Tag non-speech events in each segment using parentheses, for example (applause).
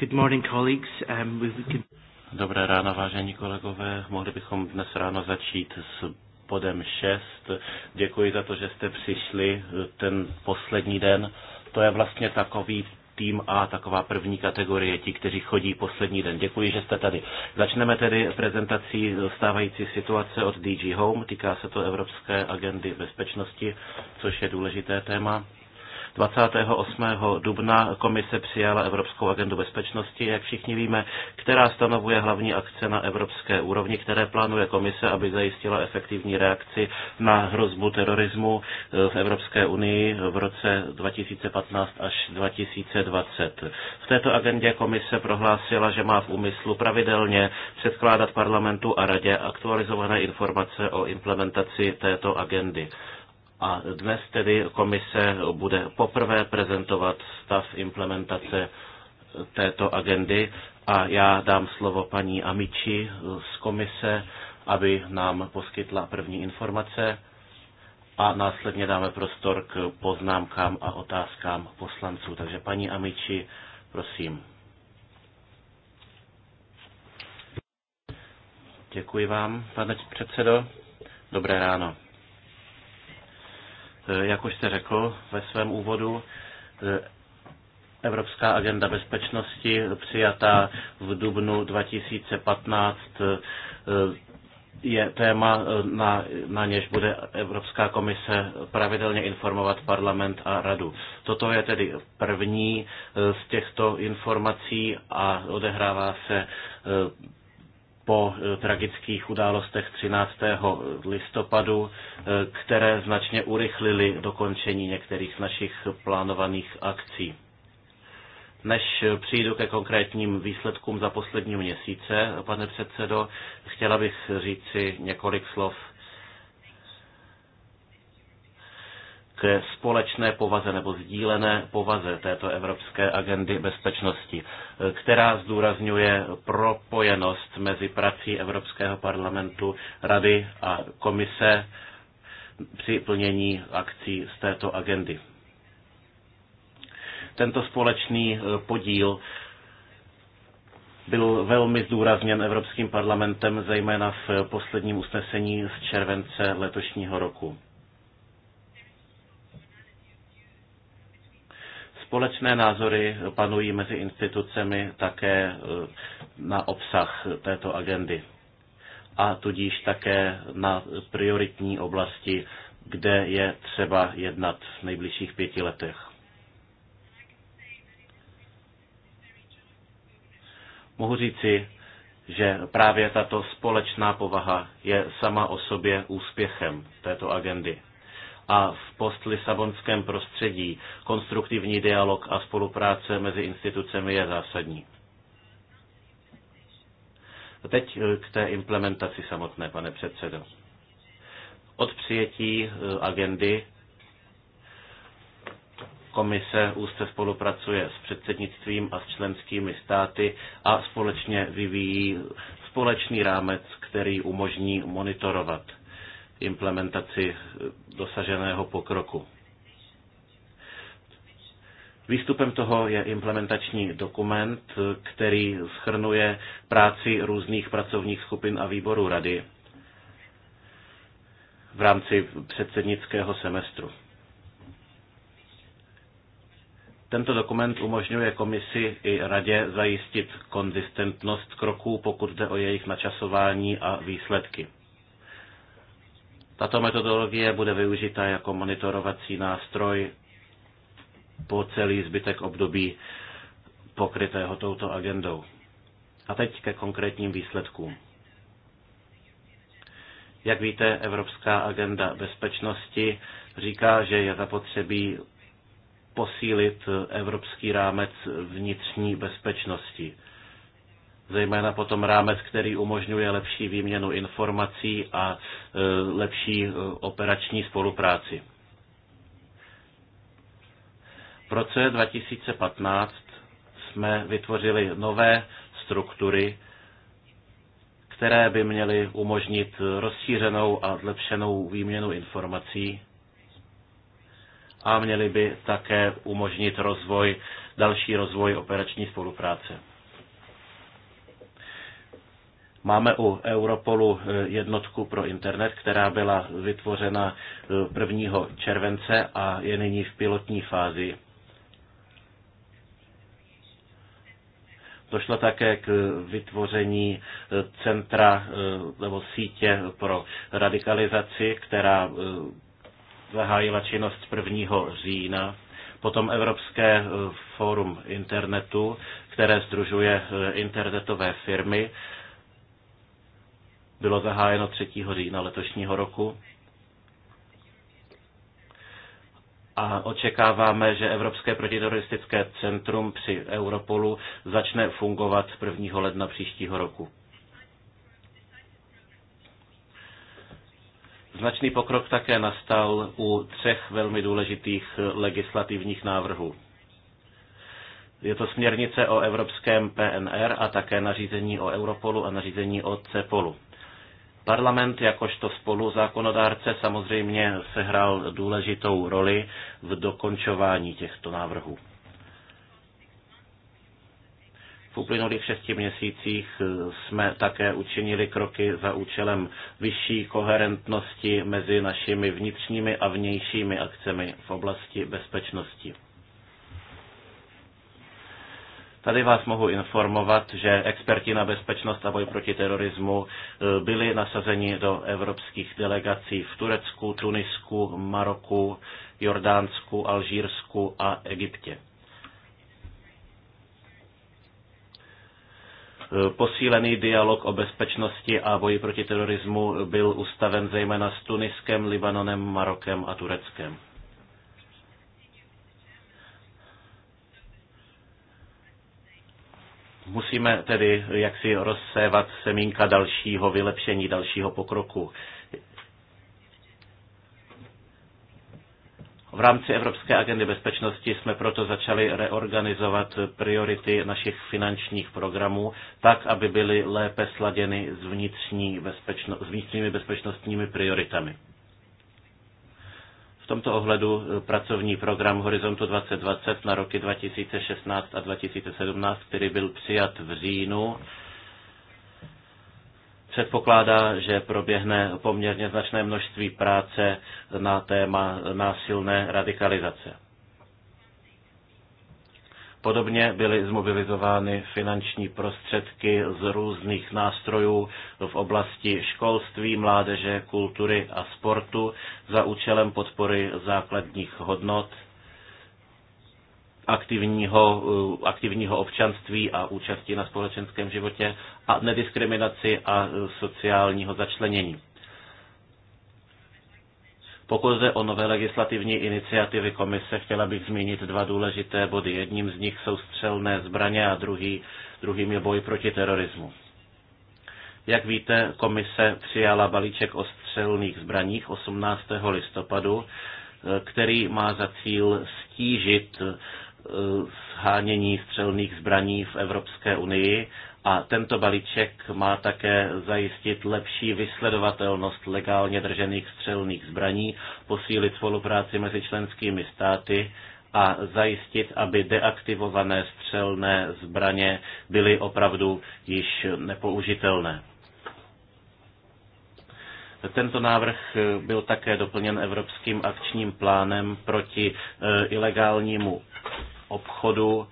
Good morning, colleagues. Um, we can... Dobré ráno, vážení kolegové. Mohli bychom dnes ráno začít s bodem 6. Děkuji za to, že jste přišli eh, ten poslední den. To je vlastně takový tým A, taková první kategorie, ti, kteří chodí poslední den. Děkuji, že jste tady. Začneme tedy prezentací stávající situace od DG Home. Týká se to Evropské agendy bezpečnosti, což je důležité téma. 28. dubna komise přijala Evropskou agendu bezpečnosti, jak všichni víme, která stanovuje hlavní akce na evropské úrovni, které plánuje komise, aby zajistila efektivní reakci na hrozbu terorismu eh, v Evropské unii v roce 2015 až 2020. V této agendě komise prohlásila, že má v úmyslu pravidelně předkládat parlamentu a radě aktualizované informace o implementaci této agendy. A dnes tedy komise bude poprvé prezentovat stav implementace této agendy a já dám slovo paní Amici z komise, aby nám poskytla první informace a následně dáme prostor k poznámkám a otázkám poslanců. Takže paní Amici, prosím. Děkuji vám, pane předsedo. Dobré ráno. E, jak už jste řekl ve svém úvodu, e, Evropská agenda bezpečnosti přijatá v dubnu 2015 e, je téma, na, na něž bude Evropská komise pravidelně informovat parlament a radu. Toto je tedy první z těchto informací a odehrává se po eh, tragických událostech 13. listopadu, eh, které značně urychlily dokončení některých z našich plánovaných akcí. Než přijdu ke konkrétním výsledkům za poslední měsíce, pane předsedo, chtěla bych říci několik slov ke společné povaze nebo sdílené povaze této evropské agendy bezpečnosti, která zdůrazňuje propojenost mezi prací Evropského parlamentu, Rady a komise při plnění akcí z této agendy. Tento společný eh, podíl byl velmi zdůrazněn Evropským parlamentem, zejména v posledním usnesení z července letošního roku. Společné názory panují mezi institucemi také e, na obsah této agendy a tudíž také na prioritní oblasti, kde je třeba jednat v nejbližších pěti letech. Mohu říci, že právě tato společná povaha je sama o sobě úspěchem této agendy a v post-lisabonském prostředí konstruktivní dialog a spolupráce mezi institucemi je zásadní. Teď eh, k té implementaci samotné, pane předsedo. Od přijetí eh, agendy Komise úzce spolupracuje s předsednictvím a s členskými státy a společně vyvíjí společný rámec, který umožní monitorovat implementaci eh, dosaženého pokroku. Výstupem toho je implementační dokument, eh, který schrnuje práci různých pracovních skupin a výborů rady v rámci předsednického semestru. Tento dokument umožňuje komisi i radě zajistit konzistentnost kroků, pokud jde o jejich načasování a výsledky. Tato metodologie bude využita jako monitorovací nástroj po celý zbytek období pokrytého touto agendou. A teď ke konkrétním výsledkům. Jak víte, Evropská agenda bezpečnosti říká, že je zapotřebí posílit evropský rámec vnitřní bezpečnosti zejména potom rámec, který umožňuje lepší výměnu informací a e, lepší e, operační spolupráci. V roce 2015 jsme vytvořili nové struktury, které by měly umožnit rozšířenou a zlepšenou výměnu informací a měly by také umožnit rozvoj, další rozvoj operační spolupráce. Máme u Europolu eh, jednotku pro internet, která byla vytvořena 1. Eh, července a je nyní v pilotní fázi. Došlo také k eh, vytvoření centra nebo sítě pro radikalizaci, která zahájila činnost 1. října. Potom Evropské fórum internetu, které združuje internetové firmy bylo zahájeno 3. října letošního roku. a očekáváme, že Evropské protiteroristické centrum při Europolu začne fungovat 1. ledna příštího roku. Značný pokrok také nastal u třech velmi důležitých legislativních návrhů. Je to směrnice o evropském PNR a také nařízení o Europolu a nařízení o CEPOLu. Parlament jakožto zákonodárce samozřejmě sehrál důležitou roli v dokončování těchto návrhů. V uplynulých šesti měsících eh, jsme také učinili kroky za účelem vyšší koherentnosti mezi našimi vnitřními a vnějšími akcemi v oblasti bezpečnosti. Tady vás mohu informovat, že experti na bezpečnost a boj proti terorismu eh, byli nasazeni do evropských delegací v Turecku, Tunisku, Maroku, Jordánsku, Alžírsku a Egyptě. Eh, posílený dialog o bezpečnosti a boji proti terorismu byl ustaven zejména s Tuniskem, Libanonem, Marokem a Tureckem. Musíme tedy jaksi rozsévat semínka dalšího vylepšení, dalšího pokroku. V rámci Evropské agendy bezpečnosti jsme proto začali reorganizovat priority našich finančních programů tak, aby byly lépe sladěny s, vnitřní bezpečno, s vnitřními bezpečnostními prioritami tomto ohledu e, pracovní program Horizontu 2020 na roky 2016 a 2017, který byl přijat v říjnu, předpokládá, že proběhne poměrně značné množství práce na téma násilné radikalizace. Podobně byly zmobilizovány finanční prostředky z různých nástrojů v oblasti školství, mládeže, kultury a sportu za účelem podpory základních hodnot aktivního, eh, aktivního občanství a účasti na společenském životě a nediskriminaci a eh, sociálního začlenění. Pokud jde o nové legislativní iniciativy komise, chtěla bych zmínit dva důležité body. Jedním z nich jsou střelné zbraně a druhý, druhým je boj proti terorismu. Jak víte, komise přijala balíček o střelných zbraních 18. listopadu, eh, který má za cíl stížit eh, shánění střelných zbraní v Evropské unii a tento balíček má také zajistit lepší vysledovatelnost legálně držených střelných zbraní, posílit spolupráci mezi členskými státy a zajistit, aby deaktivované střelné zbraně byly opravdu již nepoužitelné. Tento návrh byl také doplněn Evropským akčním plánem proti eh, ilegálnímu obchodu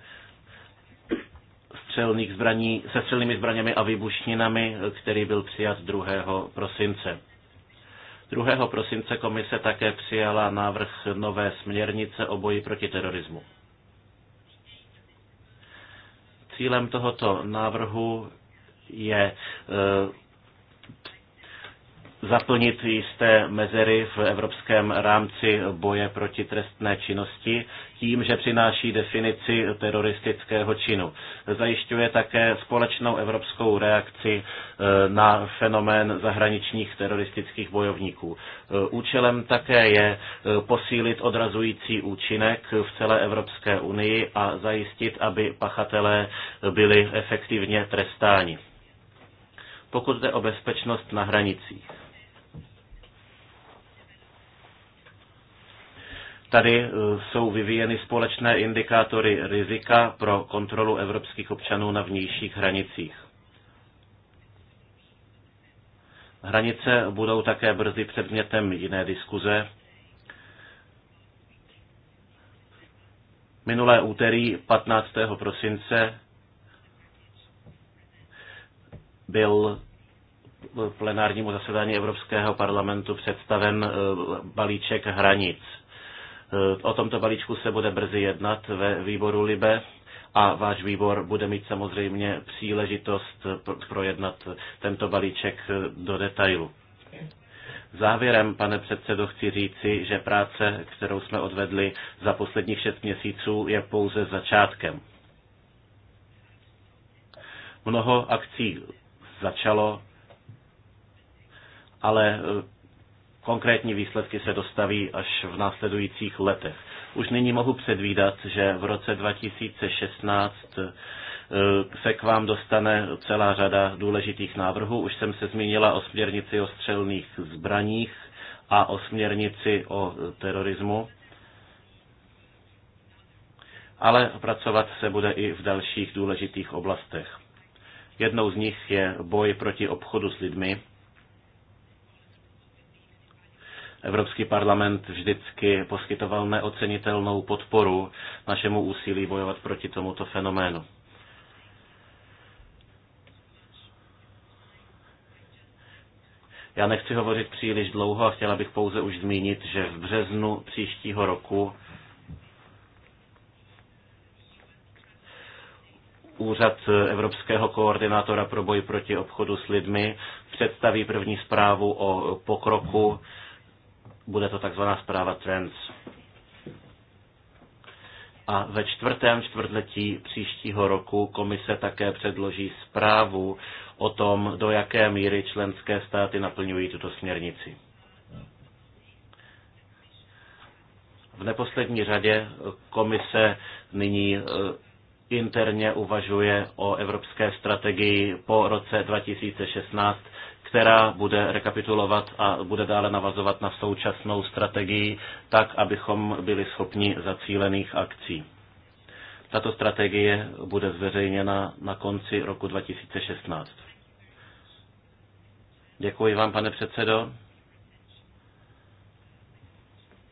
střelných zbraní, se střelnými zbraněmi a výbušninami, který byl přijat 2. prosince. 2. prosince komise také přijala návrh nové směrnice o boji proti terorismu. Cílem tohoto návrhu je eh, zaplnit jisté mezery v evropském rámci boje proti trestné činnosti tím, že přináší definici teroristického činu. Zajišťuje také společnou evropskou reakci e, na fenomén zahraničních teroristických bojovníků. E, účelem také je e, posílit odrazující účinek v celé Evropské unii a zajistit, aby pachatelé byli efektivně trestáni. Pokud jde o bezpečnost na hranicích. Tady eh, jsou vyvíjeny společné indikátory rizika pro kontrolu evropských občanů na vnějších hranicích. Hranice budou také brzy předmětem jiné diskuze. Minulé úterý 15. prosince byl plenárnímu zasedání Evropského parlamentu představen eh, balíček hranic Eh, o tomto balíčku se bude brzy jednat ve výboru Libe a váš výbor bude mít samozřejmě příležitost projednat tento balíček eh, do detailu. Závěrem, pane předsedo, chci říci, že práce, kterou jsme odvedli za posledních šest měsíců, je pouze začátkem. Mnoho akcí začalo, ale eh, Konkrétní výsledky se dostaví až v následujících letech. Už nyní mohu předvídat, že v roce 2016 eh, se k vám dostane celá řada důležitých návrhů. Už jsem se zmínila o směrnici o střelných zbraních a o směrnici o eh, terorismu. Ale pracovat se bude i v dalších důležitých oblastech. Jednou z nich je boj proti obchodu s lidmi, Evropský parlament vždycky poskytoval neocenitelnou podporu našemu úsilí bojovat proti tomuto fenoménu. Já nechci hovořit příliš dlouho a chtěla bych pouze už zmínit, že v březnu příštího roku Úřad Evropského koordinátora pro boj proti obchodu s lidmi představí první zprávu o pokroku bude to takzvaná zpráva Trends. A ve čtvrtém čtvrtletí příštího roku komise také předloží zprávu o tom, do jaké míry členské státy naplňují tuto směrnici. V neposlední řadě komise nyní e, interně uvažuje o evropské strategii po roce 2016 která bude rekapitulovat a bude dále navazovat na současnou strategii, tak, abychom byli schopni zacílených akcí. Tato strategie bude zveřejněna na konci roku 2016. Děkuji vám, pane předsedo.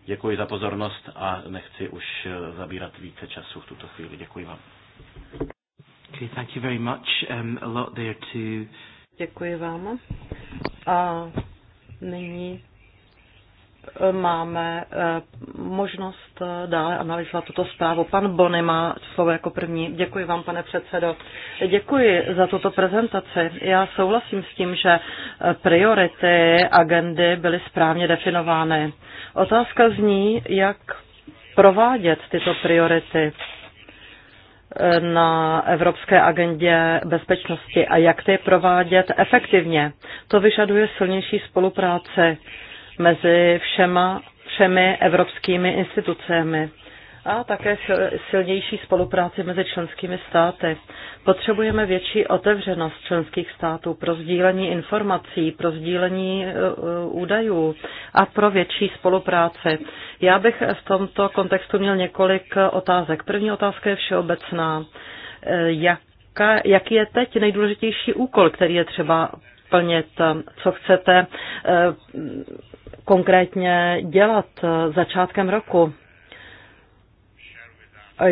Děkuji za pozornost a nechci už zabírat více času v tuto chvíli. Děkuji vám. Okay, thank you very much. Um, a lot there to Děkuji vám. A nyní e, máme e, možnost e, dále analyzovat tuto zprávu. Pan Bony má slovo jako první. Děkuji vám, pane předsedo. Děkuji za tuto prezentaci. Já souhlasím s tím, že priority agendy byly správně definovány. Otázka zní, jak provádět tyto priority na evropské agendě bezpečnosti a jak ty provádět efektivně. To vyžaduje silnější spolupráce mezi všema, všemi evropskými institucemi a také silnější spolupráci mezi členskými státy. Potřebujeme větší otevřenost členských států pro sdílení informací, pro sdílení e, e, údajů a pro větší spolupráci. Já bych v tomto kontextu měl několik otázek. První otázka je všeobecná. E, jaká, jaký je teď nejdůležitější úkol, který je třeba plnit, co chcete konkrétně dělat začátkem roku?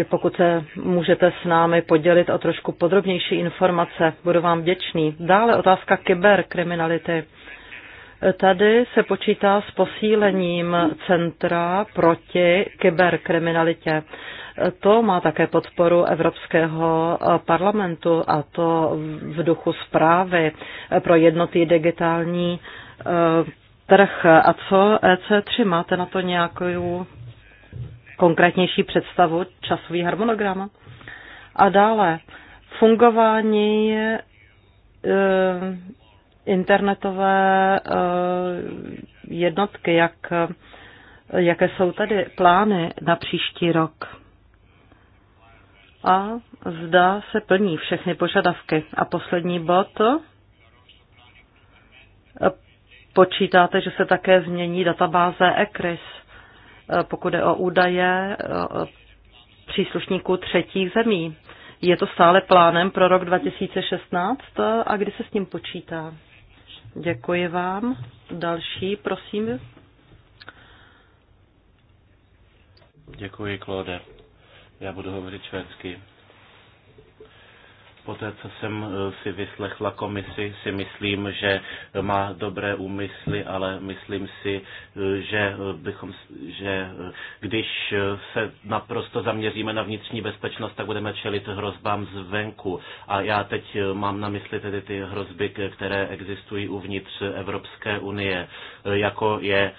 pokud se můžete s námi podělit o trošku podrobnější informace, budu vám vděčný. Dále otázka kyberkriminality. Tady se počítá s posílením Centra proti kyberkriminalitě. To má také podporu Evropského parlamentu a to v duchu zprávy pro jednotý digitální eh, trh. A co EC3? Máte na to nějakou konkrétnější představu časový harmonogram. A dále fungování e, internetové e, jednotky, jak, jaké jsou tady plány na příští rok. A zda se plní všechny požadavky. A poslední bod. Počítáte, že se také změní databáze ECRIS Eh, pokud je o údaje eh, příslušníků třetích zemí. Je to stále plánem pro rok 2016 eh, a kdy se s tím počítá? Děkuji vám. Další, prosím. Děkuji, Klode. Já budu hovořit švédsky. Po té, co jsem eh, si vyslechla komisi, si myslím, že má dobré úmysly, ale myslím si, eh, že, eh, bychom, že když se naprosto zaměříme na vnitřní bezpečnost, tak budeme čelit hrozbám zvenku. A já teď mám na mysli tedy ty hrozby, které existují uvnitř Evropské unie, jako je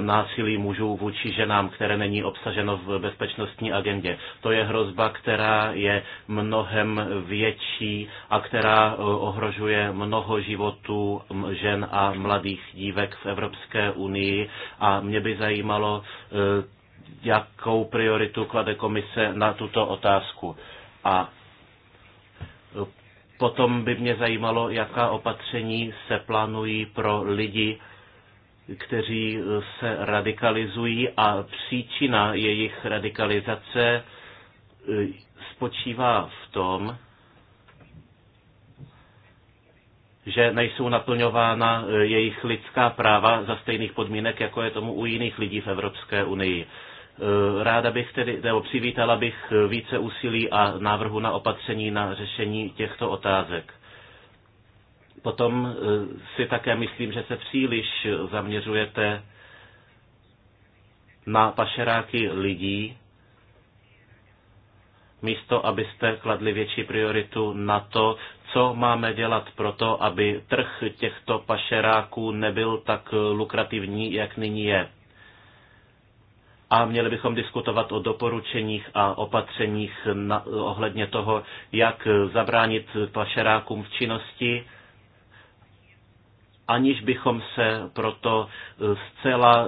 násilí mužů vůči ženám, které není obsaženo v bezpečnostní agendě. To je hrozba, která je mnohem větší ničí a která eh, ohrožuje mnoho životů žen a mladých dívek v Evropské unii. A mě by zajímalo, eh, jakou prioritu klade komise na tuto otázku. A eh, potom by mě zajímalo, jaká opatření se plánují pro lidi, kteří se radikalizují a příčina jejich radikalizace spočívá v tom, že nejsou naplňována e, jejich lidská práva za stejných podmínek, jako je tomu u jiných lidí v Evropské unii. E, ráda bych tedy, nebo přivítala bych e, více úsilí a návrhu na opatření na řešení těchto otázek. Potom si také myslím, že se příliš zaměřujete na pašeráky lidí, místo abyste kladli větší prioritu na to, co máme dělat pro to, aby trh těchto pašeráků nebyl tak lukrativní, jak nyní je. A měli bychom diskutovat o doporučeních a opatřeních na, ohledně toho, jak zabránit pašerákům v činnosti, aniž bychom se proto zcela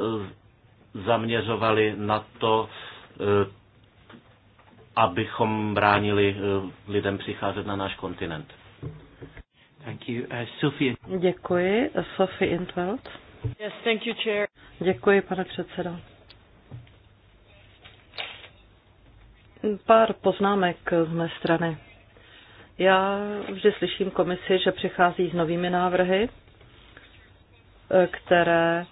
zaměřovali na to, eh, abychom bránili eh, lidem přicházet na náš kontinent. Thank you. Uh, Sophie. Děkuji. Sophie Intveld. Yes, thank you, chair. Děkuji, pane předsedo. Pár poznámek z mé strany. Já vždy slyším komisi, že přichází s novými návrhy, eh, které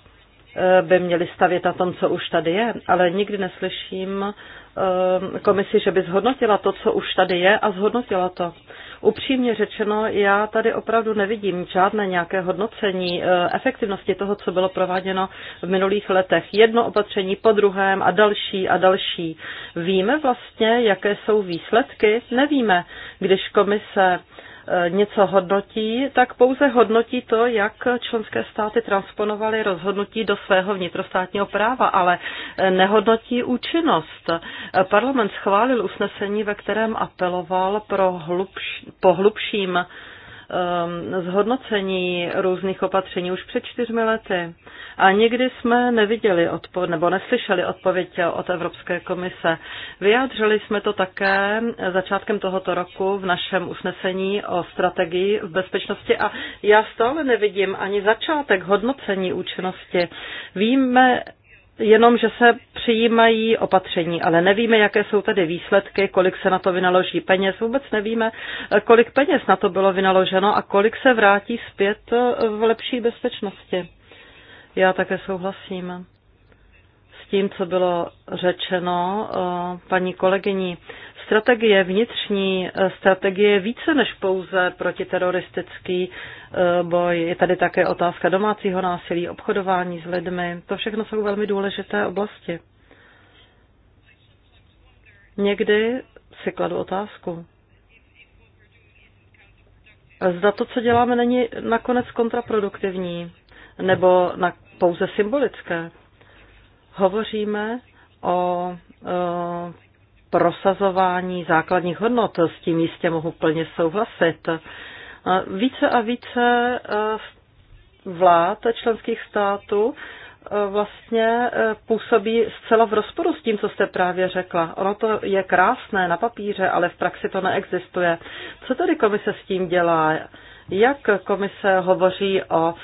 eh, by měly stavět na tom, co už tady je, ale nikdy neslyším Eh, komisi, že by zhodnotila to, co už tady je a zhodnotila to. Upřímně řečeno, já tady opravdu nevidím žádné nějaké hodnocení eh, efektivnosti toho, co bylo prováděno v minulých letech. Jedno opatření po druhém a další a další. Víme vlastně, jaké jsou výsledky? Nevíme. Když komise Eh, něco hodnotí, tak pouze hodnotí to, jak členské státy transponovaly rozhodnutí do svého vnitrostátního práva, ale eh, nehodnotí účinnost. Eh, parlament schválil usnesení, ve kterém apeloval pro hlubš, po hlubším Um, zhodnocení různých opatření už před čtyřmi lety. A nikdy jsme neviděli odpo- nebo neslyšeli odpověď od Evropské komise. Vyjádřili jsme to také začátkem tohoto roku v našem usnesení o strategii v bezpečnosti a já stále nevidím ani začátek hodnocení účinnosti. Víme, jenom, že se přijímají opatření, ale nevíme, jaké jsou tady výsledky, kolik se na to vynaloží peněz. Vůbec nevíme, kolik peněz na to bylo vynaloženo a kolik se vrátí zpět v lepší bezpečnosti. Já také souhlasím s tím, co bylo řečeno eh, paní kolegyní. Strategie, vnitřní eh, strategie více než pouze protiteroristický boj, je tady také otázka domácího násilí, obchodování s lidmi. To všechno jsou velmi důležité oblasti. Někdy si kladu otázku. Zda to, co děláme, není nakonec kontraproduktivní nebo na, pouze symbolické. Hovoříme o o e, prosazování základních hodnot, s tím jistě mohu plně souhlasit. Více a více e, vlád členských států e, vlastně e, působí zcela v rozporu s tím, co jste právě řekla. Ono to je krásné na papíře, ale v praxi to neexistuje. Co tedy komise s tím dělá? Jak komise hovoří o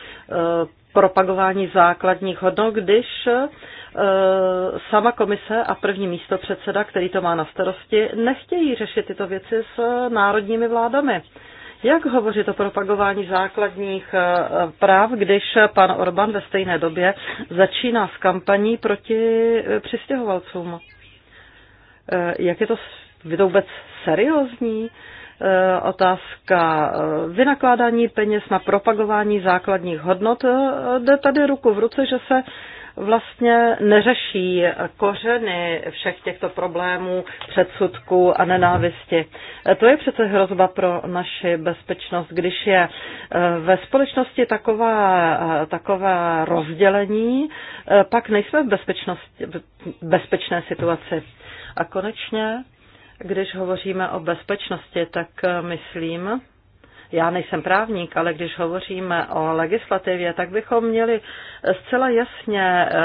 propagování základních hodnot, když sama komise a první místo předseda, který to má na starosti, nechtějí řešit tyto věci s národními vládami. Jak hovořit o propagování základních eh, práv, když pan Orbán ve stejné době začíná s kampaní proti eh, přistěhovalcům? Eh, jak je to, vůbec seriózní? Otázka vynakládání peněz na propagování základních hodnot jde tady ruku v ruce, že se vlastně neřeší kořeny všech těchto problémů, předsudků a nenávisti. To je přece hrozba pro naši bezpečnost, když je eh, ve společnosti taková, eh, taková rozdělení, eh, pak nejsme v bezpečné situaci. A konečně, když hovoříme o bezpečnosti, tak myslím, já nejsem právník, ale když hovoříme o legislativě, tak bychom měli zcela jasně eh,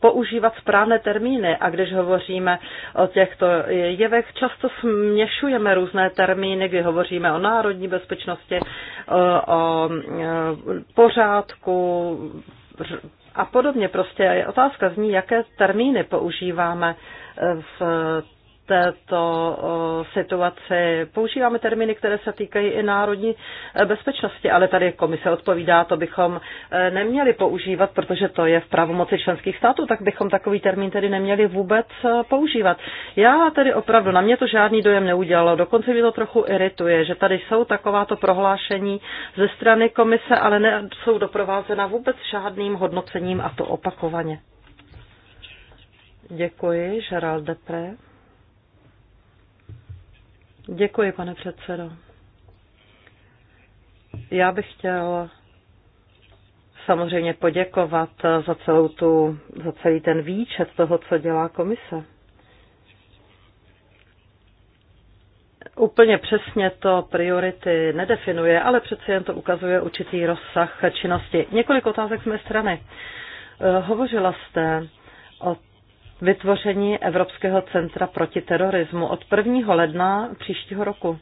používat správné termíny. A když hovoříme o těchto jevech, často směšujeme různé termíny, kdy hovoříme o národní bezpečnosti, eh, o eh, pořádku a podobně. Prostě otázka zní, jaké termíny používáme v této situaci. Používáme termíny, které se týkají i národní e, bezpečnosti, ale tady komise odpovídá, to bychom e, neměli používat, protože to je v pravomoci členských států, tak bychom takový termín tedy neměli vůbec e, používat. Já tedy opravdu, na mě to žádný dojem neudělalo, dokonce mi to trochu irituje, že tady jsou takováto prohlášení ze strany komise, ale ne, jsou doprovázena vůbec žádným hodnocením a to opakovaně. Děkuji, Gerald Depré. Děkuji, pane předsedo. Já bych chtěl samozřejmě poděkovat za, celou tu, za celý ten výčet toho, co dělá komise. Úplně přesně to priority nedefinuje, ale přece jen to ukazuje určitý rozsah činnosti. Několik otázek z mé strany. Eh, hovořila jste o vytvoření Evropského centra proti terorismu od 1. ledna příštího roku.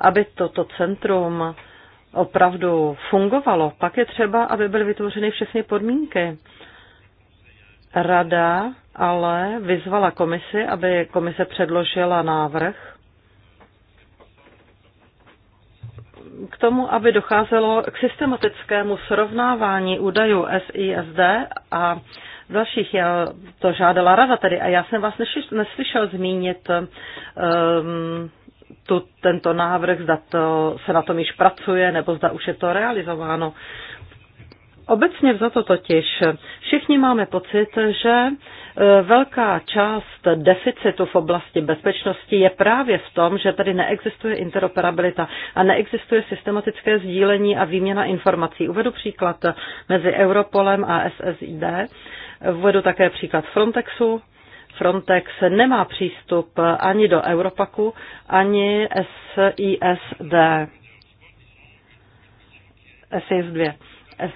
Aby toto centrum opravdu fungovalo, pak je třeba, aby byly vytvořeny všechny podmínky. Rada ale vyzvala komisi, aby komise předložila návrh k tomu, aby docházelo k systematickému srovnávání údajů SISD a dalších. Já to žádala rada tady a já jsem vás neslyšel zmínit um, tu, tento návrh, zda to, se na tom již pracuje nebo zda už je to realizováno. Obecně to totiž všichni máme pocit, že e, velká část deficitu v oblasti bezpečnosti je právě v tom, že tady neexistuje interoperabilita a neexistuje systematické sdílení a výměna informací. Uvedu příklad mezi Europolem a SSID Uvedu také příklad Frontexu. Frontex nemá přístup ani do Europaku, ani SISD. SIS-2.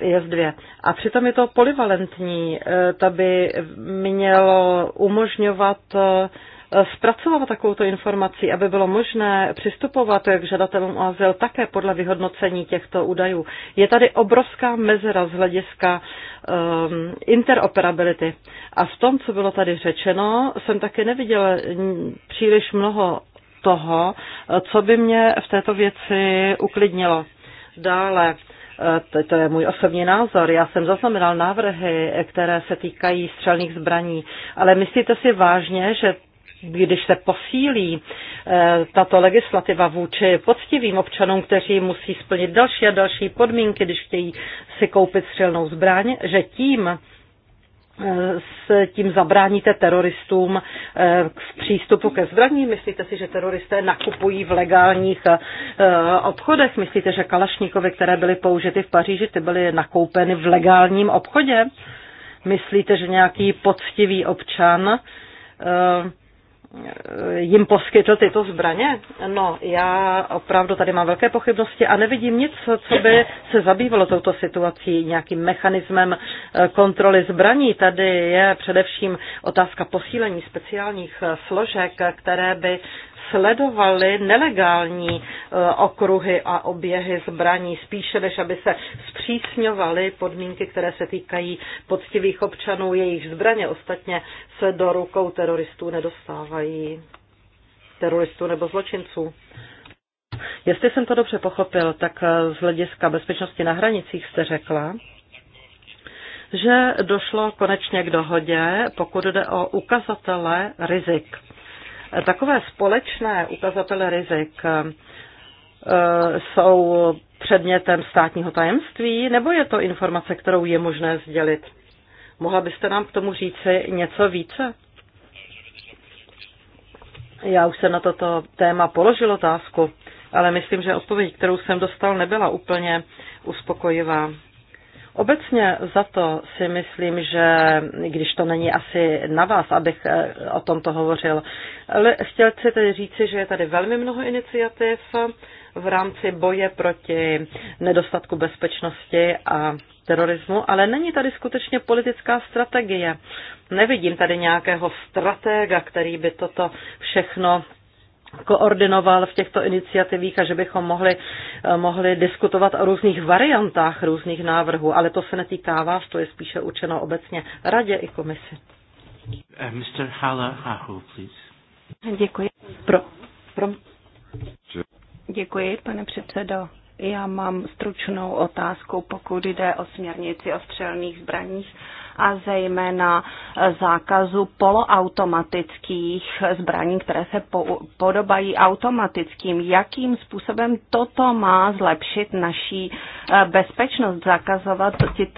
FIS-2. A přitom je to polivalentní. Eh, to by mělo umožňovat eh, Eh, zpracovat takovouto informaci, aby bylo možné přistupovat k žadatelům o azyl také podle vyhodnocení těchto údajů. Je tady obrovská mezera z hlediska um, interoperability. A v tom, co bylo tady řečeno, jsem také neviděla příliš mnoho toho, eh, co by mě v této věci uklidnilo. Dále, to, to je můj osobní názor, já jsem zaznamenal návrhy, které se týkají střelných zbraní, ale myslíte si vážně, že když se posílí eh, tato legislativa vůči poctivým občanům, kteří musí splnit další a další podmínky, když chtějí si koupit střelnou zbraň, že tím eh, s tím zabráníte teroristům eh, v přístupu ke zbraní? Myslíte si, že teroristé nakupují v legálních obchodech? Myslíte, že kalašníkovi, které byly použity v Paříži, ty byly nakoupeny v legálním obchodě? Myslíte, že nějaký poctivý občan jim poskytl tyto zbraně? No, já opravdu tady mám velké pochybnosti a nevidím nic, co by se zabývalo touto situací, nějakým mechanismem eh, kontroly zbraní. Tady je především otázka posílení speciálních eh, složek, které by Sledovali nelegální e, okruhy a oběhy zbraní, spíše než aby se zpřísňovaly podmínky, které se týkají poctivých občanů. Jejich zbraně ostatně se do rukou teroristů nedostávají, teroristů nebo zločinců. Jestli jsem to dobře pochopil, tak e, z hlediska bezpečnosti na hranicích jste řekla, že došlo konečně k dohodě, pokud jde o ukazatele rizik. Takové společné ukazatele rizik eh, jsou předmětem státního tajemství, nebo je to informace, kterou je možné sdělit? Mohla byste nám k tomu říci něco více? Já už jsem na toto téma položil otázku, ale myslím, že odpověď, kterou jsem dostal, nebyla úplně uspokojivá. Obecně za to si myslím, že když to není asi na vás, abych eh, o tomto hovořil, ale chtěl si tedy říci, že je tady velmi mnoho iniciativ eh, v rámci boje proti nedostatku bezpečnosti a terorismu, ale není tady skutečně politická strategie. Nevidím tady nějakého stratega, který by toto všechno koordinoval v těchto iniciativách a že bychom mohli, eh, mohli diskutovat o různých variantách různých návrhů, ale to se netýká vás, to je spíše určeno obecně radě i komisi. Uh, eh, Mr. Hala Hahu, please. Děkuji. Pro, pro. Děkuji, pane předsedo. Já mám stručnou otázku, pokud jde o směrnici o střelných zbraních a zejména zákazu poloautomatických zbraní, které se podobají automatickým. Jakým způsobem toto má zlepšit naší eh, bezpečnost, zakazovat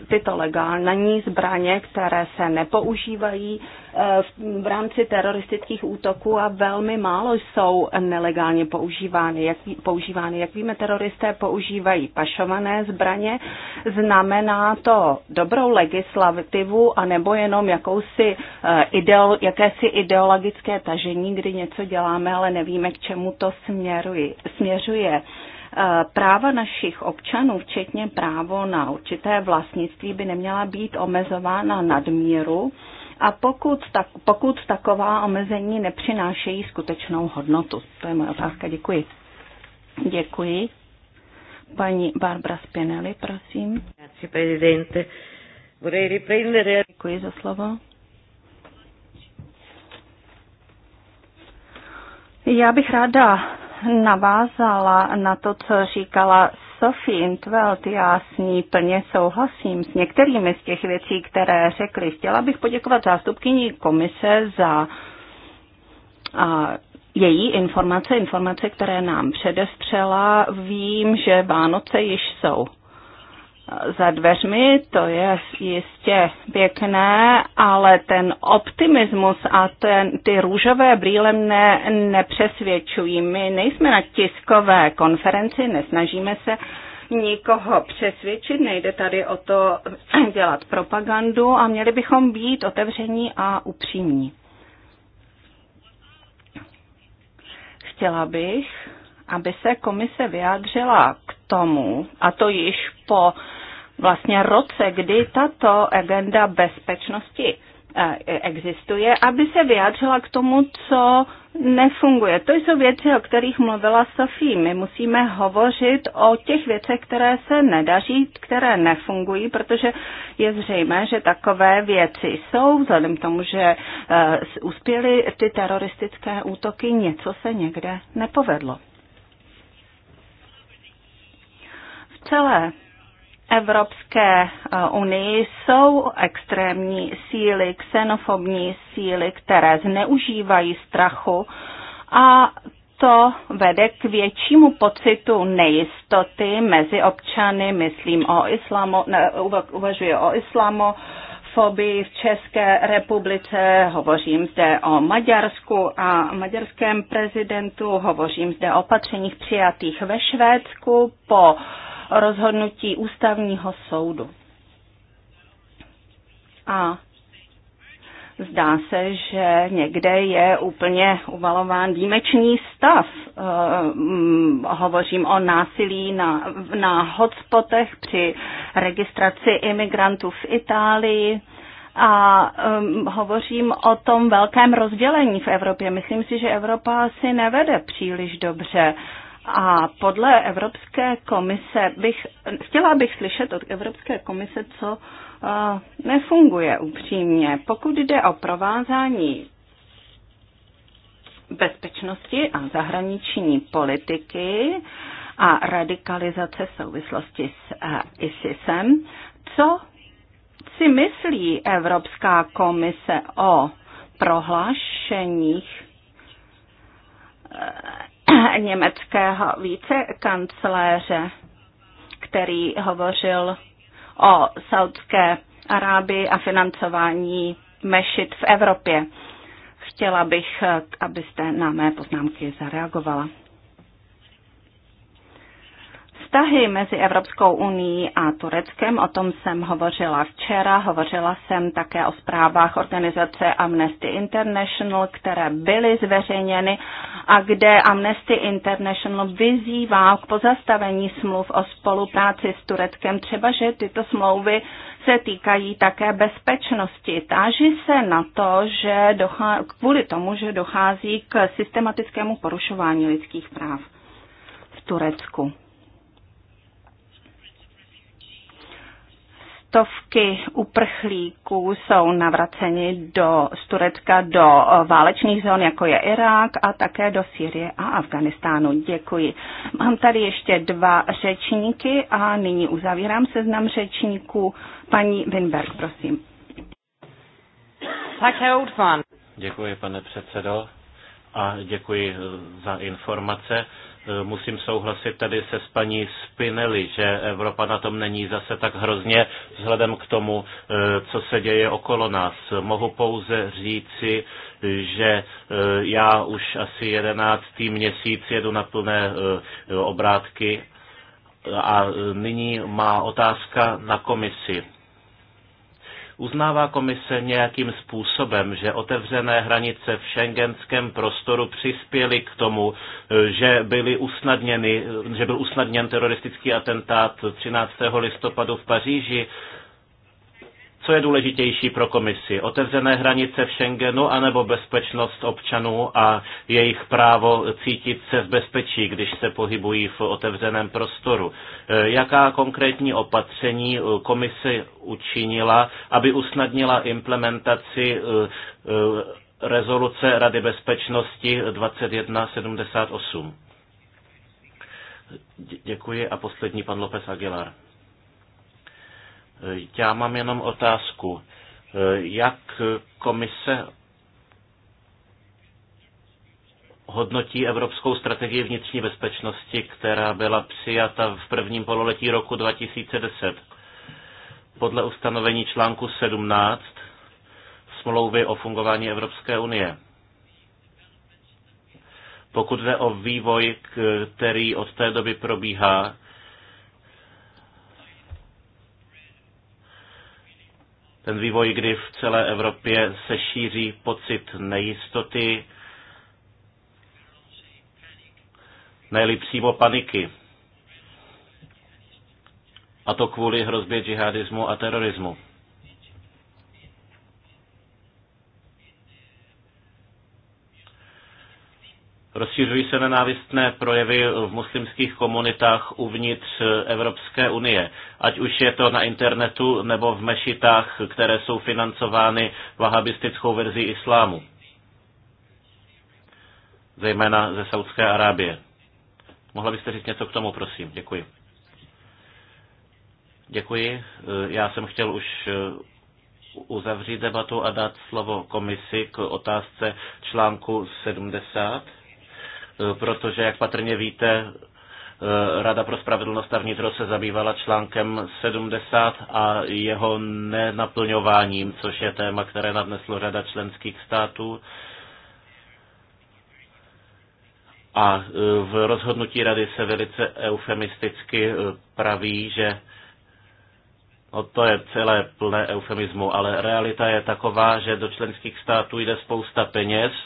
tyto legální zbraně, které se nepoužívají eh, v rámci teroristických útoků a velmi málo jsou nelegálně používány. Jak, používány. Jak víme, teroristé používají pašované zbraně. Znamená to dobrou legislativu, vlivu, anebo jenom jakousi eh, ideolo, jakési ideologické tažení, kdy něco děláme, ale nevíme, k čemu to směruje. směřuje eh, práva našich občanů, včetně právo na určité vlastnictví, by neměla být omezována nadmíru a pokud, tak, pokud taková omezení nepřinášejí skutečnou hodnotu. To je moje otázka. Děkuji. Děkuji. Paní Barbara Spinelli, prosím. Grazie, Presidente. Děkuji za slovo. Já bych ráda navázala na to, co říkala Sophie Intveld, já s ní plně souhlasím s některými z těch věcí, které řekli. Chtěla bych poděkovat zástupkyni komise za a, její informace, informace, které nám předestřela. Vím, že Vánoce již jsou za dveřmi, to je jistě pěkné, ale ten optimismus a ten, ty růžové brýle mne nepřesvědčují. My nejsme na tiskové konferenci, nesnažíme se nikoho přesvědčit, nejde tady o to (clears throat) dělat propagandu a měli bychom být otevření a upřímní. Chtěla bych, aby se komise vyjádřila k tomu, a to již po uh, vlastně roce, kdy tato agenda bezpečnosti eh, existuje, aby se vyjádřila k tomu, co nefunguje. To jsou věci, o kterých mluvila Sofie. My musíme hovořit o těch věcech, které se nedaří, které nefungují, protože je zřejmé, že takové věci jsou, vzhledem k tomu, že uh, uspěly ty teroristické útoky, něco se někde nepovedlo. V celé Evropské eh, unii jsou extrémní síly, xenofobní síly, které zneužívají strachu a to vede k většímu pocitu nejistoty mezi občany, myslím o islamu, ne, uvažuji o islamu, fobii v České republice, hovořím zde o Maďarsku a maďarském prezidentu, hovořím zde o opatřeních přijatých ve Švédsku po uh, rozhodnutí ústavního soudu. A zdá se, že někde je úplně uvalován výjimečný stav. Eh, mm, hovořím o násilí na, na hotspotech při registraci imigrantů v Itálii a um, hovořím o tom velkém rozdělení v Evropě. Myslím si, že Evropa si nevede příliš dobře. Uh, a podle Evropské komise bych, chtěla bych slyšet od Evropské komise, co uh, nefunguje upřímně. Pokud jde o provázání bezpečnosti a zahraniční politiky a radikalizace v souvislosti s uh, ISISem, co si myslí Evropská komise o prohlášeních eh, (clears throat) německého vícekancléře, který hovořil o Saudské Arábii a financování mešit v Evropě. Chtěla bych, eh, abyste na mé poznámky zareagovala vztahy mezi Evropskou unii a Tureckem. O tom jsem hovořila včera. Hovořila jsem také o zprávách organizace Amnesty International, které byly zveřejněny a kde Amnesty International vyzývá k pozastavení smluv o spolupráci s Tureckem. Třeba, že tyto smlouvy se týkají také bezpečnosti. Táží se na to, že dochá, kvůli tomu, že dochází k systematickému porušování lidských práv v Turecku. stovky uprchlíků jsou navraceni do, z Turecka do eh, válečných zón, jako je Irák a také do Sýrie a Afganistánu. Děkuji. Mám tady ještě dva řečníky a nyní uzavírám seznam řečníků. Paní Winberg, prosím. Děkuji, pane předsedo, a děkuji eh, za informace. Eh, musím souhlasit tady se s paní Spinelli, že Evropa na tom není zase tak hrozně vzhledem k tomu, eh, co se děje okolo nás. Mohu pouze říci, že eh, já už asi jedenáctý měsíc jedu na plné obrátky a nyní má otázka na komisi. Uznává komise nějakým způsobem, že otevřené hranice v šengenském prostoru přispěly k tomu, že, byly usnadněny, že byl usnadněn teroristický atentát 13. listopadu v Paříži? Co je důležitější pro komisi? Otevřené hranice v Schengenu anebo bezpečnost občanů a jejich právo cítit se v bezpečí, když se pohybují v otevřeném prostoru? E, jaká konkrétní opatření e, komise učinila, aby usnadnila implementaci e, rezoluce Rady bezpečnosti 2178? Děkuji a poslední pan López Aguilar. Já mám jenom otázku. Jak komise hodnotí Evropskou strategii vnitřní bezpečnosti, která byla přijata v prvním pololetí roku 2010? Podle ustanovení článku 17 smlouvy o fungování Evropské unie. Pokud jde o vývoj, který od té doby probíhá, ten vývoj, kdy v celé Evropě se šíří pocit nejistoty, nejli přímo paniky. A to kvůli hrozbě džihadismu a terorismu. Rozšířují se nenávistné projevy v muslimských komunitách uvnitř Evropské unie, ať už je to na internetu nebo v mešitách, které jsou financovány vahabistickou verzí islámu, zejména ze Saudské Arábie. Mohla byste říct něco k tomu, prosím? Děkuji. Děkuji. Já jsem chtěl už uzavřít debatu a dát slovo komisi k otázce článku 70. Eh, protože, jak patrně víte, eh, Rada pro spravedlnost a vnitro se zabývala článkem 70 a jeho nenaplňováním, což je téma, které nadneslo řada členských států. A eh, v rozhodnutí rady se velice eufemisticky praví, že No to je celé plné eufemismu, ale realita je taková, že do členských států jde spousta peněz. E,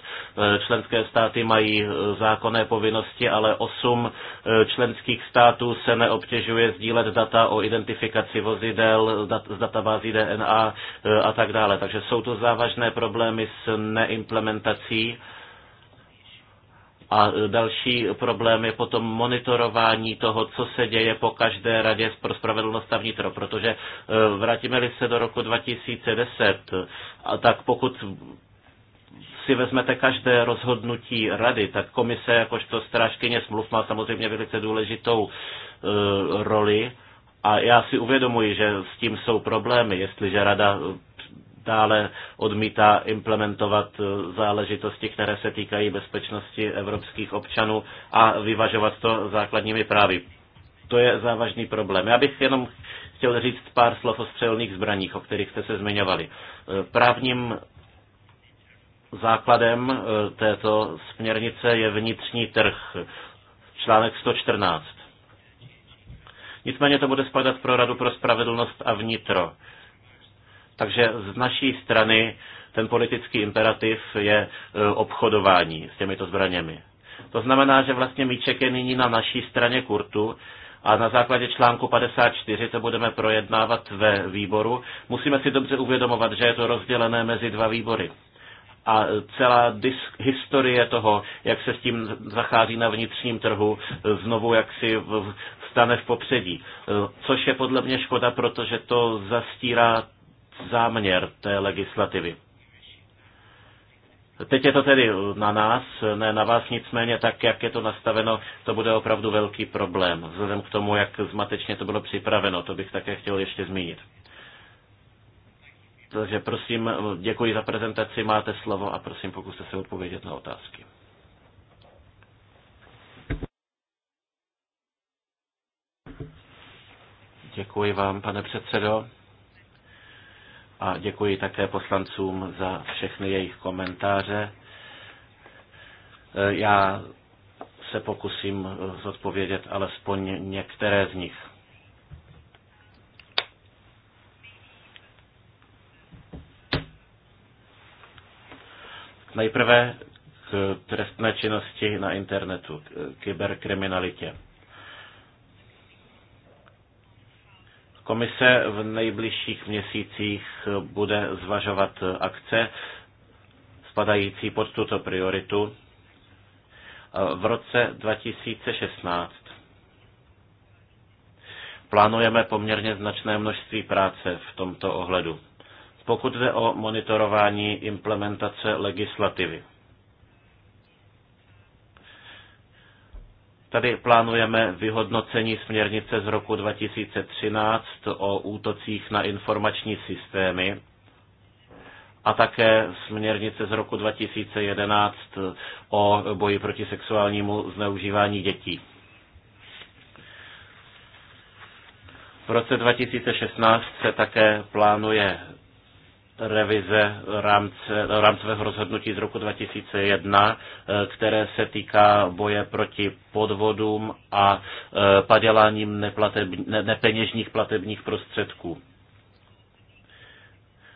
členské státy mají e, zákonné povinnosti, ale osm e, členských států se neobtěžuje sdílet data o identifikaci vozidel dat, z databází DNA a tak dále. Takže jsou to závažné problémy s neimplementací a další problém je potom monitorování toho, co se děje po každé radě pro spravedlnost a vnitro, protože e, vrátíme-li se do roku 2010, a tak pokud si vezmete každé rozhodnutí rady, tak komise jakožto strážkyně smluv má samozřejmě velice důležitou e, roli. A já si uvědomuji, že s tím jsou problémy, jestliže rada dále odmítá implementovat eh, záležitosti, které se týkají bezpečnosti evropských občanů a vyvažovat to základními právy. To je závažný problém. Já bych jenom chtěl říct pár slov o střelných zbraních, o kterých jste se zmiňovali. Eh, právním základem eh, této směrnice je vnitřní trh, článek 114. Nicméně to bude spadat pro Radu pro spravedlnost a vnitro. Takže z naší strany ten politický imperativ je e, obchodování s těmito zbraněmi. To znamená, že vlastně míček je nyní na naší straně kurtu a na základě článku 54 to budeme projednávat ve výboru. Musíme si dobře uvědomovat, že je to rozdělené mezi dva výbory. A celá disk, historie toho, jak se s tím zachází na vnitřním trhu, e, znovu jak si v, stane v popředí. E, což je podle mě škoda, protože to zastírá záměr té legislativy. Teď je to tedy na nás, ne na vás, nicméně tak, jak je to nastaveno, to bude opravdu velký problém, vzhledem k tomu, jak zmatečně to bylo připraveno, to bych také chtěl ještě zmínit. Takže prosím, děkuji za prezentaci, máte slovo a prosím, pokuste se odpovědět na otázky. Děkuji vám, pane předsedo a děkuji také poslancům za všechny jejich komentáře. E, já se pokusím e, zodpovědět alespoň některé z nich. Nejprve k trestné činnosti na internetu, k e, kyberkriminalitě. Komise v nejbližších měsících bude zvažovat akce spadající pod tuto prioritu v roce 2016. Plánujeme poměrně značné množství práce v tomto ohledu. Pokud jde o monitorování implementace legislativy. Tady plánujeme vyhodnocení směrnice z roku 2013 o útocích na informační systémy a také směrnice z roku 2011 o boji proti sexuálnímu zneužívání dětí. V roce 2016 se také plánuje revize rámce, rámcového rozhodnutí z roku 2001, eh, které se týká boje proti podvodům a eh, padělání neplateb, ne, nepeněžních platebních prostředků.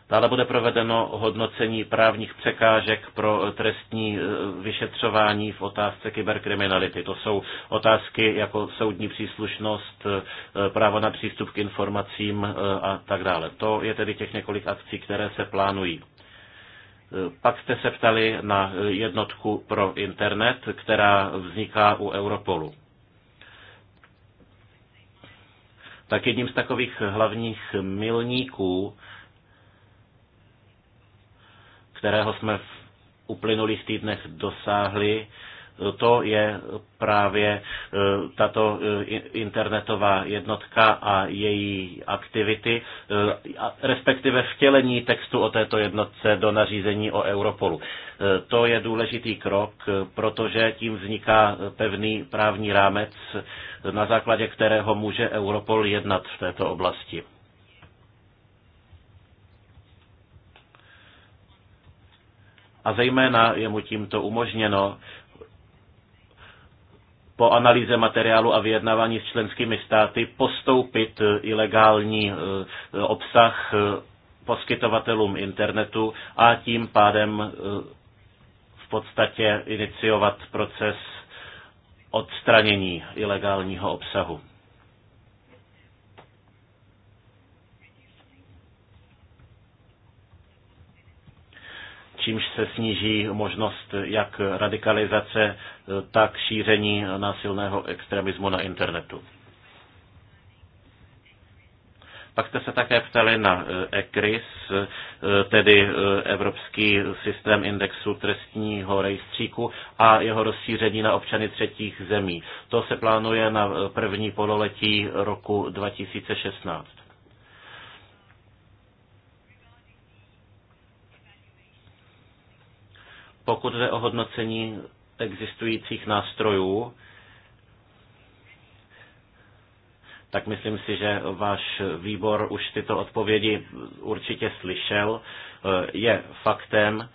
Dále bude provedeno hodnocení právních překážek pro trestní eh, vyšetřování v otázce kyberkriminality. To jsou otázky jako soudní příslušnost, eh, právo na přístup k informacím eh, a tak dále. To je tedy těch několik akcí, které se plánují. Pak jste se ptali na jednotku pro internet, která vzniká u Europolu. Tak jedním z takových hlavních milníků kterého jsme v uplynulých týdnech dosáhli, to je právě e, tato e, internetová jednotka a její aktivity, e, respektive vtělení textu o této jednotce do nařízení o Europolu. To je důležitý krok, protože tím vzniká pevný právní rámec, na základě kterého může Europol jednat v této oblasti. a zejména je mu tímto umožněno po analýze materiálu a vyjednávání s členskými státy postoupit e, ilegální e, obsah e, poskytovatelům internetu a tím pádem v podstatě iniciovat proces odstranění ilegálního obsahu. čímž se sníží možnost jak radikalizace, tak šíření násilného extremismu na internetu. Pak jste se také ptali na e, ECRIS, e, tedy e, Evropský systém indexu trestního rejstříku a jeho rozšíření na občany třetích zemí. To se plánuje na první pololetí roku 2016. Pokud jde o hodnocení existujících nástrojů, tak myslím si, že váš výbor už tyto odpovědi určitě slyšel. Je faktem,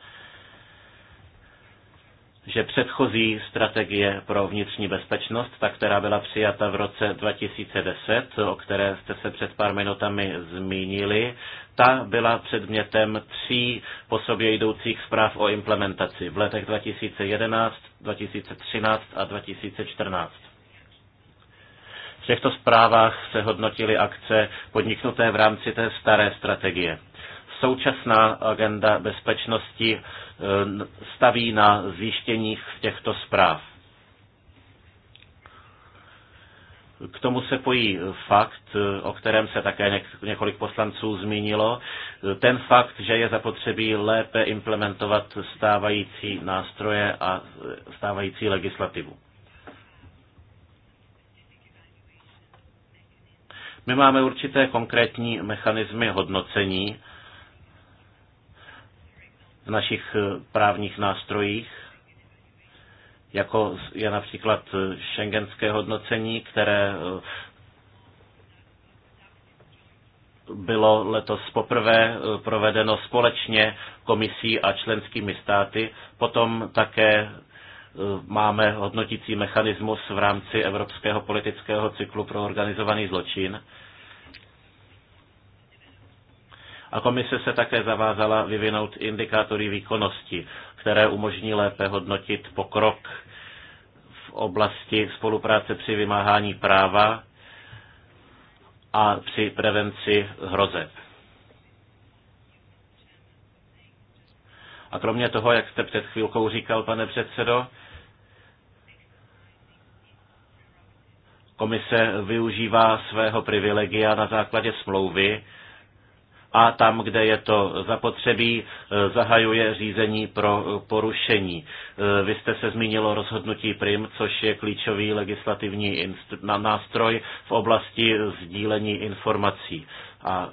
že předchozí strategie pro vnitřní bezpečnost, ta, která byla přijata v roce 2010, o které jste se před pár minutami zmínili, ta byla předmětem tří po sobě jdoucích zpráv o implementaci v letech 2011, 2013 a 2014. V těchto zprávách se hodnotily akce podniknuté v rámci té staré strategie současná agenda bezpečnosti eh, staví na zjištěních z těchto zpráv. K tomu se pojí fakt, eh, o kterém se také několik poslanců zmínilo, eh, ten fakt, že je zapotřebí lépe implementovat stávající nástroje a stávající legislativu. My máme určité konkrétní mechanismy hodnocení v našich eh, právních nástrojích, jako je například eh, šengenské hodnocení, které eh, bylo letos poprvé provedeno společně komisí a členskými státy. Potom také máme hodnotící mechanismus v rámci Evropského politického cyklu pro organizovaný zločin. A komise se také zavázala vyvinout indikátory výkonnosti, které umožní lépe hodnotit pokrok v oblasti spolupráce při vymáhání práva a při prevenci hrozeb. A kromě toho, jak jste před chvílkou říkal, pane předsedo, komise využívá svého privilegia na základě smlouvy, a tam, kde je to zapotřebí, e, zahajuje řízení pro porušení. E, vy jste se zmínilo rozhodnutí PRIM, což je klíčový legislativní nástroj v oblasti sdílení informací. A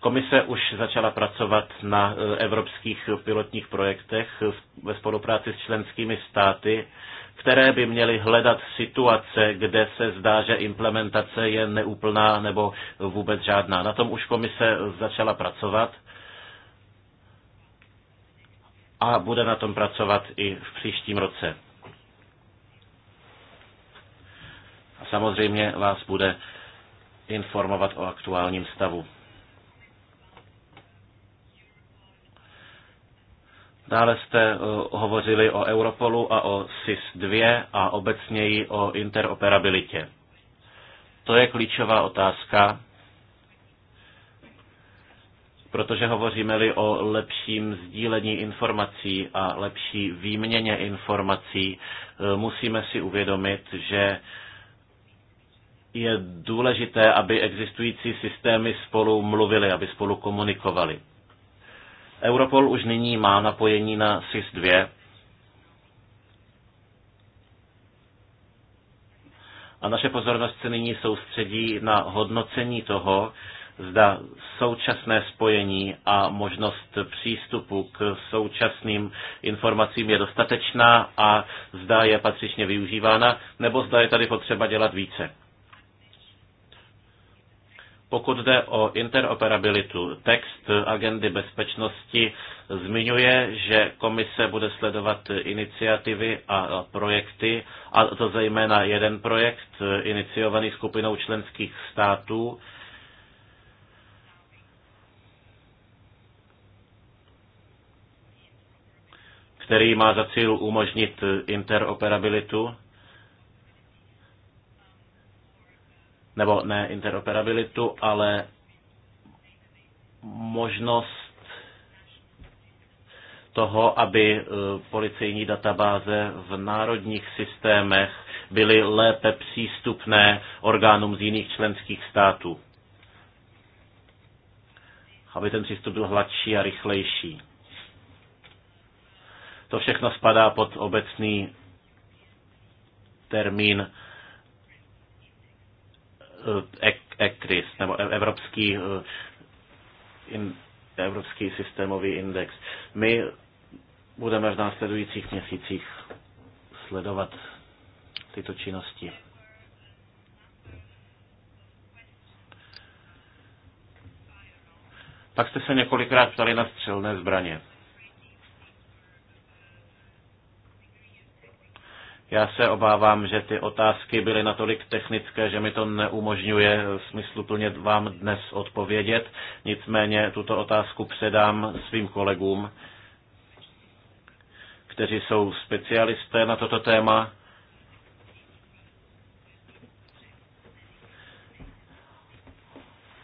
Komise už začala pracovat na eh, evropských pilotních projektech ve spolupráci s členskými státy, které by měly hledat situace, kde se zdá, že implementace je neúplná nebo vůbec žádná. Na tom už komise začala pracovat a bude na tom pracovat i v příštím roce. A samozřejmě vás bude informovat o aktuálním stavu. Dále jste eh, hovořili o Europolu a o SIS-2 a obecněji o interoperabilitě. To je klíčová otázka, protože hovoříme-li o lepším sdílení informací a lepší výměně informací, eh, musíme si uvědomit, že je důležité, aby existující systémy spolu mluvily, aby spolu komunikovaly. Europol už nyní má napojení na SIS-2, A naše pozornost se nyní soustředí na hodnocení toho, zda současné spojení a možnost přístupu k současným informacím je dostatečná a zda je patřičně využívána, nebo zda je tady potřeba dělat více. Pokud jde o interoperabilitu, text agendy bezpečnosti zmiňuje, že komise bude sledovat iniciativy a projekty, a to zejména jeden projekt iniciovaný skupinou členských států, který má za cíl umožnit interoperabilitu nebo ne interoperabilitu, ale možnost toho, aby e, policejní databáze v národních systémech byly lépe přístupné orgánům z jiných členských států. Aby ten přístup byl hladší a rychlejší. To všechno spadá pod obecný termín Eh, e- ECRIS, nebo e- Evropský, eh, Evropský systémový index. My budeme v následujících měsících sledovat tyto činnosti. Pak jste se několikrát ptali na střelné zbraně. Já se obávám, že ty otázky byly natolik technické, že mi to neumožňuje smysluplně vám dnes odpovědět. Nicméně tuto otázku předám svým kolegům, kteří jsou specialisté na toto téma.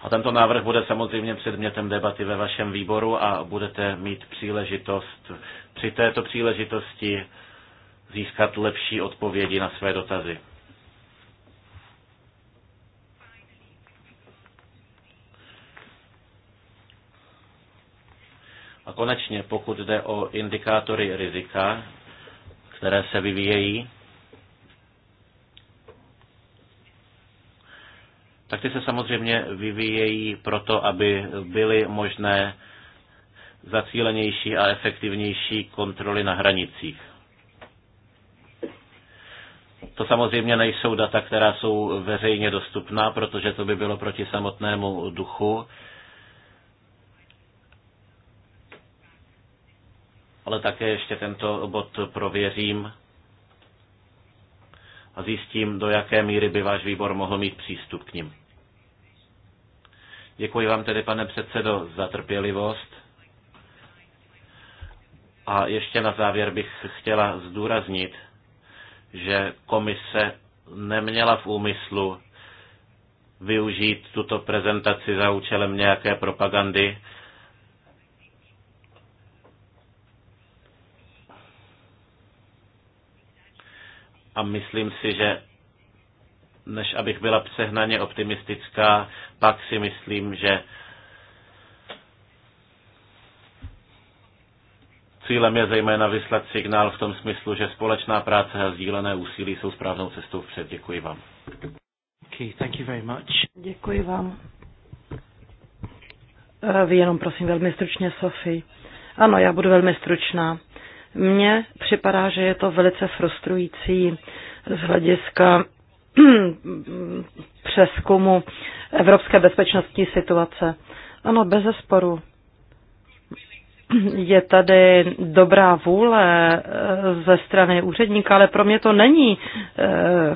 A tento návrh bude samozřejmě předmětem debaty ve vašem výboru a budete mít příležitost při této příležitosti získat lepší odpovědi na své dotazy. A konečně, pokud jde o indikátory rizika, které se vyvíjejí, tak ty se samozřejmě vyvíjejí proto, aby byly možné zacílenější a efektivnější kontroly na hranicích. To samozřejmě nejsou data, která jsou veřejně dostupná, protože to by bylo proti samotnému duchu. Ale také ještě tento bod prověřím a zjistím, do jaké míry by váš výbor mohl mít přístup k ním. Děkuji vám tedy, pane předsedo, za trpělivost. A ještě na závěr bych chtěla zdůraznit, že komise neměla v úmyslu využít tuto prezentaci za účelem nějaké propagandy. A myslím si, že než abych byla přehnaně optimistická, pak si myslím, že Cílem je zejména vyslat signál v tom smyslu, že společná práce a sdílené úsilí jsou správnou cestou vpřed. Děkuji vám. Okay, thank you very much. Děkuji vám. E, vy jenom prosím velmi stručně, Sofie. Ano, já budu velmi stručná. Mně připadá, že je to velice frustrující z hlediska (clears throat) přeskumu evropské bezpečnostní situace. Ano, bez zesporu je tady dobrá vůle eh, ze strany úředníka, ale pro mě to není eh,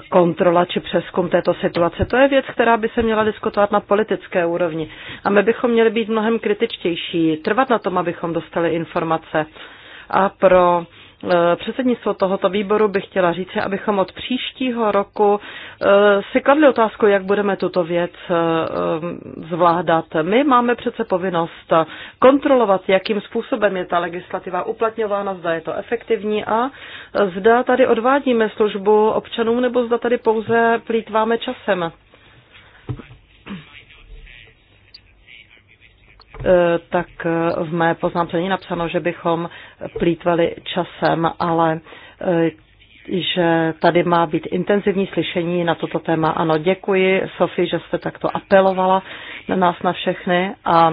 kontrola či přeskum této situace. To je věc, která by se měla diskutovat na politické úrovni. A my bychom měli být mnohem kritičtější, trvat na tom, abychom dostali informace. A pro Eh, předsednictvo tohoto výboru bych chtěla říct, abychom od příštího roku eh, si kladli otázku, jak budeme tuto věc eh, zvládat. My máme přece povinnost kontrolovat, jakým způsobem je ta legislativa uplatňována, zda je to efektivní a zda tady odvádíme službu občanům nebo zda tady pouze plítváme časem. Eh, tak eh, v mé poznámce není napsáno, že bychom plítvali časem, ale eh, že tady má být intenzivní slyšení na toto téma. Ano, děkuji, Sofie, že jste takto apelovala na nás, na všechny a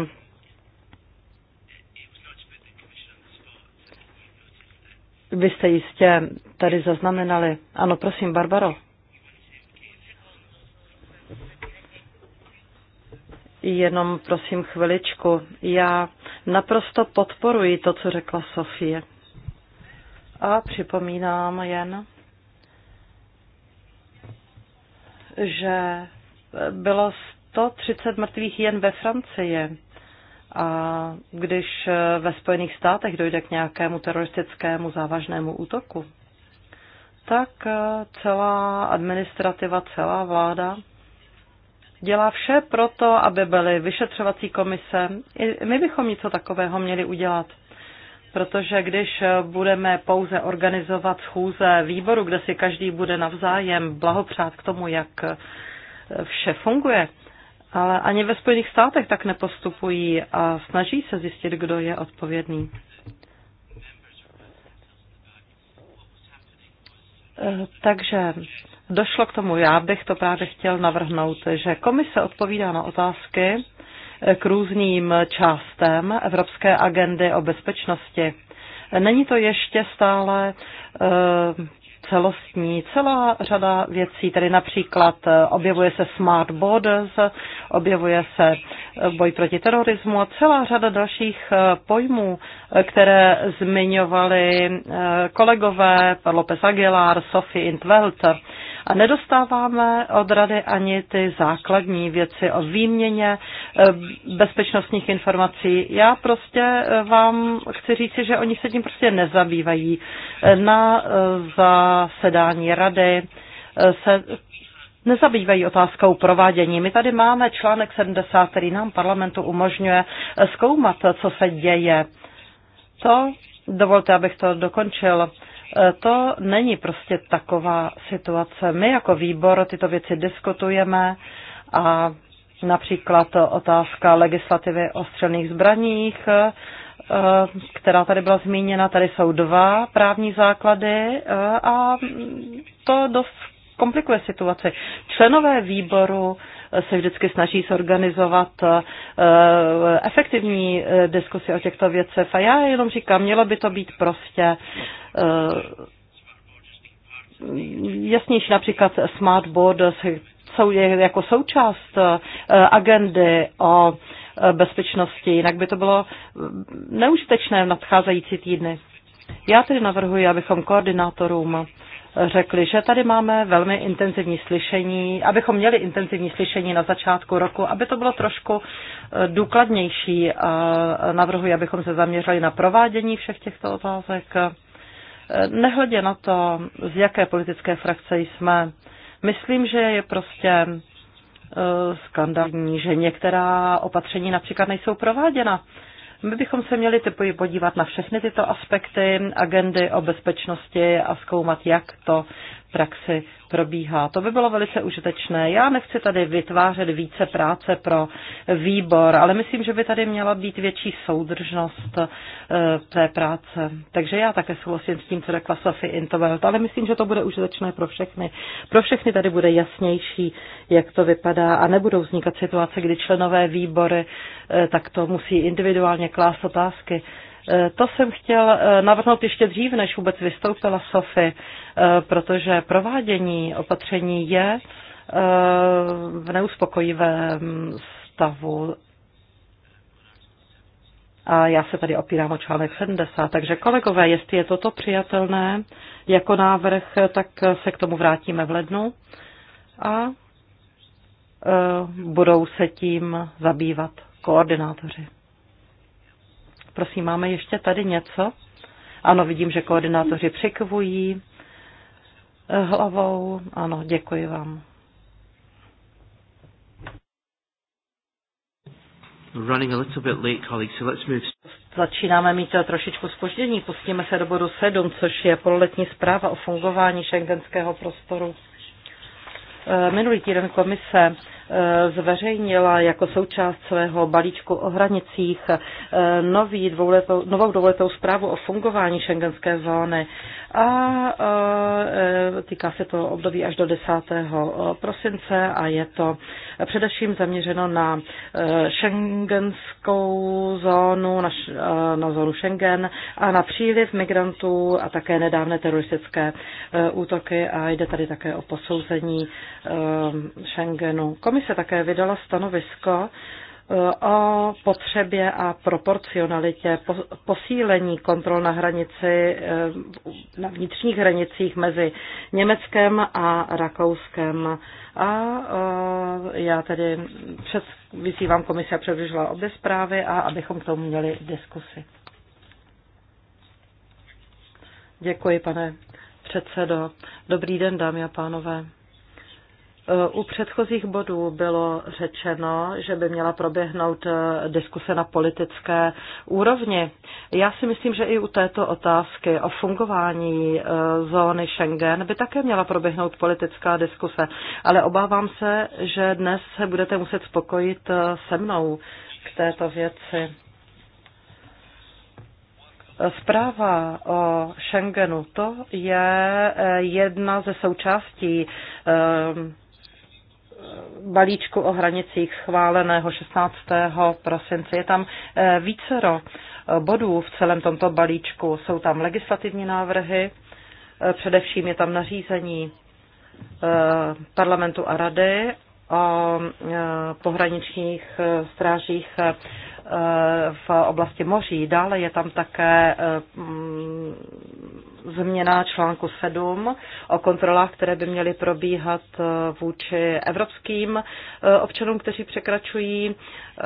Vy jste jistě tady zaznamenali. Ano, prosím, Barbaro. Jenom prosím chviličku. Já naprosto podporuji to, co řekla Sofie. A připomínám jen, že bylo 130 mrtvých jen ve Francii. A když ve Spojených státech dojde k nějakému teroristickému závažnému útoku, tak celá administrativa, celá vláda dělá vše pro to, aby byly vyšetřovací komise. I my bychom něco takového měli udělat. Protože když budeme pouze organizovat schůze výboru, kde si každý bude navzájem blahopřát k tomu, jak vše funguje, ale ani ve Spojených státech tak nepostupují a snaží se zjistit, kdo je odpovědný. Eh, takže došlo k tomu. Já bych to právě chtěl navrhnout, že komise odpovídá na otázky eh, k různým částem Evropské agendy o bezpečnosti. Není to ještě stále eh, celostní. Celá řada věcí, tedy například eh, objevuje se Smart Borders, objevuje se boj proti terorismu a celá řada dalších pojmů, které zmiňovali kolegové López Aguilar, Sophie Intveld. A nedostáváme od rady ani ty základní věci o výměně eh, bezpečnostních informací. Já prostě eh, vám chci říci, že oni se tím prostě nezabývají. Eh, na zasedání rady se nezabývají otázkou provádění. My tady máme článek 70, který nám parlamentu umožňuje zkoumat, co se děje. To, dovolte, abych to dokončil, E, to není prostě taková situace. My jako výbor tyto věci diskutujeme a například otázka legislativy o střelných zbraních, e, která tady byla zmíněna, tady jsou dva právní základy e, a to dost komplikuje situaci. Členové výboru se vždycky snaží zorganizovat eh, efektivní eh, diskusy o těchto věcech. A já jenom říkám, mělo by to být prostě eh, jasnější například smart board jsou jako součást agendy o bezpečnosti, jinak by to bylo neužitečné v nadcházející týdny. Já tedy navrhuji, abychom koordinátorům řekli, že tady máme velmi intenzivní slyšení, abychom měli intenzivní slyšení na začátku roku, aby to bylo trošku eh, důkladnější a navrhuji, abychom se zaměřili na provádění všech těchto otázek. Eh, nehledě na to, z jaké politické frakce jsme, myslím, že je prostě eh, skandální, že některá opatření například nejsou prováděna. My bychom se měli typuji podívat na všechny tyto aspekty agendy o bezpečnosti a zkoumat, jak to praxi probíhá. To by bylo velice užitečné. Já nechci tady vytvářet více práce pro výbor, ale myslím, že by tady měla být větší soudržnost eh, té práce. Takže já také souhlasím s tím, co řekla Sophie Intovelt, ale myslím, že to bude užitečné pro všechny. Pro všechny tady bude jasnější, jak to vypadá a nebudou vznikat situace, kdy členové výbory eh, takto musí individuálně klást otázky Eh, to jsem chtěl eh, navrhnout ještě dřív, než vůbec vystoupila Sofy, eh, protože provádění opatření je v neuspokojivém stavu. A já se tady opírám o článek 70. Takže kolegové, jestli je toto přijatelné jako návrh, tak se k tomu vrátíme v lednu a budou se tím zabývat koordinátoři. Prosím, máme ještě tady něco? Ano, vidím, že koordinátoři překvují eh, hlavou. Ano, děkuji vám. Začínáme mít eh, trošičku spoždění, pustíme se do bodu 7, což je pololetní zpráva o fungování šengenského prostoru. Eh, minulý týden komise Eh, zveřejnila jako součást svého balíčku o hranicích eh, nový dvouletou, novou dvouletou zprávu o fungování šengenské zóny a eh, týká se to období až do 10. prosince a je to především zaměřeno na šengenskou zónu, na, na zónu Schengen a na příliv migrantů a také nedávné teroristické útoky a jde tady také o posouzení Schengenu. Komise také vydala stanovisko eh, o potřebě a proporcionalitě posílení kontrol na hranici, eh, na vnitřních hranicích mezi Německem a Rakouskem. A eh, já tedy před, vyzývám komise a předložila obě zprávy a abychom k tomu měli diskusy. Děkuji, pane předsedo. Dobrý den, dámy a pánové. U předchozích bodů bylo řečeno, že by měla proběhnout eh, diskuse na politické úrovni. Já si myslím, že i u této otázky o fungování eh, zóny Schengen by také měla proběhnout politická diskuse, ale obávám se, že dnes se budete muset spokojit eh, se mnou k této věci. Zpráva o Schengenu, to je jedna ze součástí balíčku o hranicích schváleného 16. prosince. Je tam eh, vícero eh, bodů v celém tomto balíčku. Jsou tam legislativní návrhy, eh, především je tam nařízení parlamentu a rady o pohraničních strážích v oblasti moří. Dále je tam také změna článku 7 o kontrolách, které by měly probíhat eh, vůči evropským eh, občanům, kteří překračují eh,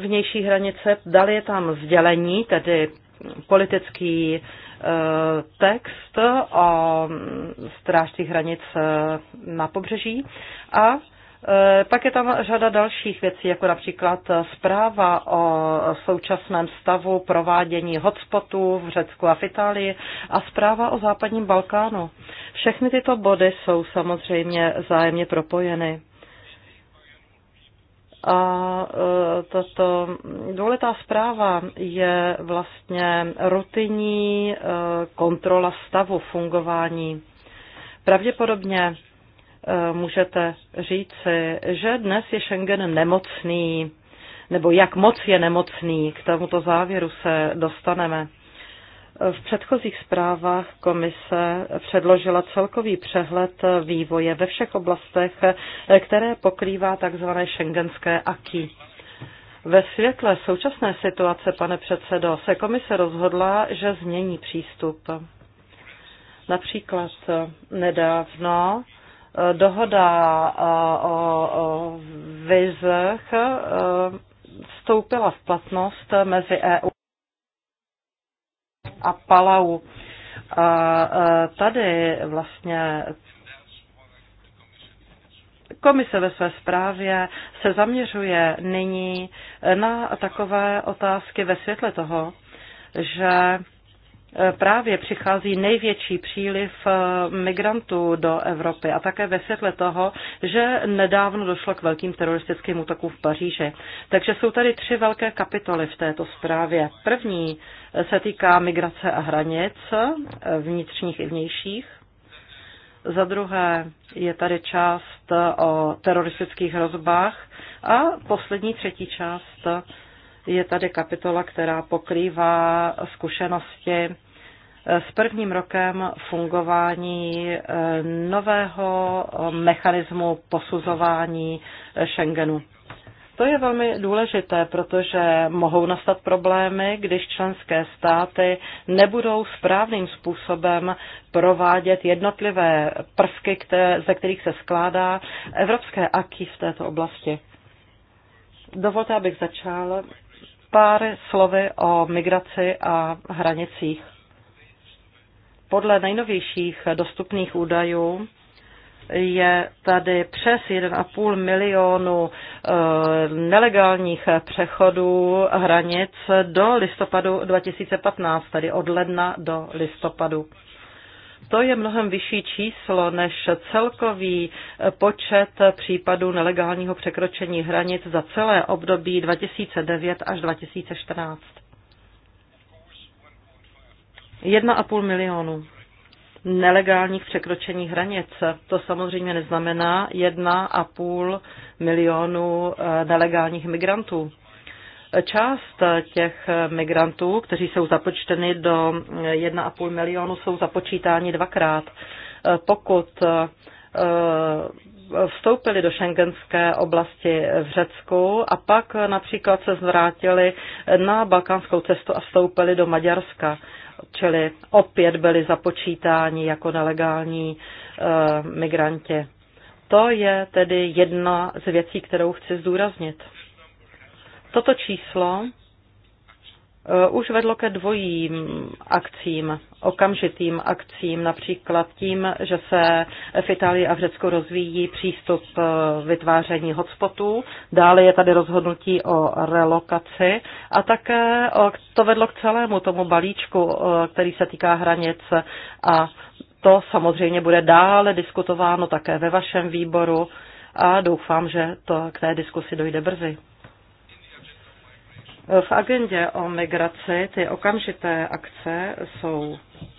vnější hranice. Dali je tam sdělení, tedy politický text o mm, strážcích hranic na pobřeží a Eh, pak je tam řada dalších věcí, jako například zpráva o současném stavu provádění hotspotů v Řecku a v Itálii a zpráva o západním Balkánu. Všechny tyto body jsou samozřejmě zájemně propojeny. A eh, tato důležitá zpráva je vlastně rutinní eh, kontrola stavu fungování. Pravděpodobně Eh, můžete říci, že dnes je Schengen nemocný, nebo jak moc je nemocný, k tomuto závěru se dostaneme. V předchozích zprávách komise předložila celkový přehled vývoje ve všech oblastech, které pokrývá tzv. šengenské aky. Ve světle současné situace, pane předsedo, se komise rozhodla, že změní přístup. Například nedávno Eh, dohoda eh, o vizech eh, vstoupila v platnost mezi EU a Palau. A tady vlastně komise ve své zprávě se zaměřuje nyní na takové otázky ve světle toho, že E, právě přichází největší příliv e, migrantů do Evropy a také ve světle toho, že nedávno došlo k velkým teroristickým útokům v Paříži. Takže jsou tady tři velké kapitoly v této zprávě. První e, se týká migrace a hranic, vnitřních i vnějších. Za druhé je tady část o teroristických hrozbách a poslední třetí část je tady kapitola, která pokrývá zkušenosti s prvním rokem fungování eh, nového eh, mechanismu posuzování eh, Schengenu. To je velmi důležité, protože mohou nastat problémy, když členské státy nebudou správným způsobem provádět jednotlivé prvky, které, ze kterých se skládá evropské aky v této oblasti. Dovolte, abych začal pár slovy o migraci a hranicích. Podle nejnovějších dostupných údajů je tady přes 1,5 milionu eh, nelegálních přechodů hranic do listopadu 2015, tedy od ledna do listopadu. To je mnohem vyšší číslo než celkový počet případů nelegálního překročení hranic za celé období 2009 až 2014. 1,5 milionu nelegálních překročení hranic. To samozřejmě neznamená 1,5 milionu eh, nelegálních migrantů. Část těch migrantů, kteří jsou započteni do 1,5 milionu, jsou započítáni dvakrát. Pokud eh, vstoupili do šengenské oblasti v Řecku a pak například se zvrátili na balkánskou cestu a vstoupili do Maďarska, čili opět byli započítáni jako nelegální eh, migranti. To je tedy jedna z věcí, kterou chci zdůraznit. Toto číslo eh, už vedlo ke dvojím akcím, okamžitým akcím, například tím, že se v Itálii a v Řecku rozvíjí přístup eh, vytváření hotspotů, dále je tady rozhodnutí o relokaci a také eh, to vedlo k celému tomu balíčku, který se týká hranic a to samozřejmě bude dále diskutováno také ve vašem výboru a doufám, že to k té diskusi dojde brzy. V agendě o migraci ty okamžité akce jsou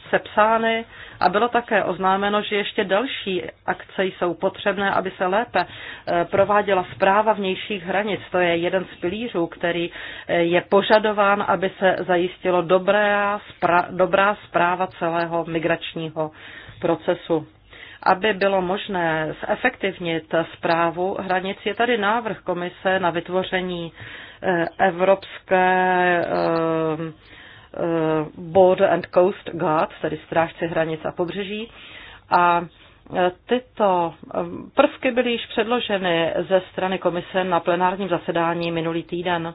sepsány a bylo také oznámeno, že ještě další akce jsou potřebné, aby se lépe eh, prováděla zpráva vnějších hranic. To je jeden z pilířů, který eh, je požadován, aby se zajistilo dobrá, spra- dobrá zpráva celého migračního procesu. Aby bylo možné zefektivnit zprávu hranic, je tady návrh komise na vytvoření Eh, evropské eh, eh, Border and Coast Guard, tedy strážci hranic a pobřeží. A tyto prvky byly již předloženy ze strany komise na plenárním zasedání minulý týden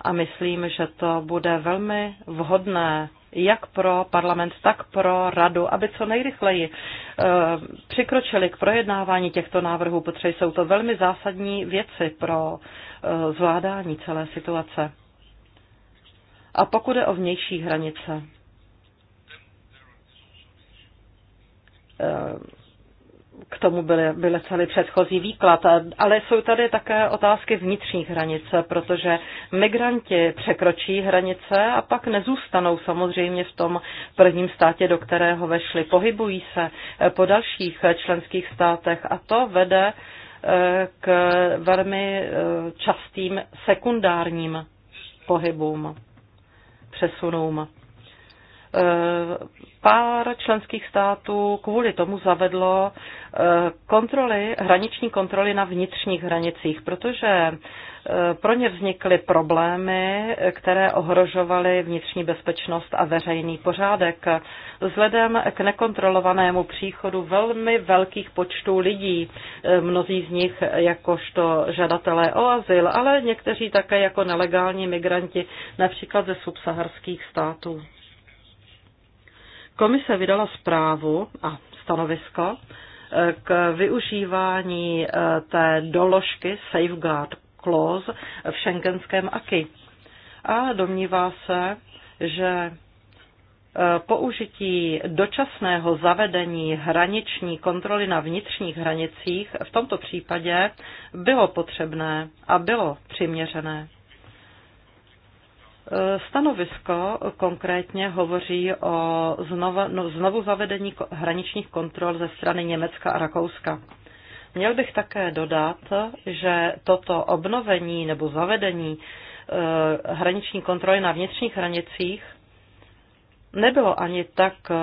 a myslím, že to bude velmi vhodné jak pro parlament, tak pro radu, aby co nejrychleji přikročili k projednávání těchto návrhů, protože jsou to velmi zásadní věci pro Eh, zvládání celé situace. A pokud je o vnější hranice, eh, k tomu byly, byly celý předchozí výklad, ale jsou tady také otázky vnitřních hranic, protože migranti překročí hranice a pak nezůstanou samozřejmě v tom prvním státě, do kterého vešli. Pohybují se po dalších členských státech a to vede k velmi eh, častým sekundárním pohybům, přesunům. Eh, pár členských států kvůli tomu zavedlo eh, kontroly, hraniční kontroly na vnitřních hranicích, protože pro ně vznikly problémy, které ohrožovaly vnitřní bezpečnost a veřejný pořádek. Vzhledem k nekontrolovanému příchodu velmi velkých počtů lidí, mnozí z nich jakožto žadatelé o azyl, ale někteří také jako nelegální migranti, například ze subsaharských států. Komise vydala zprávu a stanovisko eh, k využívání eh, té doložky safeguard klóz v šengenském aky A domnívá se, že e, použití dočasného zavedení hraniční kontroly na vnitřních hranicích v tomto případě bylo potřebné a bylo přiměřené. E, stanovisko konkrétně hovoří o znovu, no, znovu zavedení hraničních kontrol ze strany Německa a Rakouska. Měl bych také dodat, že toto obnovení nebo zavedení eh, hraniční kontroly na vnitřních hranicích nebylo ani tak eh,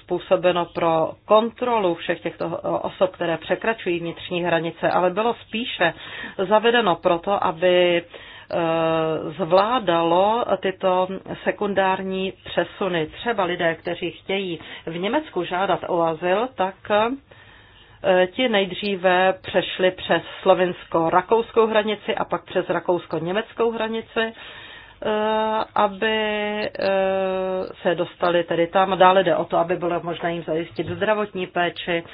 způsobeno pro kontrolu všech těchto eh, osob, které překračují vnitřní hranice, ale bylo spíše zavedeno proto, aby zvládalo tyto sekundární přesuny. Třeba lidé, kteří chtějí v Německu žádat o azyl, tak Eh, ti nejdříve přešli přes slovinsko-rakouskou hranici a pak přes rakousko-německou hranici, eh, aby eh, se dostali tedy tam. Dále jde o to, aby bylo možné jim zajistit zdravotní péči,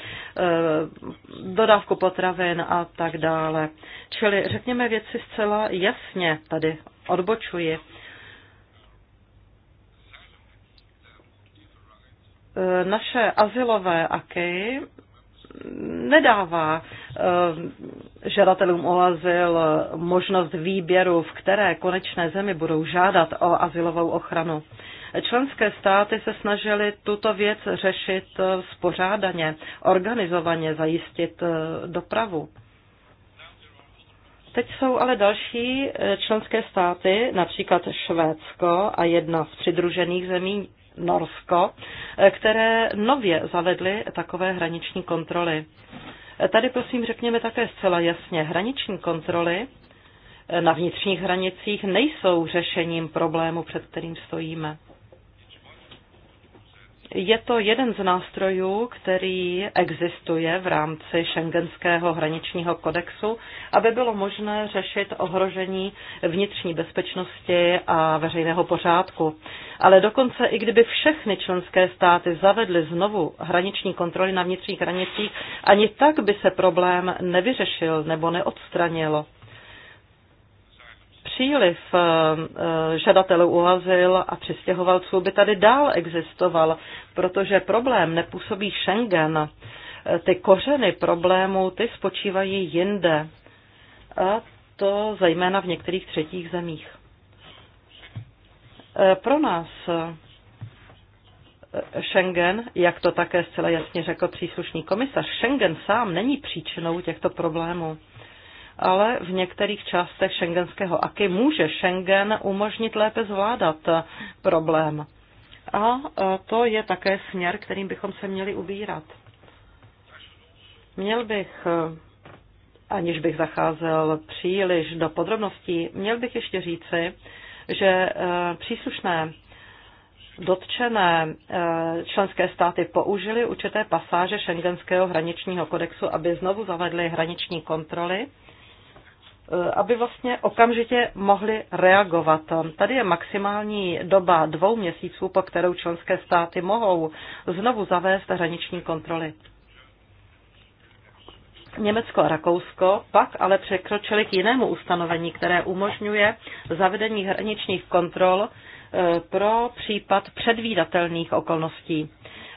dodávku potravin a tak dále. Čili řekněme věci zcela jasně, tady odbočuji. naše asilové aky nedává eh, žadatelům o azyl možnost výběru, v které konečné zemi budou žádat o azylovou ochranu. Členské státy se snažily tuto věc řešit eh, spořádaně, organizovaně zajistit eh, dopravu. Teď jsou ale další členské státy, například Švédsko a jedna z přidružených zemí Norsko, které nově zavedly takové hraniční kontroly. Tady prosím řekněme také zcela jasně, hraniční kontroly na vnitřních hranicích nejsou řešením problému, před kterým stojíme. Je to jeden z nástrojů, který existuje v rámci šengenského hraničního kodexu, aby bylo možné řešit ohrožení vnitřní bezpečnosti a veřejného pořádku. Ale dokonce i kdyby všechny členské státy zavedly znovu hraniční kontroly na vnitřních hranicích, ani tak by se problém nevyřešil nebo neodstranilo příliv eh, eh, žadatelů o azyl a přistěhovalců by tady dál existoval, protože problém nepůsobí Schengen. Eh, ty kořeny problému, ty spočívají jinde. A to zejména v některých třetích zemích. Pro nás Schengen, jak to také zcela jasně řekl příslušný komisař, Schengen sám není příčinou těchto problémů ale v některých částech šengenského aky může Schengen umožnit lépe zvládat problém. A e, to je také směr, kterým bychom se měli ubírat. Měl bych, e, aniž bych zacházel příliš do podrobností, měl bych ještě říci, že e, příslušné dotčené členské státy použily určité pasáže šengenského hraničního kodexu, aby znovu zavedly hraniční kontroly Eh, aby vlastně okamžitě mohli reagovat. Tady je maximální doba dvou měsíců, po kterou členské státy mohou znovu zavést hraniční kontroly. Německo a Rakousko pak ale překročili k jinému ustanovení, které umožňuje zavedení hraničních kontrol eh, pro případ předvídatelných okolností.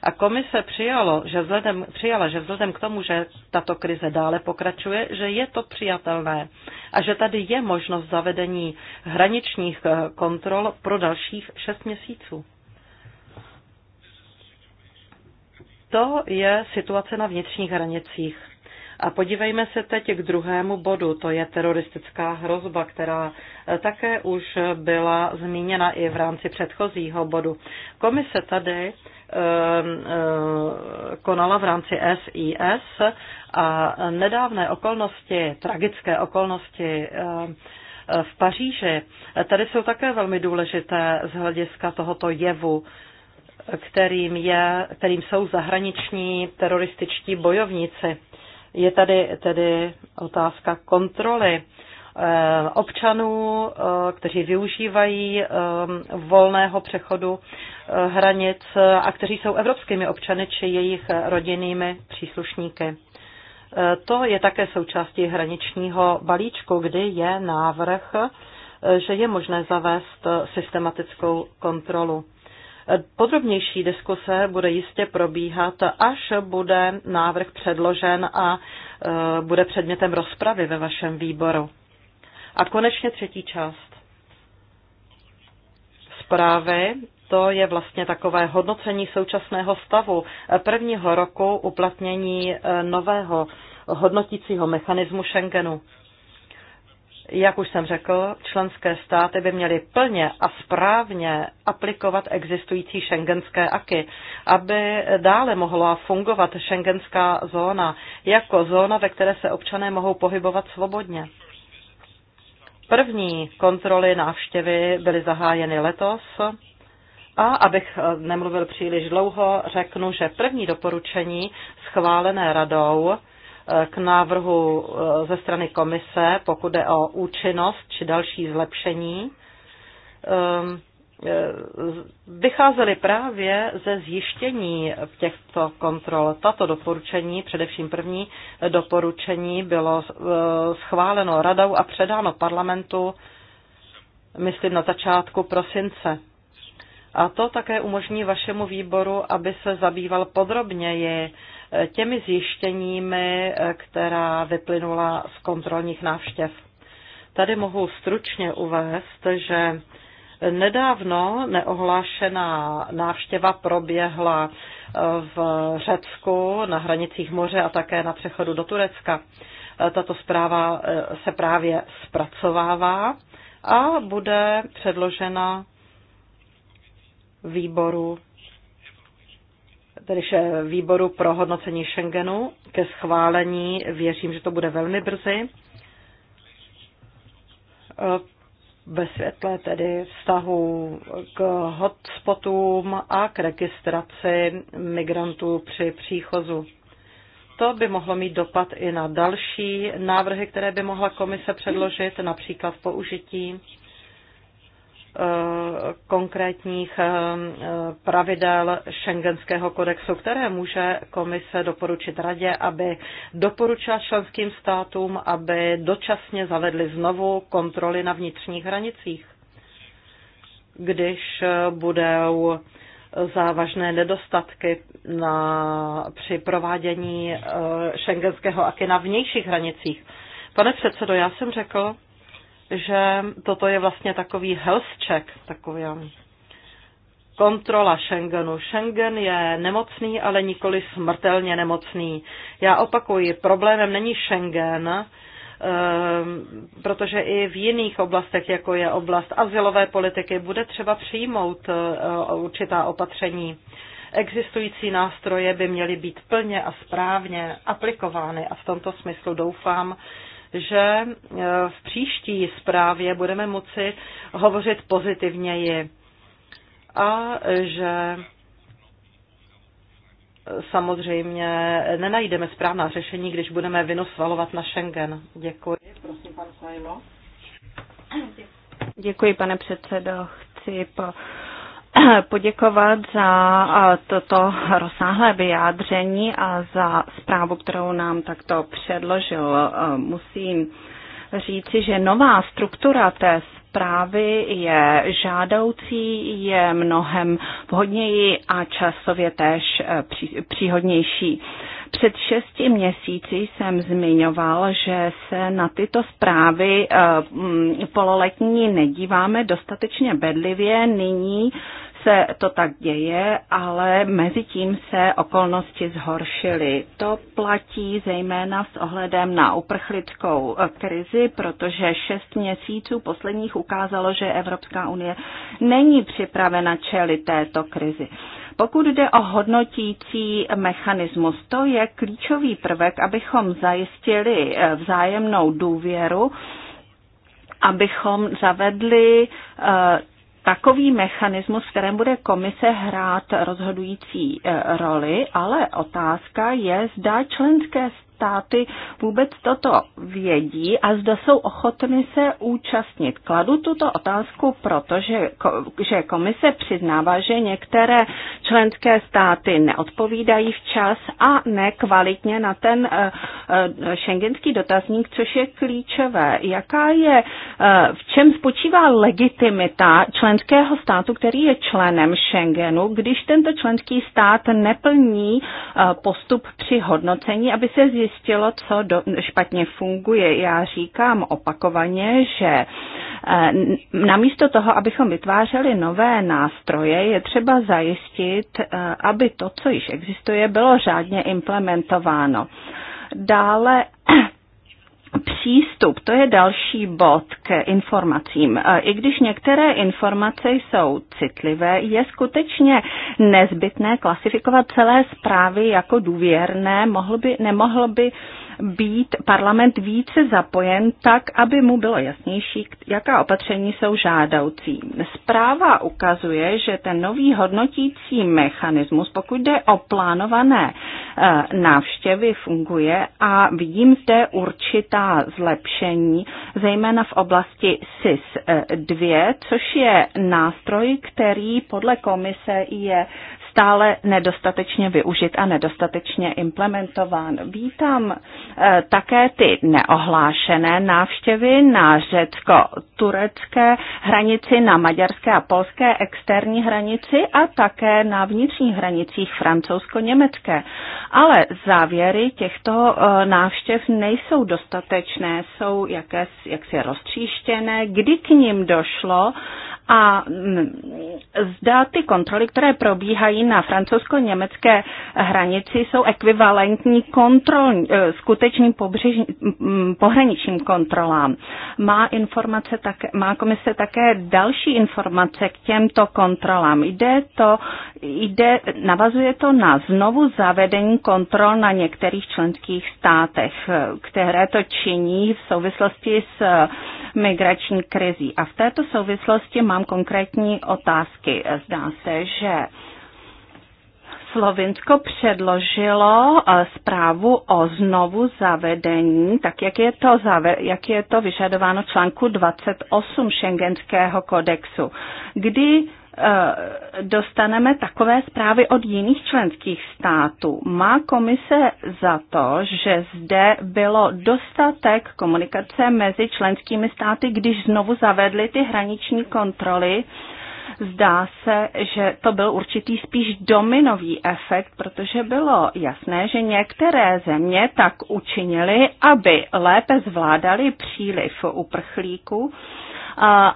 A komise přijalo, že vzhledem, přijala, že vzhledem k tomu, že tato krize dále pokračuje, že je to přijatelné a že tady je možnost zavedení hraničních eh, kontrol pro dalších šest měsíců. To je situace na vnitřních hranicích. A podívejme se teď k druhému bodu, to je teroristická hrozba, která eh, také už byla zmíněna i v rámci předchozího bodu. Komise tady eh, eh, konala v rámci SIS a nedávné okolnosti, tragické okolnosti v Paříži, tady jsou také velmi důležité z hlediska tohoto jevu, kterým, je, kterým jsou zahraniční terorističtí bojovníci. Je tady tedy otázka kontroly eh, občanů, eh, kteří využívají eh, volného přechodu hranic a kteří jsou evropskými občany či jejich rodinnými příslušníky. To je také součástí hraničního balíčku, kdy je návrh, že je možné zavést systematickou kontrolu. Podrobnější diskuse bude jistě probíhat, až bude návrh předložen a e, bude předmětem rozpravy ve vašem výboru. A konečně třetí část zprávy to je vlastně takové hodnocení současného stavu prvního roku uplatnění e, nového hodnotícího mechanismu Schengenu. Jak už jsem řekl, členské státy by měly plně a správně aplikovat existující šengenské aky, aby dále mohla fungovat šengenská zóna jako zóna, ve které se občané mohou pohybovat svobodně. První kontroly návštěvy byly zahájeny letos a abych eh, nemluvil příliš dlouho, řeknu, že první doporučení schválené radou k návrhu eh, ze strany komise, pokud jde o účinnost či další zlepšení, ehm, eh, vycházely právě ze zjištění v těchto kontrol. Tato doporučení, především první doporučení, bylo eh, schváleno radou a předáno parlamentu, myslím, na začátku prosince. A to také umožní vašemu výboru, aby se zabýval podrobněji těmi zjištěními, která vyplynula z kontrolních návštěv. Tady mohu stručně uvést, že Nedávno neohlášená návštěva proběhla v Řecku na hranicích moře a také na přechodu do Turecka. Tato zpráva se právě zpracovává a bude předložena výboru tedy výboru pro hodnocení Schengenu ke schválení. Věřím, že to bude velmi brzy. E, ve světle tedy vztahu k hotspotům a k registraci migrantů při příchozu. To by mohlo mít dopad i na další návrhy, které by mohla komise předložit, například použití konkrétních eh, pravidel šengenského kodexu, které může komise doporučit radě, aby doporučila členským státům, aby dočasně zavedly znovu kontroly na vnitřních hranicích, když eh, budou závažné nedostatky na, při provádění šengenského eh, aky na vnějších hranicích. Pane předsedo, já jsem řekl, že toto je vlastně takový health check, takový um, kontrola Schengenu. Schengen je nemocný, ale nikoli smrtelně nemocný. Já opakuji, problémem není Schengen, um, protože i v jiných oblastech, jako je oblast asilové politiky, bude třeba přijmout uh, určitá opatření. Existující nástroje by měly být plně a správně aplikovány a v tomto smyslu doufám, že e, v příští zprávě budeme moci hovořit pozitivněji a že samozřejmě nenajdeme správná řešení, když budeme vinu svalovat na Schengen. Děkuji. Prosím, pan Sajlo. Děkuji, pane předsedo. Chci po (clears throat) poděkovat za toto rozsáhlé vyjádření a za zprávu, kterou nám takto předložil. Musím říci, že nová struktura té zprávy je žádoucí, je mnohem vhodněji a časově též e, příhodnější. Před šesti měsíci jsem zmiňoval, že se na tyto zprávy eh, mm, pololetní nedíváme dostatečně bedlivě. Nyní se to tak děje, ale mezi tím se okolnosti zhoršily. To platí zejména s ohledem na uprchlickou eh, krizi, protože šest měsíců posledních ukázalo, že Evropská unie není připravena čelit této krizi. Pokud jde o hodnotící mechanismus, to je klíčový prvek, abychom zajistili eh, vzájemnou důvěru, abychom zavedli eh, takový mechanismus, v kterém bude komise hrát rozhodující eh, roli, ale otázka je, zda členské státy vůbec toto vědí a zda jsou ochotny se účastnit. Kladu tuto otázku, protože že komise přiznává, že některé členské státy neodpovídají včas a nekvalitně na ten eh, eh, šengenský dotazník, což je klíčové. Jaká je, eh, v čem spočívá legitimita členského státu, který je členem Schengenu, když tento členský stát neplní postup při hodnocení, aby se zjistil zjistilo, co do, špatně funguje. Já říkám opakovaně, že eh, namísto toho, abychom vytvářeli nové nástroje, je třeba zajistit, eh, aby to, co již existuje, bylo řádně implementováno. Dále (clears throat) přístup, to je další bod k informacím. E, I když některé informace jsou citlivé, je skutečně nezbytné klasifikovat celé zprávy jako důvěrné, mohl by, nemohl by být parlament více zapojen tak, aby mu bylo jasnější, jaká opatření jsou žádoucí. Zpráva ukazuje, že ten nový hodnotící mechanismus, pokud jde o plánované eh, návštěvy, funguje a vidím zde určitá zlepšení, zejména v oblasti SIS 2, eh, což je nástroj, který podle komise je stále nedostatečně využit a nedostatečně implementován. Vítám eh, také ty neohlášené návštěvy na řecko-turecké hranici, na maďarské a polské externí hranici a také na vnitřních hranicích francouzsko-německé. Ale závěry těchto eh, návštěv nejsou dostatečné, jsou jaké, jaksi roztříštěné, kdy k ním došlo a mm, zda ty kontroly, které probíhají, na francouzsko-německé hranici, jsou ekvivalentní kontrol, eh, skutečným pobřežní, mm, pohraničním kontrolám. Má, informace také, má komise také další informace k těmto kontrolám. Jde to, jde, navazuje to na znovu zavedení kontrol na některých členských státech, eh, které to činí v souvislosti s eh, migrační krizí. A v této souvislosti mám konkrétní otázky. Zdá se, že Slovinsko předložilo eh, zprávu o znovu zavedení, tak jak je to, jak je to vyžadováno článku 28 Schengenského kodexu, kdy eh, dostaneme takové zprávy od jiných členských států. Má komise za to, že zde bylo dostatek komunikace mezi členskými státy, když znovu zavedly ty hraniční kontroly Zdá se, že to byl určitý spíš dominový efekt, protože bylo jasné, že některé země tak učinily, aby lépe zvládali příliv uprchlíků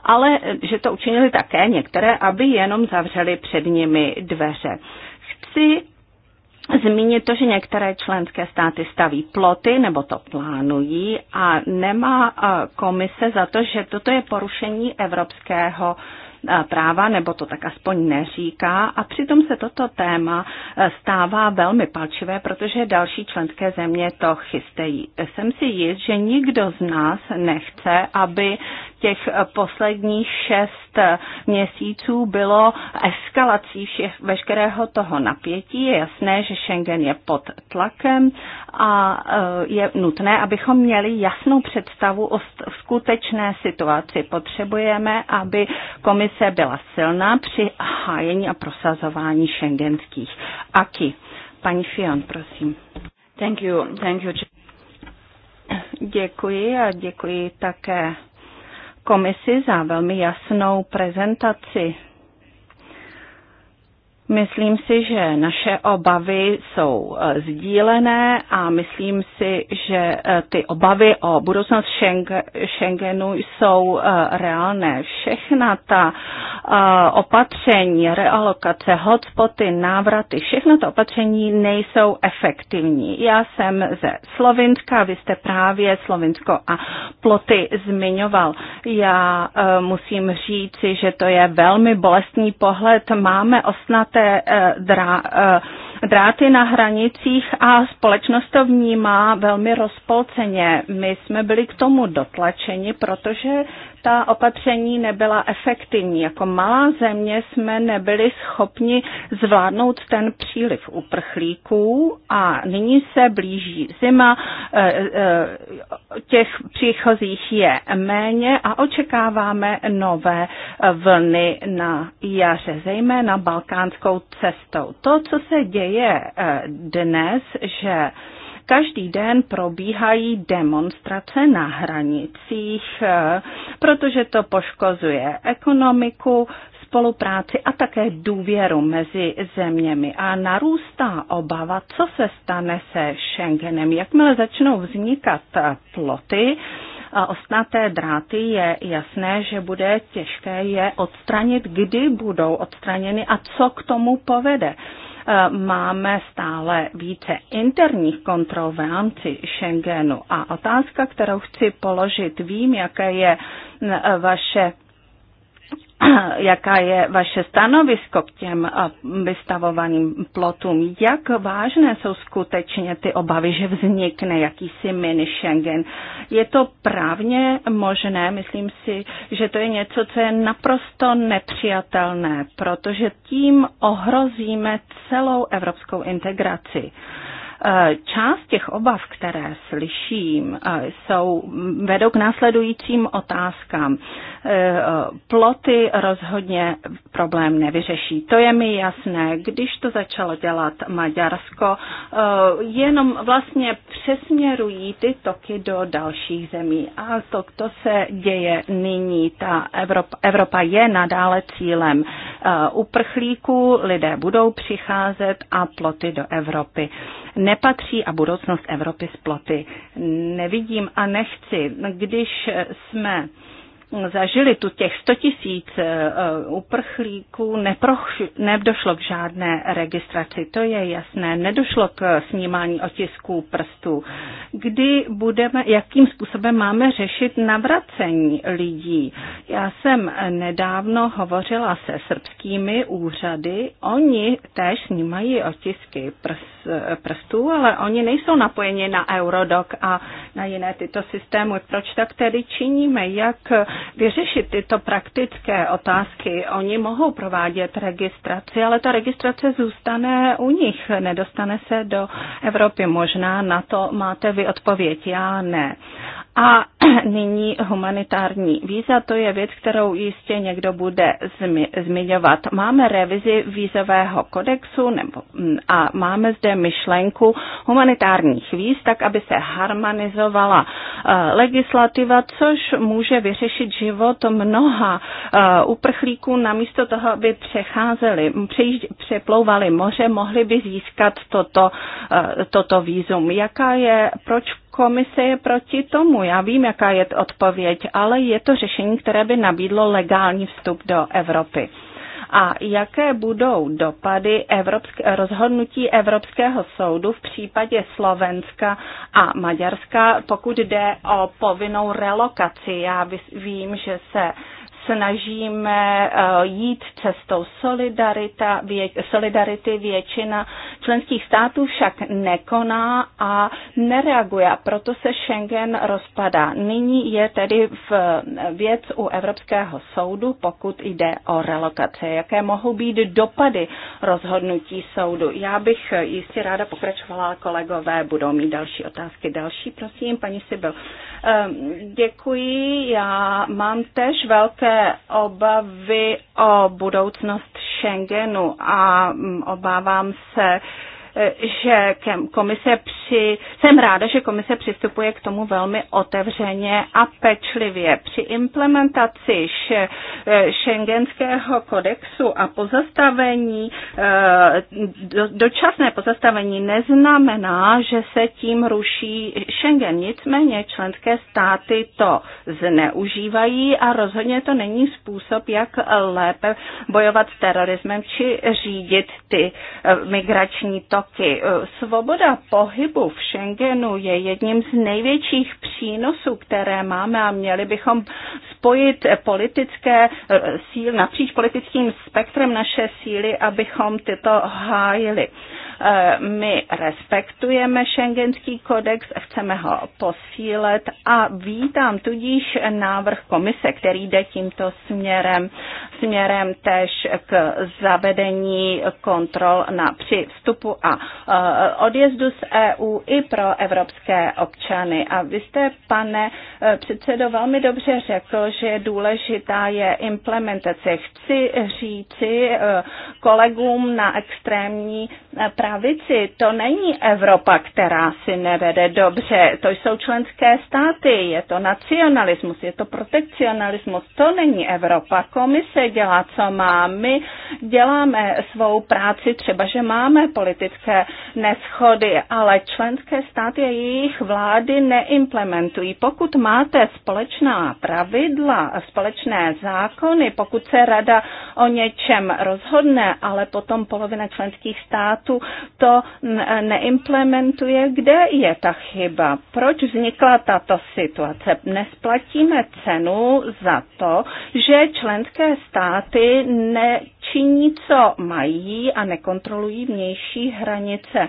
ale že to učinili také některé, aby jenom zavřeli před nimi dveře. Chci zmínit to, že některé členské státy staví ploty nebo to plánují a nemá komise za to, že toto je porušení evropského práva, nebo to tak aspoň neříká. A přitom se toto téma e, stává velmi palčivé, protože další členské země to chystejí. Jsem si jist, že nikdo z nás nechce, aby těch posledních šest měsíců bylo eskalací všech, veškerého toho napětí. Je jasné, že Schengen je pod tlakem a e, je nutné, abychom měli jasnou představu o skutečné situaci. Potřebujeme, aby komise byla silná při hájení a prosazování šengenských aky. Paní Fion, prosím. Thank you, thank you. Děkuji a děkuji také komisi za velmi jasnou prezentaci. Myslím si, že naše obavy jsou eh, sdílené a myslím si, že eh, ty obavy o budoucnost Schengenu jsou eh, reálné. Všechna ta opatření, realokace, hotspoty, návraty, všechno to opatření nejsou efektivní. Já jsem ze Slovinska, vy jste právě Slovinsko a ploty zmiňoval. Já musím říci, že to je velmi bolestný pohled. Máme osnat té eh, drá, eh, dráty na hranicích a společnost to vnímá velmi rozpolceně. My jsme byli k tomu dotlačeni, protože ta opatření nebyla efektivní. Jako malá země jsme nebyli schopni zvládnout ten příliv uprchlíků a nyní se blíží zima, eh, eh, těch příchozích je méně a očekáváme nové vlny na jaře, zejména balkánskou cestou. To, co se děje eh, dnes, že Každý den probíhají demonstrace na hranicích, eh, protože to poškozuje ekonomiku, spolupráci a také důvěru mezi zeměmi. A narůstá obava, co se stane se Schengenem. Jakmile začnou vznikat ploty, a ostnaté dráty je jasné, že bude těžké je odstranit, kdy budou odstraněny a co k tomu povede máme stále více interních kontrol v rámci Schengenu. A otázka, kterou chci položit, vím, jaké je vaše (clears throat) jaká je vaše stanovisko k těm eh, vystavovaným plotům. Jak vážné jsou skutečně ty obavy, že vznikne jakýsi mini Schengen? Je to právně možné? Myslím si, že to je něco, co je naprosto nepřijatelné, protože tím ohrozíme celou evropskou integraci. Eh, část těch obav, které slyším, eh, jsou, mm, vedou k následujícím otázkám. Eh, ploty rozhodně problém nevyřeší. To je mi jasné. Když to začalo dělat Maďarsko, jenom vlastně přesměrují ty toky do dalších zemí. A to, to se děje nyní. Ta Evropa, Evropa je nadále cílem uprchlíků, lidé budou přicházet a ploty do Evropy nepatří a budoucnost Evropy z ploty nevidím a nechci. Když jsme zažili tu těch 100 tisíc eh, uprchlíků, nedošlo k žádné registraci. To je jasné. Nedošlo k snímání otisků prstů. Kdy budeme, jakým způsobem máme řešit navracení lidí? Já jsem nedávno hovořila se srbskými úřady. Oni též snímají otisky prstů, ale oni nejsou napojeni na Eurodoc a na jiné tyto systémy. Proč tak tedy činíme? Jak vyřešit tyto praktické otázky. Oni mohou provádět registraci, ale ta registrace zůstane u nich, nedostane se do Evropy. Možná na to máte vy odpověď, já ne. A (clears throat) nyní humanitární víza, to je věc, kterou jistě někdo bude zmi- zmiňovat. Máme revizi vízového kodexu nebo, mm, a máme zde myšlenku humanitárních víz, tak aby se harmonizovala e, legislativa, což může vyřešit život mnoha e, uprchlíků, namísto toho, aby přecházeli, přejiždě, přeplouvali moře, mohli by získat toto, e, toto vízum. Jaká je, proč komise je proti tomu. Já vím, jaká je odpověď, ale je to řešení, které by nabídlo legální vstup do Evropy a jaké budou dopady evropsk- rozhodnutí Evropského soudu v případě Slovenska a Maďarska, pokud jde o povinnou relokaci. Já vím, že se snažíme eh, jít cestou solidarita, vě, solidarity. Většina členských států však nekoná a nereaguje. A proto se Schengen rozpadá. Nyní je tedy v věc u Evropského soudu, pokud jde o relokace. Jaké mohou být dopady rozhodnutí soudu? Já bych jistě ráda pokračovala, kolegové budou mít další otázky. Další, prosím, paní Sibyl. Ehm, děkuji, já mám tež velké obavy o budoucnost Schengenu a mm, obávám se, že komise při, jsem ráda, že komise přistupuje k tomu velmi otevřeně a pečlivě. Při implementaci šengenského kodexu a pozastavení, eh, dočasné pozastavení neznamená, že se tím ruší Schengen. Nicméně členské státy to zneužívají a rozhodně to není způsob, jak lépe bojovat s terorismem či řídit ty eh, migrační toky roky. E, svoboda pohybu v Schengenu je jedním z největších přínosů, které máme a měli bychom spojit politické e, síly, napříč politickým spektrem naše síly, abychom tyto hájili. Eh, my respektujeme šengenský kodex, chceme ho posílet a vítám tudíž návrh komise, který jde tímto směrem, směrem tež k zavedení kontrol na při vstupu a eh, odjezdu z EU i pro evropské občany. A vy jste, pane eh, předsedo, velmi dobře řekl, že důležitá je implementace. Chci říci kolegům na extrémní pravici, pravici. To není Evropa, která si nevede dobře. To jsou členské státy, je to nacionalismus, je to protekcionalismus. To není Evropa. Komise dělá, co má. My děláme svou práci, třeba, že máme politické neschody, ale členské státy a jejich vlády neimplementují. Pokud máte společná pravidla, společné zákony, pokud se rada o něčem rozhodne, ale potom polovina členských států to neimplementuje, kde je ta chyba, proč vznikla tato situace. Nesplatíme cenu za to, že členské státy ne činí, co mají a nekontrolují vnější hranice.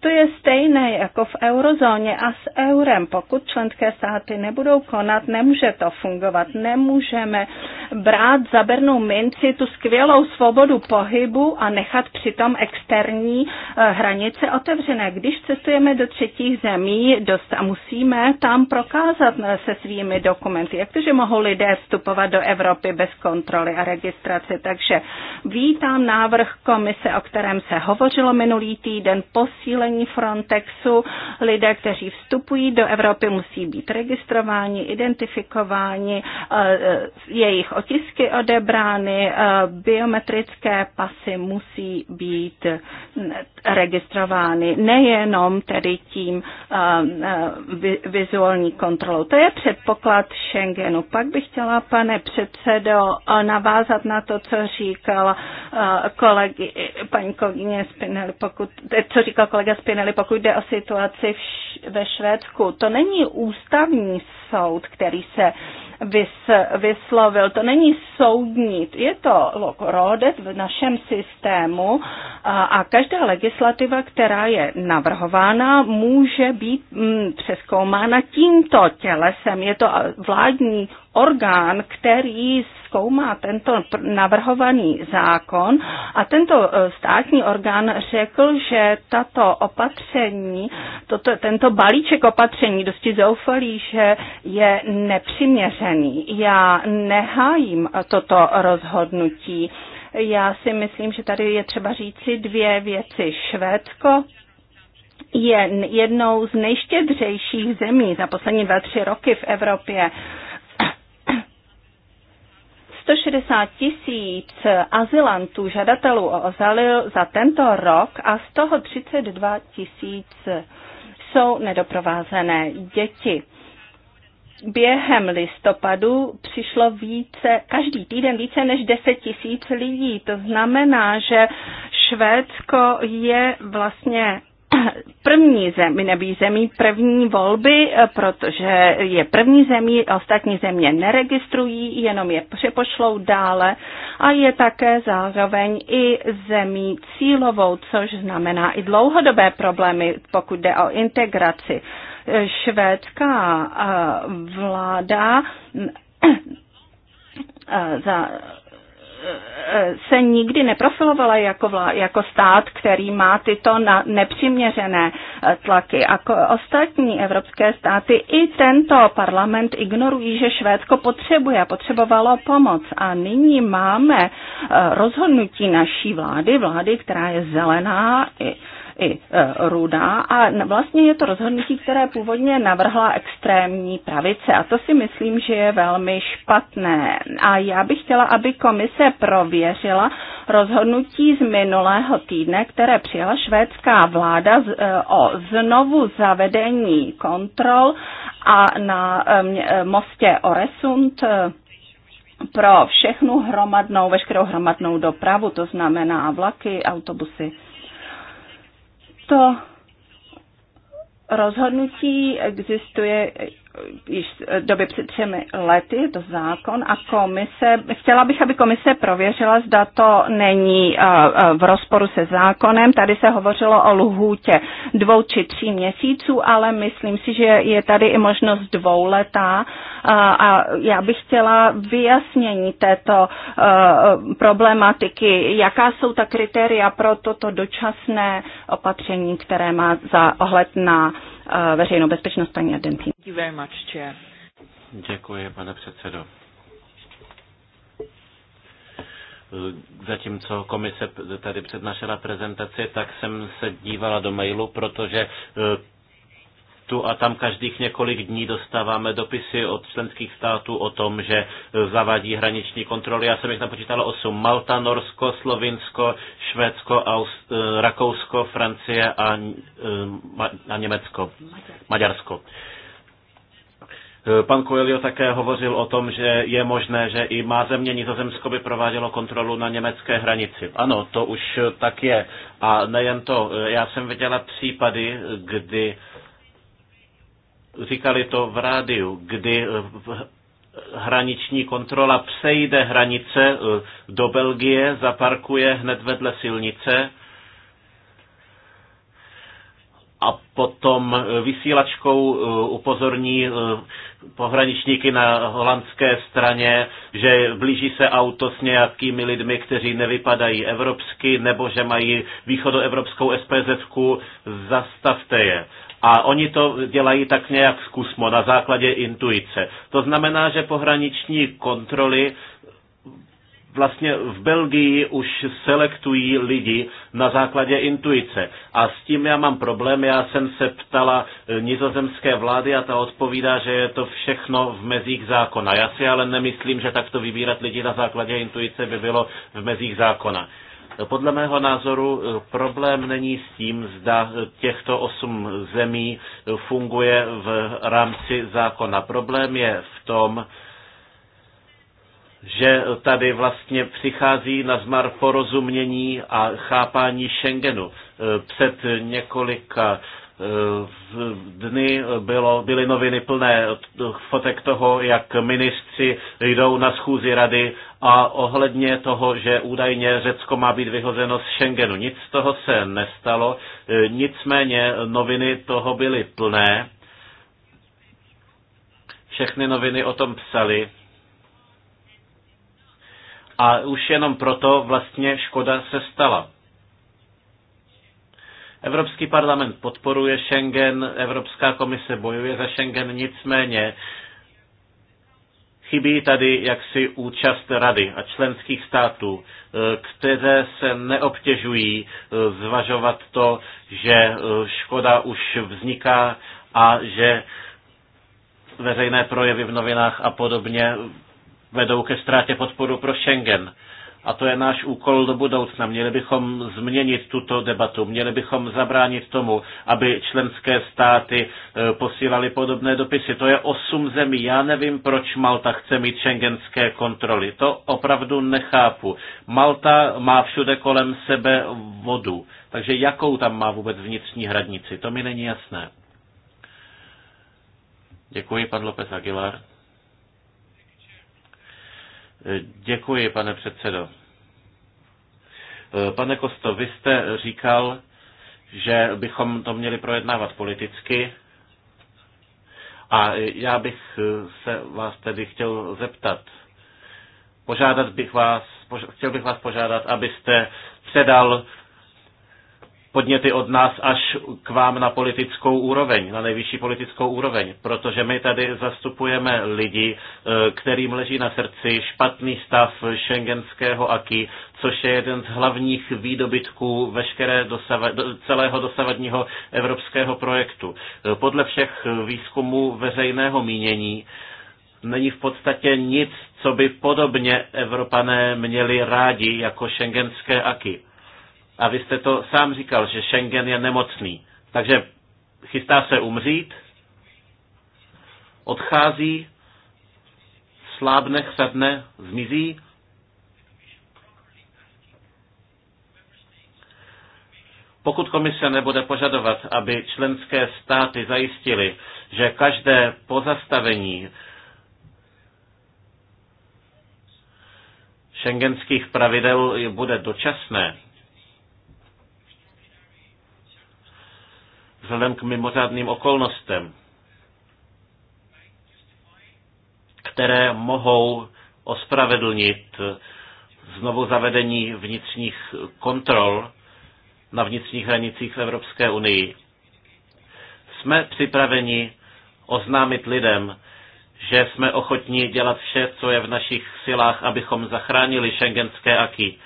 To je stejné jako v eurozóně a s eurem. Pokud členské státy nebudou konat, nemůže to fungovat. Nemůžeme brát za bernou minci tu skvělou svobodu pohybu a nechat přitom externí eh, hranice otevřené. Když cestujeme do třetích zemí, dost a musíme tam prokázat eh, se svými dokumenty, jak to, že mohou lidé vstupovat do Evropy bez kontroly a registrace. Takže Vítám návrh komise, o kterém se hovořilo minulý týden, posílení Frontexu. Lidé, kteří vstupují do Evropy, musí být registrováni, identifikováni, eh, eh, jejich otisky odebrány, eh, biometrické pasy musí být registrovány nejenom tedy tím vizuální kontrolou. To je předpoklad Schengenu. Pak bych chtěla, pane předsedo, navázat na to, co říkal říkala eh, kolegy, paní kolegyně Spinelli, pokud, eh, co říkal kolega Spinelli, pokud jde o situaci v, ve Švédsku. To není ústavní soud, který se vys, vyslovil. To není soudní, je to rodet v našem systému a, a každá legislativa, která je navrhována, může být mm, přeskoumána tímto tělesem. Je to vládní orgán, který zkoumá tento navrhovaný zákon a tento e, státní orgán řekl, že tato opatření, toto, tento balíček opatření dosti zoufalý, že je nepřiměřený. Já nehájím toto rozhodnutí. Já si myslím, že tady je třeba říci dvě věci. Švédsko je jednou z nejštědřejších zemí za poslední dva, tři roky v Evropě 160 tisíc azylantů, žadatelů o azyl za tento rok a z toho 32 tisíc jsou nedoprovázené děti. Během listopadu přišlo více, každý týden více než 10 tisíc lidí. To znamená, že Švédsko je vlastně první zemi, nebo zemí první volby, protože je první zemí, ostatní země neregistrují, jenom je přepošlou dále a je také zároveň i zemí cílovou, což znamená i dlouhodobé problémy, pokud jde o integraci. Švédská eh, vláda eh, za Eh, se nikdy neprofilovala jako, vlá, jako stát, který má tyto na, nepřiměřené eh, tlaky. A ostatní evropské státy i tento parlament ignorují, že Švédsko potřebuje, potřebovalo pomoc. A nyní máme eh, rozhodnutí naší vlády, vlády, která je zelená, i e, Ruda a vlastně je to rozhodnutí, které původně navrhla extrémní pravice a to si myslím, že je velmi špatné. A já bych chtěla, aby komise prověřila rozhodnutí z minulého týdne, které přijala švédská vláda e, o znovu zavedení kontrol a na e, mostě Oresund pro všechnu hromadnou, veškerou hromadnou dopravu, to znamená vlaky, autobusy to rozhodnutí existuje již doby před třemi lety, je to zákon, a komise, chtěla bych, aby komise prověřila, zda to není eh, eh, v rozporu se zákonem. Tady se hovořilo o lhůtě dvou či tří měsíců, ale myslím si, že je tady i možnost dvouletá eh, a já bych chtěla vyjasnění této problematiky, jaká jsou ta kritéria pro toto dočasné opatření, které má za ohled na uh, veřejnou bezpečnost, paní Ardentín. Děkuji, pane předsedo. Zatímco komise tady přednášela prezentaci, tak jsem se dívala do mailu, protože eh, tu a tam každých několik dní dostáváme dopisy od členských států o tom, že zavádí hraniční kontroly. Já jsem jich napočítal osm. Malta, Norsko, Slovinsko, Švédsko, Aust, eh, Rakousko, Francie a, eh, a Německo. Maďarsko. Eh, pan Coelho také hovořil o tom, že je možné, že i má země Nizozemsko by provádělo kontrolu na německé hranici. Ano, to už tak je. A nejen to, já jsem viděla případy, kdy říkali to v rádiu, kdy eh, hraniční kontrola přejde hranice eh, do Belgie, zaparkuje hned vedle silnice a potom eh, vysílačkou upozorní pohraničníky na holandské straně, že blíží se auto s nějakými lidmi, kteří nevypadají evropsky, nebo že mají východoevropskou SPZ, zastavte je. A oni to dělají tak nějak zkusmo na základě intuice. To znamená, že pohraniční kontroly vlastně v Belgii už selektují lidi na základě intuice. A s tím já mám problém. Já jsem se ptala eh, nizozemské vlády a ta odpovídá, že je to všechno v mezích zákona. Já si ale nemyslím, že takto vybírat lidi na základě intuice by bylo v mezích zákona. Podle mého názoru eh, problém není s tím, zda eh, těchto osm zemí eh, funguje v rámci zákona. Problém je v tom, že tady vlastně přichází na zmar porozumění a chápání Schengenu. Před několika v dny bylo, byly noviny plné fotek toho, jak ministři jdou na schůzi rady a ohledně toho, že údajně Řecko má být vyhozeno z Schengenu. Nic z toho se nestalo, nicméně noviny toho byly plné. Všechny noviny o tom psali. A už jenom proto vlastně škoda se stala. Evropský parlament podporuje Schengen, Evropská komise bojuje za Schengen, nicméně chybí tady jaksi účast rady a členských států, e, které se neobtěžují e, zvažovat to, že e, škoda už vzniká a že veřejné projevy v novinách a podobně vedou ke ztrátě podporu pro Schengen a to je náš úkol do budoucna. Měli bychom změnit tuto debatu, měli bychom zabránit tomu, aby členské státy e, posílali podobné dopisy. To je osm zemí. Já nevím, proč Malta chce mít šengenské kontroly. To opravdu nechápu. Malta má všude kolem sebe vodu. Takže jakou tam má vůbec vnitřní hranici? To mi není jasné. Děkuji, pan López Aguilar. Děkuji, pane předsedo. Eh, pane Kosto, vy jste říkal, že bychom to měli projednávat politicky. A já bych eh, se vás tedy chtěl zeptat. Požádat bych vás, chtěl bych vás požádat, abyste předal podněty od nás až k vám na politickou úroveň, na nejvyšší politickou úroveň, protože my tady zastupujeme lidi, eh, kterým leží na srdci špatný stav šengenského aky, což je jeden z hlavních výdobytků veškeré dosava, celého dosavadního evropského projektu. Eh, podle všech výzkumů veřejného mínění není v podstatě nic, co by podobně Evropané měli rádi jako šengenské aky. A vy jste to sám říkal, že Schengen je nemocný. Takže chystá se umřít, odchází, slábne, chřadne, zmizí. Pokud komise nebude požadovat, aby členské státy zajistili, že každé pozastavení šengenských pravidel bude dočasné, vzhledem k mimořádným okolnostem, které mohou ospravedlnit znovu zavedení vnitřních kontrol na vnitřních hranicích v Evropské unii. Jsme připraveni oznámit lidem, že jsme ochotní dělat vše, co je v našich silách, abychom zachránili šengenské aky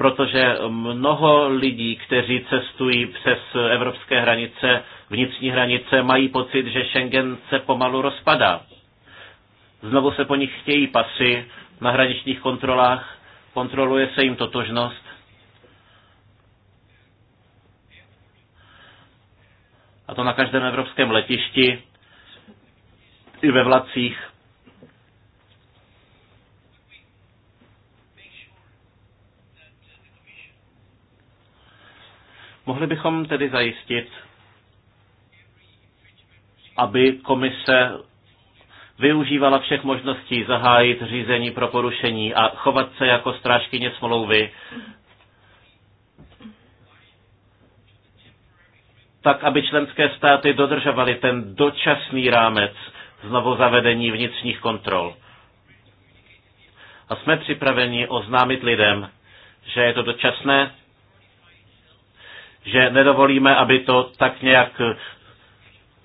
protože mnoho lidí, kteří cestují přes evropské hranice, vnitřní hranice, mají pocit, že Schengen se pomalu rozpadá. Znovu se po nich chtějí pasy na hraničních kontrolách, kontroluje se jim totožnost. A to na každém evropském letišti i ve vlacích. Mohli bychom tedy zajistit, aby komise využívala všech možností zahájit řízení pro porušení a chovat se jako strážkyně smlouvy, tak, aby členské státy dodržovaly ten dočasný rámec znovu zavedení vnitřních kontrol. A jsme připraveni oznámit lidem, že je to dočasné že nedovolíme, aby to tak nějak eh,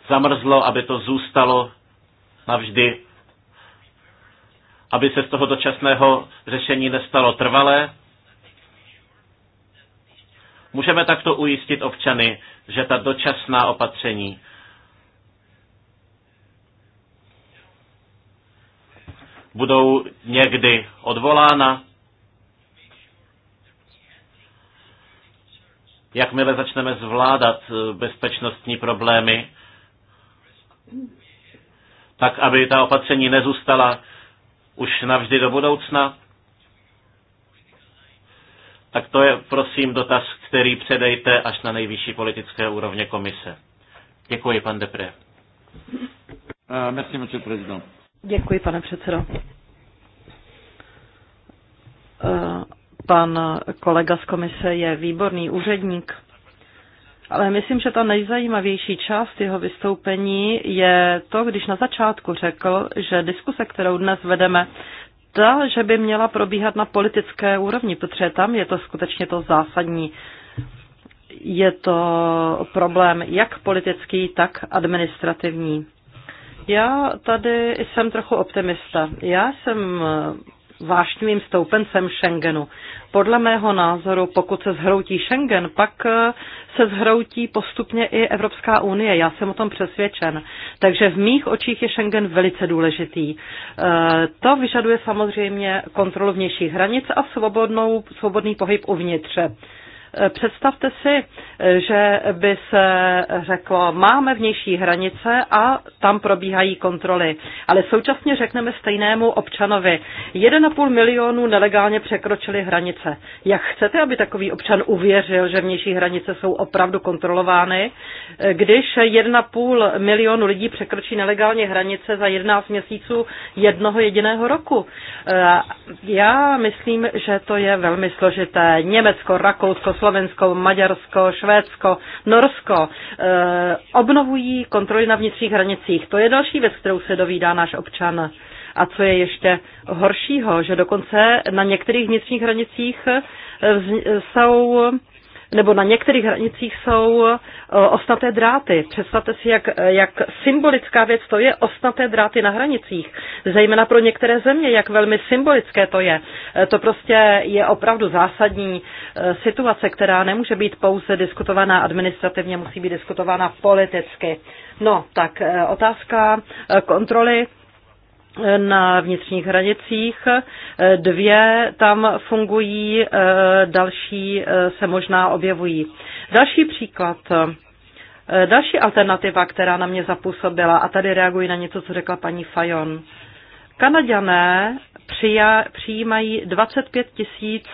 zamrzlo, aby to zůstalo navždy, aby se z toho dočasného řešení nestalo trvalé. Můžeme takto ujistit občany, že ta dočasná opatření budou někdy odvolána jakmile začneme zvládat eh, bezpečnostní problémy, tak aby ta opatření nezůstala už navždy do budoucna? Tak to je, prosím, dotaz, který předejte až na nejvyšší politické úrovně komise. Děkuji, pan Depré. Eh, merci, monsieur Děkuji, pane předsedo. Eh, Pan kolega z komise je výborný úředník, ale myslím, že ta nejzajímavější část jeho vystoupení je to, když na začátku řekl, že diskuse, kterou dnes vedeme, ta, že by měla probíhat na politické úrovni, protože tam je to skutečně to zásadní. Je to problém jak politický, tak administrativní. Já tady jsem trochu optimista. Já jsem vášnivým stoupencem Schengenu. Podle mého názoru, pokud se zhroutí Schengen, pak eh, se zhroutí postupně i Evropská unie. Já jsem o tom přesvědčen. Takže v mých očích je Schengen velice důležitý. Eh, to vyžaduje samozřejmě kontrolu vnějších hranic a svobodnou, svobodný pohyb uvnitř. Eh, představte si, eh, že by se řeklo, máme vnější hranice a tam probíhají kontroly. Ale současně řekneme stejnému občanovi, 1,5 milionu nelegálně překročili hranice. Jak chcete, aby takový občan uvěřil, že vnější hranice jsou opravdu kontrolovány, eh, když 1,5 milionu lidí překročí nelegálně hranice za 11 měsíců jednoho jediného roku? Já myslím, že to je velmi složité. Německo, Rakousko, Slovensko, Maďarsko, Švédsko, Norsko eh, obnovují kontroly na vnitřních hranicích. To je další věc, kterou se dovídá náš občan. A co je ještě horšího, že dokonce na některých vnitřních hranicích eh, jsou nebo na některých hranicích jsou eh, osnaté dráty. Představte si, jak, jak symbolická věc to je, osnaté dráty na hranicích. Zejména pro některé země, jak velmi symbolické to je. Eh, to prostě je opravdu zásadní eh, situace, která nemůže být pouze diskutovaná administrativně, musí být diskutována politicky. No, tak otázka kontroly na vnitřních hranicích, dvě tam fungují, další se možná objevují. Další příklad. Další alternativa, která na mě zapůsobila, a tady reaguji na něco, co řekla paní Fajon. Kanaděné přijímají 25 tisíc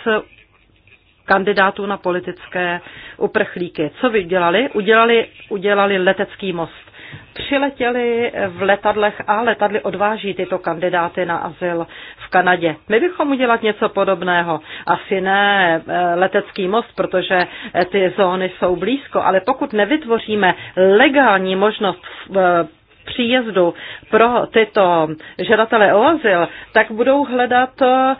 kandidátů na politické uprchlíky. Co vydělali? Udělali, udělali letecký most přiletěli v letadlech a letadly odváží tyto kandidáty na azyl v Kanadě. My bychom udělat něco podobného. Asi ne eh, letecký most, protože eh, ty zóny jsou blízko, ale pokud nevytvoříme legální možnost eh, příjezdu pro tyto žadatele o azyl, tak budou hledat eh,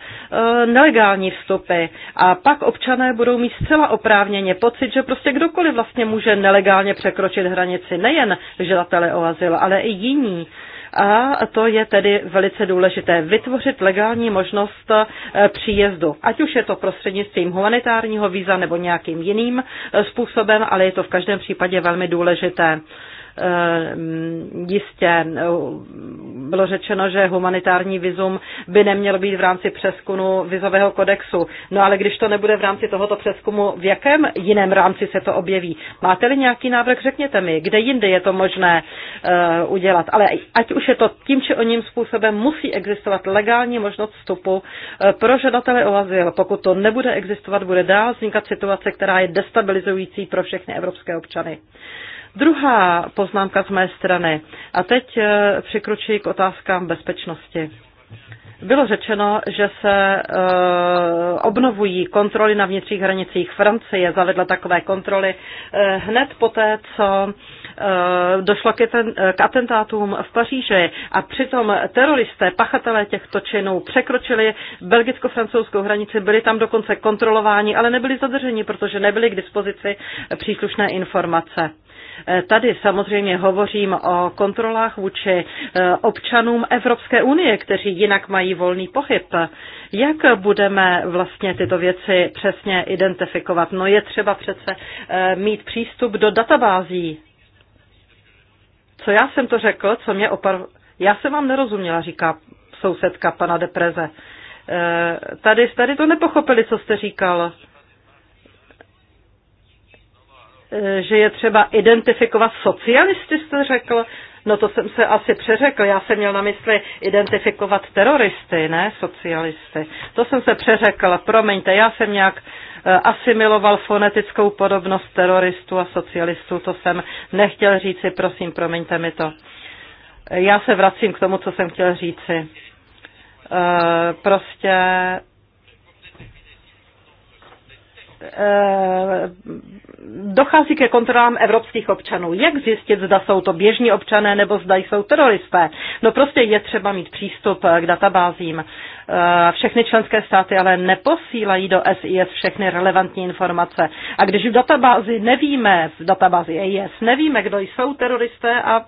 nelegální vstupy. A pak občané budou mít zcela oprávněně pocit, že prostě kdokoliv vlastně může nelegálně překročit hranici, nejen žadatele o azyl, ale i jiní. A to je tedy velice důležité vytvořit legální možnost eh, příjezdu. Ať už je to prostřednictvím humanitárního víza nebo nějakým jiným eh, způsobem, ale je to v každém případě velmi důležité. Ehm, jistě eh, bylo řečeno, že humanitární vizum by nemělo být v rámci přeskunu vizového kodexu. No ale když to nebude v rámci tohoto přeskumu, v jakém jiném rámci se to objeví? Máte-li nějaký návrh, řekněte mi, kde jinde je to možné uh, udělat. Ale ať už je to tím či ním způsobem, musí existovat legální možnost vstupu eh, pro žadatele o azyl. Pokud to nebude existovat, bude dál vznikat situace, která je destabilizující pro všechny evropské občany. Druhá poznámka z mé strany. A teď eh, přikručuji k otázkám bezpečnosti. Bylo řečeno, že se eh, obnovují kontroly na vnitřních hranicích. Francie zavedla takové kontroly eh, hned poté, co došlo k, ten, k atentátům v Paříži a přitom teroristé, pachatelé těchto činů překročili belgicko-francouzskou hranici, byli tam dokonce kontrolováni, ale nebyli zadrženi, protože nebyly k dispozici příslušné informace. Eh, tady samozřejmě hovořím o kontrolách vůči eh, občanům Evropské unie, kteří jinak mají volný pohyb. Jak budeme vlastně tyto věci přesně identifikovat? No je třeba přece eh, mít přístup do databází. Co já jsem to řekl, co mě opar... Já jsem vám nerozuměla, říká sousedka pana Depreze. Tady, tady to nepochopili, co jste říkal. Eh, že je třeba identifikovat socialisty, jste řekl. No to jsem se asi přeřekl, já jsem měl na mysli identifikovat teroristy, ne socialisty. To jsem se přeřekl, promiňte, já jsem nějak eh, asimiloval fonetickou podobnost teroristů a socialistů, to jsem nechtěl říci, prosím, promiňte mi to. Eh, já se vracím k tomu, co jsem chtěl říci. Prostě Eh, dochází ke kontrolám evropských občanů. Jak zjistit, zda jsou to běžní občané nebo zda jsou teroristé? No prostě je třeba mít přístup eh, k databázím. Eh, všechny členské státy ale neposílají do SIS všechny relevantní informace. A když v databázi nevíme, v databázi EIS nevíme, kdo jsou teroristé a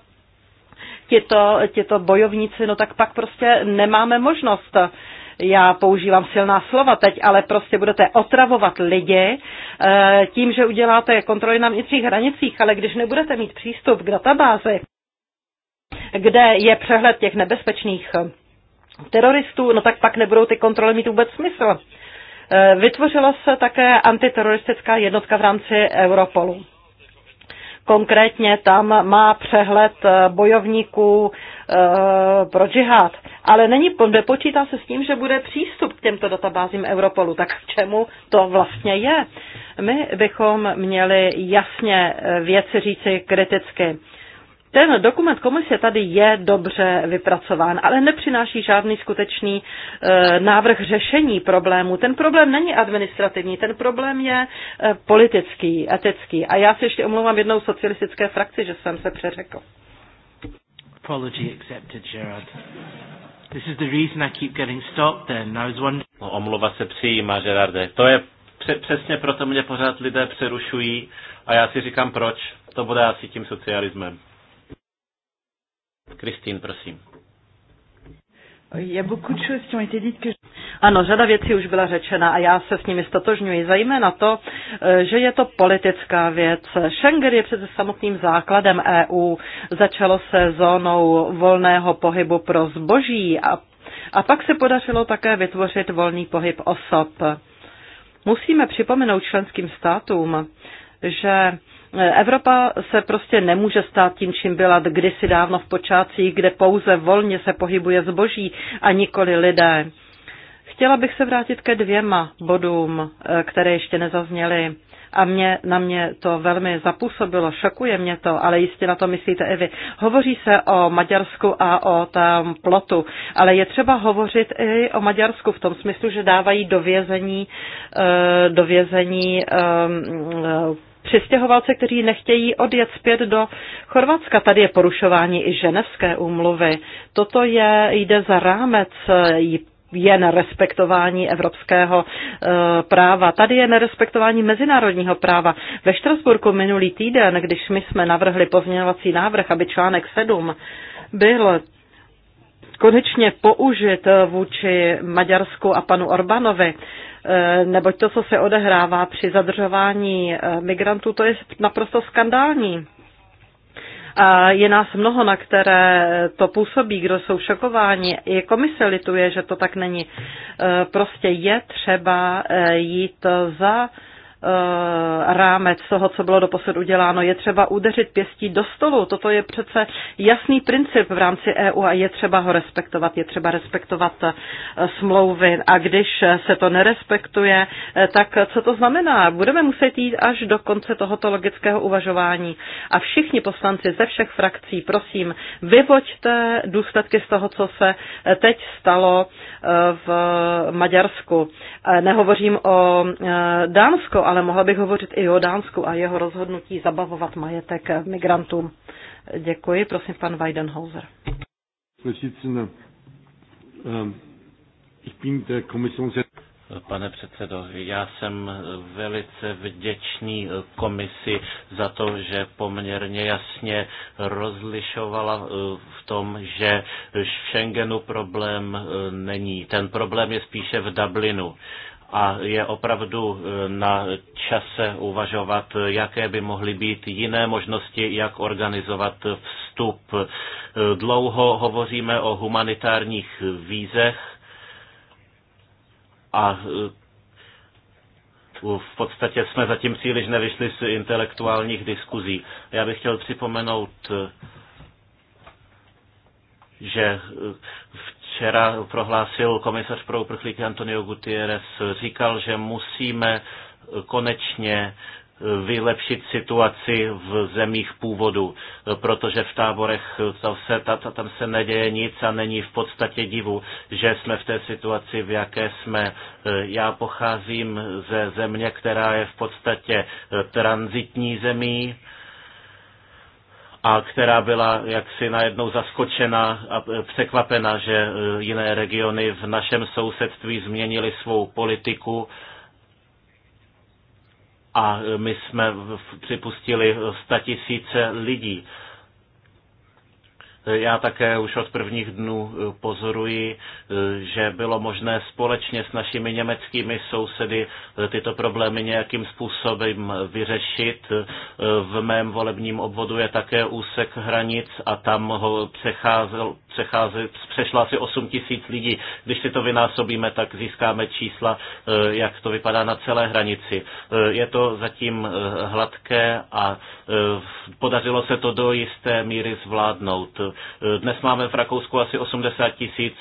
tyto tito bojovníci, no tak pak prostě nemáme možnost uh, já používám silná slova teď, ale prostě budete otravovat lidi eh, tím, že uděláte kontroly na vnitřních hranicích, ale když nebudete mít přístup k databázi, kde je přehled těch nebezpečných eh, teroristů, no tak pak nebudou ty kontroly mít vůbec smysl. Eh, vytvořila se také antiteroristická jednotka v rámci Europolu konkrétně tam má přehled eh, bojovníků eh, pro džihad, ale není, nepočítá se s tím, že bude přístup k těmto databázím Europolu. Tak k čemu to vlastně je? My bychom měli jasně eh, věci říci kriticky. Ten dokument komise tady je dobře vypracován, ale nepřináší žádný skutečný e, návrh řešení problému. Ten problém není administrativní, ten problém je e, politický, etický. A já se ještě omlouvám jednou socialistické frakci, že jsem se přeřekl. Apology accepted, Gerard. This is the reason I keep getting stopped then. I was wondering... No, omluva se přijímá, Gerarde. To je přesně proto mě pořád lidé přerušují a já si říkám proč. To bude asi tím socialismem. Kristýn, prosím. Ano, řada věcí už byla řečena a já se s nimi stotožňuji. Zajména to, eh, že je to politická věc. Schengen je přece samotným základem EU. Začalo se zónou volného pohybu pro zboží a, a pak se podařilo také vytvořit volný pohyb osob. Musíme připomenout členským státům, že Evropa se prostě nemůže stát tím, čím byla kdysi dávno v počátcích, kde pouze volně se pohybuje zboží a nikoli lidé. Chtěla bych se vrátit ke dvěma bodům, eh, které ještě nezazněly. A mě, na mě to velmi zapůsobilo, šokuje mě to, ale jistě na to myslíte i vy. Hovoří se o Maďarsku a o tam plotu, ale je třeba hovořit i o Maďarsku v tom smyslu, že dávají do vězení, eh, do vězení eh, přistěhovalce, kteří nechtějí odjet zpět do Chorvatska. Tady je porušování i ženevské úmluvy. Toto je, jde za rámec eh, na respektování evropského eh, práva. Tady je nerespektování mezinárodního práva. Ve Štrasburku minulý týden, když my jsme navrhli pozměňovací návrh, aby článek 7 byl konečně použit vůči Maďarsku a panu Orbanovi, eh, neboť to, co se odehrává při zadržování eh, migrantů, to je naprosto skandální. A je nás mnoho, na které to působí, kdo jsou šokováni. I komise lituje, že to tak není. Eh, prostě je třeba jít za Eh, rámec toho, co bylo doposud uděláno. Je třeba udeřit pěstí do stolu. Toto je přece jasný princip v rámci EU a je třeba ho respektovat. Je třeba respektovat eh, smlouvy. A když se to nerespektuje, eh, tak co to znamená? Budeme muset jít až do konce tohoto logického uvažování. A všichni poslanci ze všech frakcí, prosím, vyvoďte důsledky z toho, co se teď stalo v Maďarsku. Nehovořím o Dánsku, ale ale mohla bych hovořit i o Dánsku a jeho rozhodnutí zabavovat majetek migrantům. Děkuji, prosím, pan Weidenhauser. Ehm, Pane předsedo, já jsem velice vděčný komisi za to, že poměrně jasně rozlišovala eh, v tom, že v Schengenu problém eh, není. Ten problém je spíše v Dublinu a je opravdu e, na čase uvažovat, jaké by mohly být jiné možnosti, jak organizovat vstup. E, dlouho hovoříme o humanitárních vízech a e, v podstatě jsme zatím příliš nevyšli z intelektuálních diskuzí. Já bych chtěl připomenout že v včera prohlásil komisař pro uprchlíky Antonio Gutierrez, říkal, že musíme konečně vylepšit situaci v zemích původu, protože v táborech tam se, tam se neděje nic a není v podstatě divu, že jsme v té situaci, v jaké jsme. Já pocházím ze země, která je v podstatě transitní zemí, a která byla jaksi najednou zaskočena a překvapena, že e, jiné regiony v našem sousedství změnily svou politiku a e, my jsme připustili tisíce lidí já také už od prvních dnů eh, pozoruji, eh, že bylo možné společně s našimi německými sousedy eh, tyto problémy nějakým způsobem vyřešit. V mém volebním obvodu je také úsek hranic a tam ho přecházel, přešlo asi 8 tisíc lidí. Když si to vynásobíme, tak získáme čísla, eh, jak to vypadá na celé hranici. Eh, je to zatím eh, hladké a podařilo se to do jisté míry zvládnout. Dnes máme v Rakousku asi 80 tisíc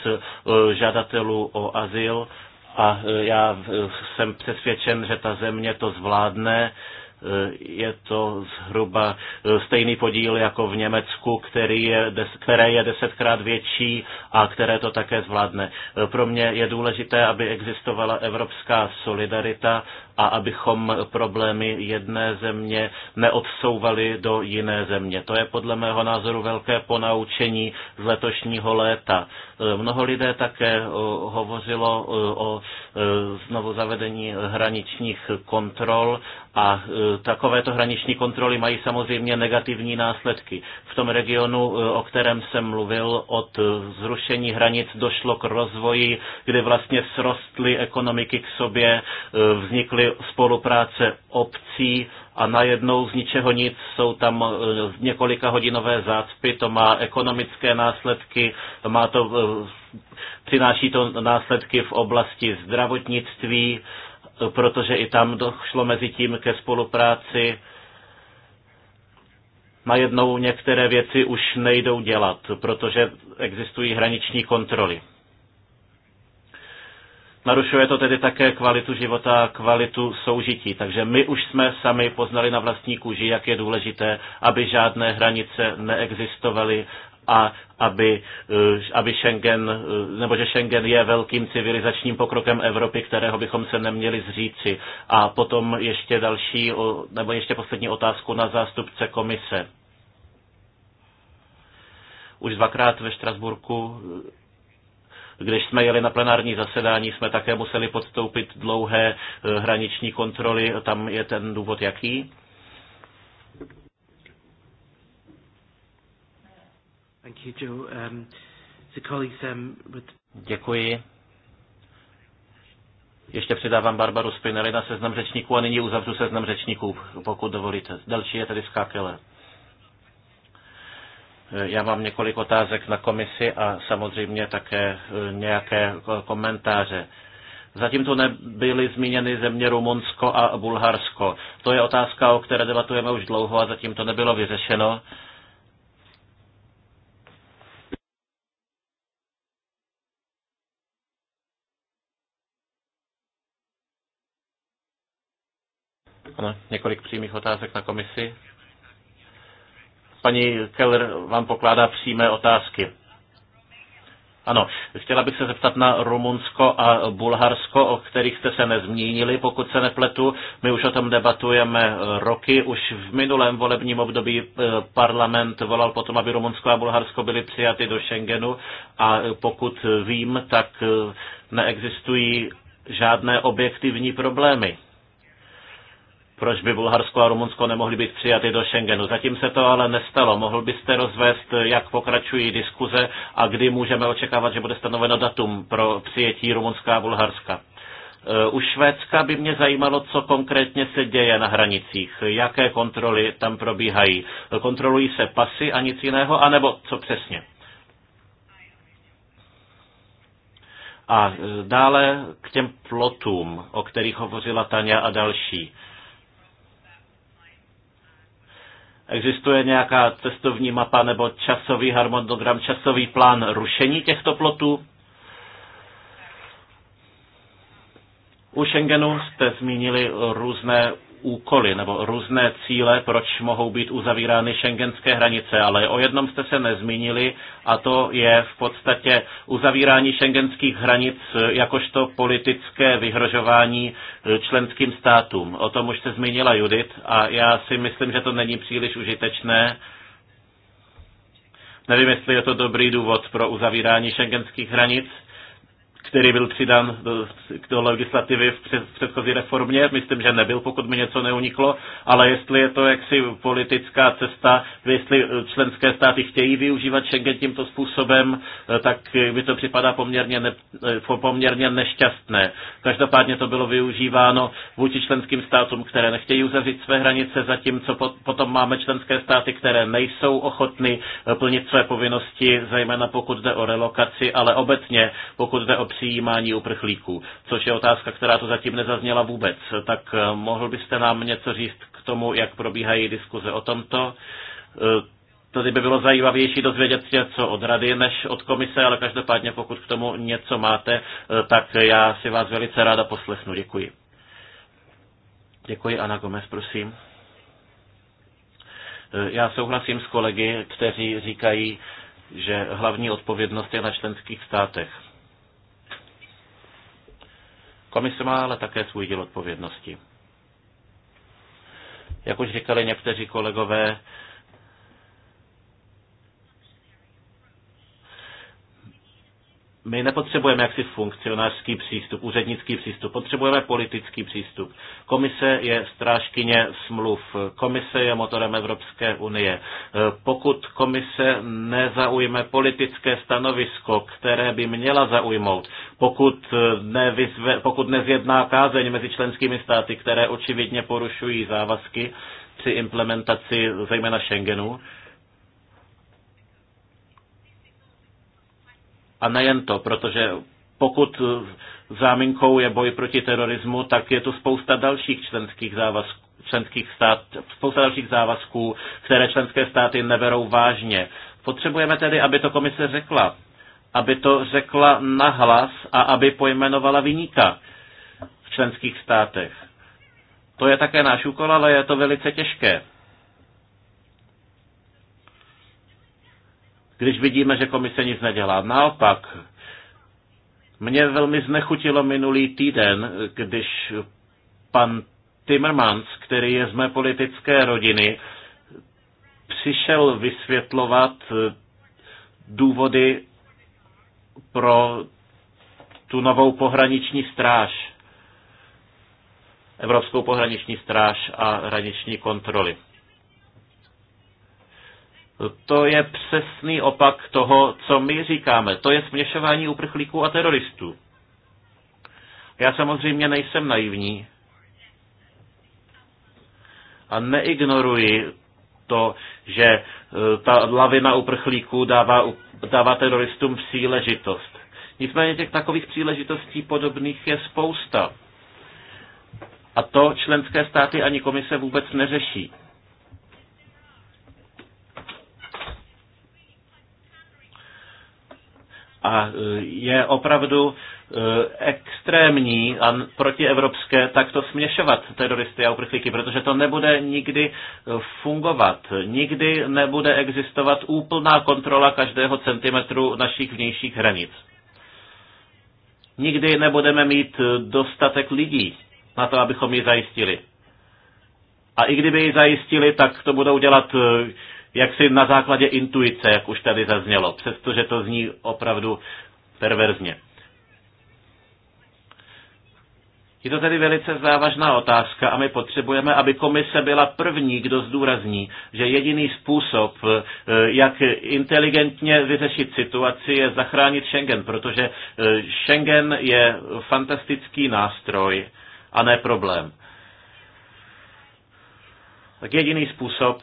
žadatelů o azyl a já jsem přesvědčen, že ta země to zvládne je to zhruba stejný podíl jako v Německu, který je, které je desetkrát větší a které to také zvládne. Pro mě je důležité, aby existovala evropská solidarita a abychom problémy jedné země neodsouvali do jiné země. To je podle mého názoru velké ponaučení z letošního léta. E, mnoho lidé také e, hovořilo e, o znovu zavedení hraničních kontrol a takovéto hraniční kontroly mají samozřejmě negativní následky. V tom regionu, o kterém jsem mluvil, od zrušení hranic došlo k rozvoji, kdy vlastně srostly ekonomiky k sobě, vznikly tedy spolupráce obcí a najednou z ničeho nic jsou tam eh, několika hodinové zácpy, to má ekonomické následky, má to, eh, přináší to následky v oblasti zdravotnictví, eh, protože i tam došlo mezi tím ke spolupráci. Najednou některé věci už nejdou dělat, protože existují hraniční kontroly. Narušuje to tedy také kvalitu života, kvalitu soužití. Takže my už jsme sami poznali na vlastní kůži, jak je důležité, aby žádné hranice neexistovaly a aby, eh, aby Schengen, eh, nebo že Schengen je velkým civilizačním pokrokem Evropy, kterého bychom se neměli zříci. A potom ještě další, nebo ještě poslední otázku na zástupce komise. Už dvakrát ve Štrasburku když jsme jeli na plenární zasedání, jsme také museli podstoupit dlouhé eh, hraniční kontroly. Tam je ten důvod jaký? Thank you, Joe. Um, the colleagues, um, with... Děkuji. Ještě přidávám Barbaru Spinelli na seznam řečníků a nyní uzavřu seznam řečníků, pokud dovolíte. Další je tady Skákeler. Já mám několik otázek na komisi a samozřejmě také eh, nějaké komentáře. Zatím to nebyly zmíněny země Rumunsko a Bulharsko. To je otázka, o které debatujeme už dlouho a zatím to nebylo vyřešeno. Ano, několik přímých otázek na komisi. Paní Keller vám pokládá přímé otázky. Ano, chtěla bych se zeptat na Rumunsko a Bulharsko, o kterých jste se nezmínili, pokud se nepletu. My už o tom debatujeme roky. Už v minulém volebním období eh, parlament volal potom, aby Rumunsko a Bulharsko byly přijaty do Schengenu a pokud vím, tak eh, neexistují žádné objektivní problémy proč by Bulharsko a Rumunsko nemohly být přijaty do Schengenu. Zatím se to ale nestalo. Mohl byste rozvést, jak pokračují diskuze a kdy můžeme očekávat, že bude stanoveno datum pro přijetí Rumunska a Bulharska? E, u Švédska by mě zajímalo, co konkrétně se děje na hranicích, jaké kontroly tam probíhají. Kontrolují se pasy a nic jiného, anebo co přesně? A e, dále k těm plotům, o kterých hovořila Tania a další. Existuje nějaká cestovní mapa nebo časový harmonogram, časový plán rušení těchto plotů? U Schengenu jste zmínili různé úkoly nebo různé cíle, proč mohou být uzavírány šengenské hranice, ale o jednom jste se nezmínili a to je v podstatě uzavírání šengenských hranic jakožto politické vyhrožování eh, členským státům. O tom už se zmínila Judith a já si myslím, že to není příliš užitečné. Nevím, jestli je to dobrý důvod pro uzavírání šengenských hranic který byl přidan do, eh, do legislativy v, před, v předchozí reformě. Myslím, že nebyl, pokud mi něco neuniklo, ale jestli je to jaksi politická cesta, jestli eh, členské státy chtějí využívat Schengen tímto způsobem, eh, tak mi to připadá poměrně, ne, poměrně nešťastné. Každopádně to bylo využíváno vůči členským státům, které nechtějí uzavřít své hranice, zatímco potom máme členské státy, které nejsou ochotny plnit své povinnosti, zejména pokud jde o relokaci, ale obecně pokud jde o při přijímání uprchlíků, což je otázka, která to zatím nezazněla vůbec. Tak eh, mohl byste nám něco říct k tomu, jak probíhají diskuze o tomto? Eh, tady by bylo zajímavější dozvědět se co od rady než od komise, ale každopádně pokud k tomu něco máte, eh, tak já si vás velice ráda poslechnu. Děkuji. Děkuji, Ana Gomez, prosím. Já souhlasím s kolegy, kteří říkají, že hlavní odpovědnost je na členských státech. Komise má ale také svůj díl odpovědnosti. Jak už říkali někteří kolegové, My nepotřebujeme jaksi funkcionářský přístup, úřednický přístup, potřebujeme politický přístup. Komise je strážkyně smluv, komise je motorem Evropské unie. Pokud komise nezaujme politické stanovisko, které by měla zaujmout, pokud, nevyzve, pokud nezjedná kázeň mezi členskými státy, které očividně porušují závazky při implementaci zejména Schengenu, A nejen to, protože pokud záminkou je boj proti terorismu, tak je tu spousta dalších členských závazků členských stát, spousta dalších závazků, které členské státy neberou vážně. Potřebujeme tedy, aby to komise řekla. Aby to řekla nahlas a aby pojmenovala vyníka v členských státech. To je také náš úkol, ale je to velice těžké. když vidíme, že komise nic nedělá. Naopak, mě velmi znechutilo minulý týden, když pan Timmermans, který je z mé politické rodiny, přišel vysvětlovat eh, důvody pro tu novou pohraniční stráž, Evropskou pohraniční stráž a hraniční kontroly. To je přesný opak toho, co my říkáme. To je směšování uprchlíků a teroristů. Já samozřejmě nejsem naivní a neignoruji to, že e, ta lavina uprchlíků dává, dává teroristům příležitost. Nicméně těch takových příležitostí podobných je spousta. A to členské státy ani komise vůbec neřeší. a e, je opravdu e, extrémní a protievropské takto směšovat teroristy a uprchlíky, protože to nebude nikdy e, fungovat. Nikdy nebude existovat úplná kontrola každého centimetru našich vnějších hranic. Nikdy nebudeme mít dostatek lidí na to, abychom ji zajistili. A i kdyby ji zajistili, tak to budou dělat jaksi na základě intuice, jak už tady zaznělo, přestože to zní opravdu perverzně. Je to tedy velice závažná otázka a my potřebujeme, aby komise byla první, kdo zdůrazní, že jediný způsob, eh, jak inteligentně vyřešit situaci, je zachránit Schengen, protože eh, Schengen je fantastický nástroj a ne problém. Tak jediný způsob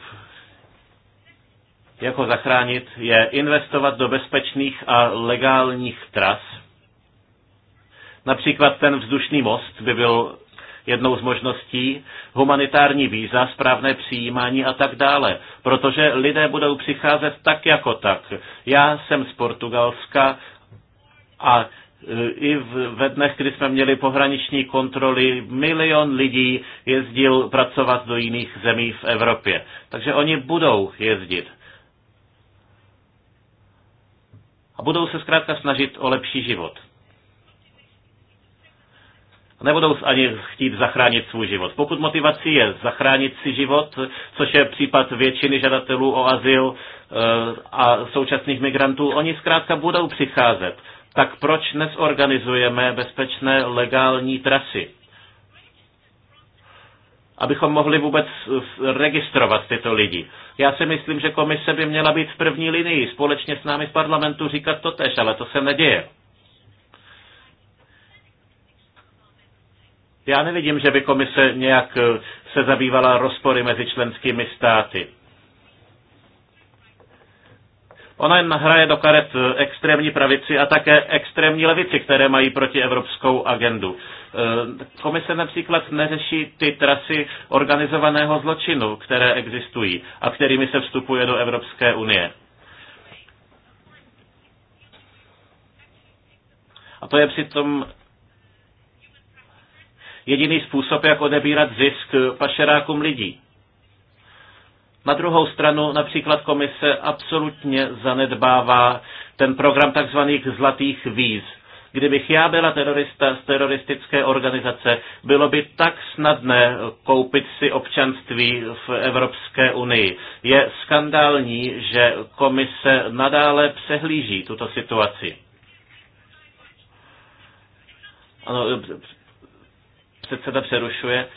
jak ho zachránit, je investovat do bezpečných a legálních tras. Například ten vzdušný most by byl jednou z možností, humanitární víza, správné přijímání a tak dále, protože lidé budou přicházet tak jako tak. Já jsem z Portugalska a e, i ve dnech, kdy jsme měli pohraniční kontroly, milion lidí jezdil pracovat do jiných zemí v Evropě. Takže oni budou jezdit. A budou se zkrátka snažit o lepší život. Nebudou ani chtít zachránit svůj život. Pokud motivací je zachránit si život, což je případ většiny žadatelů o azyl eh, a současných migrantů, oni zkrátka budou přicházet. Tak proč nezorganizujeme bezpečné legální trasy? abychom mohli vůbec eh, registrovat tyto lidi. Já si myslím, že komise by měla být v první linii, společně s námi v parlamentu říkat to tež, ale to se neděje. Já nevidím, že by komise nějak eh, se zabývala rozpory mezi členskými státy. Ona hraje do karet eh, extrémní pravici a také extrémní levici, které mají proti evropskou agendu. Eh, komise například neřeší ty trasy organizovaného zločinu, které existují a kterými se vstupuje do Evropské unie. A to je přitom jediný způsob, jak odebírat zisk pašerákům lidí. Na druhou stranu například komise absolutně zanedbává ten program takzvaných zlatých víz. Kdybych já byla terorista z teroristické organizace, bylo by tak snadné koupit si občanství v Evropské unii. Je skandální, že komise nadále přehlíží tuto situaci. Ano, předseda přerušuje.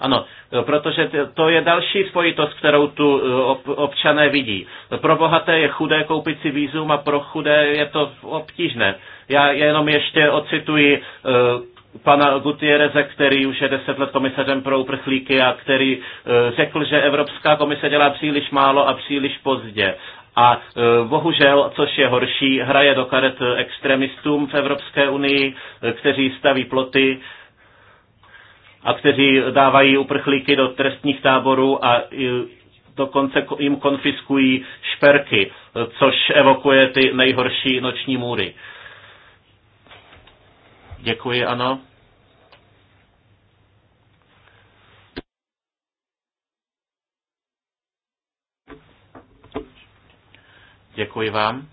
Ano, protože to je další spojitost, kterou tu eh, občané vidí. Pro bohaté je chudé koupit si výzum a pro chudé je to obtížné. Já jenom ještě ocituji eh, pana Gutiereze, který už je deset let komisařem pro uprchlíky a který eh, řekl, že Evropská komise dělá příliš málo a příliš pozdě. A bohužel, což je horší, hraje do karet extremistům v Evropské unii, kteří staví ploty a kteří dávají uprchlíky do trestních táborů a dokonce jim konfiskují šperky, což evokuje ty nejhorší noční můry. Děkuji, ano. Děkuji vám.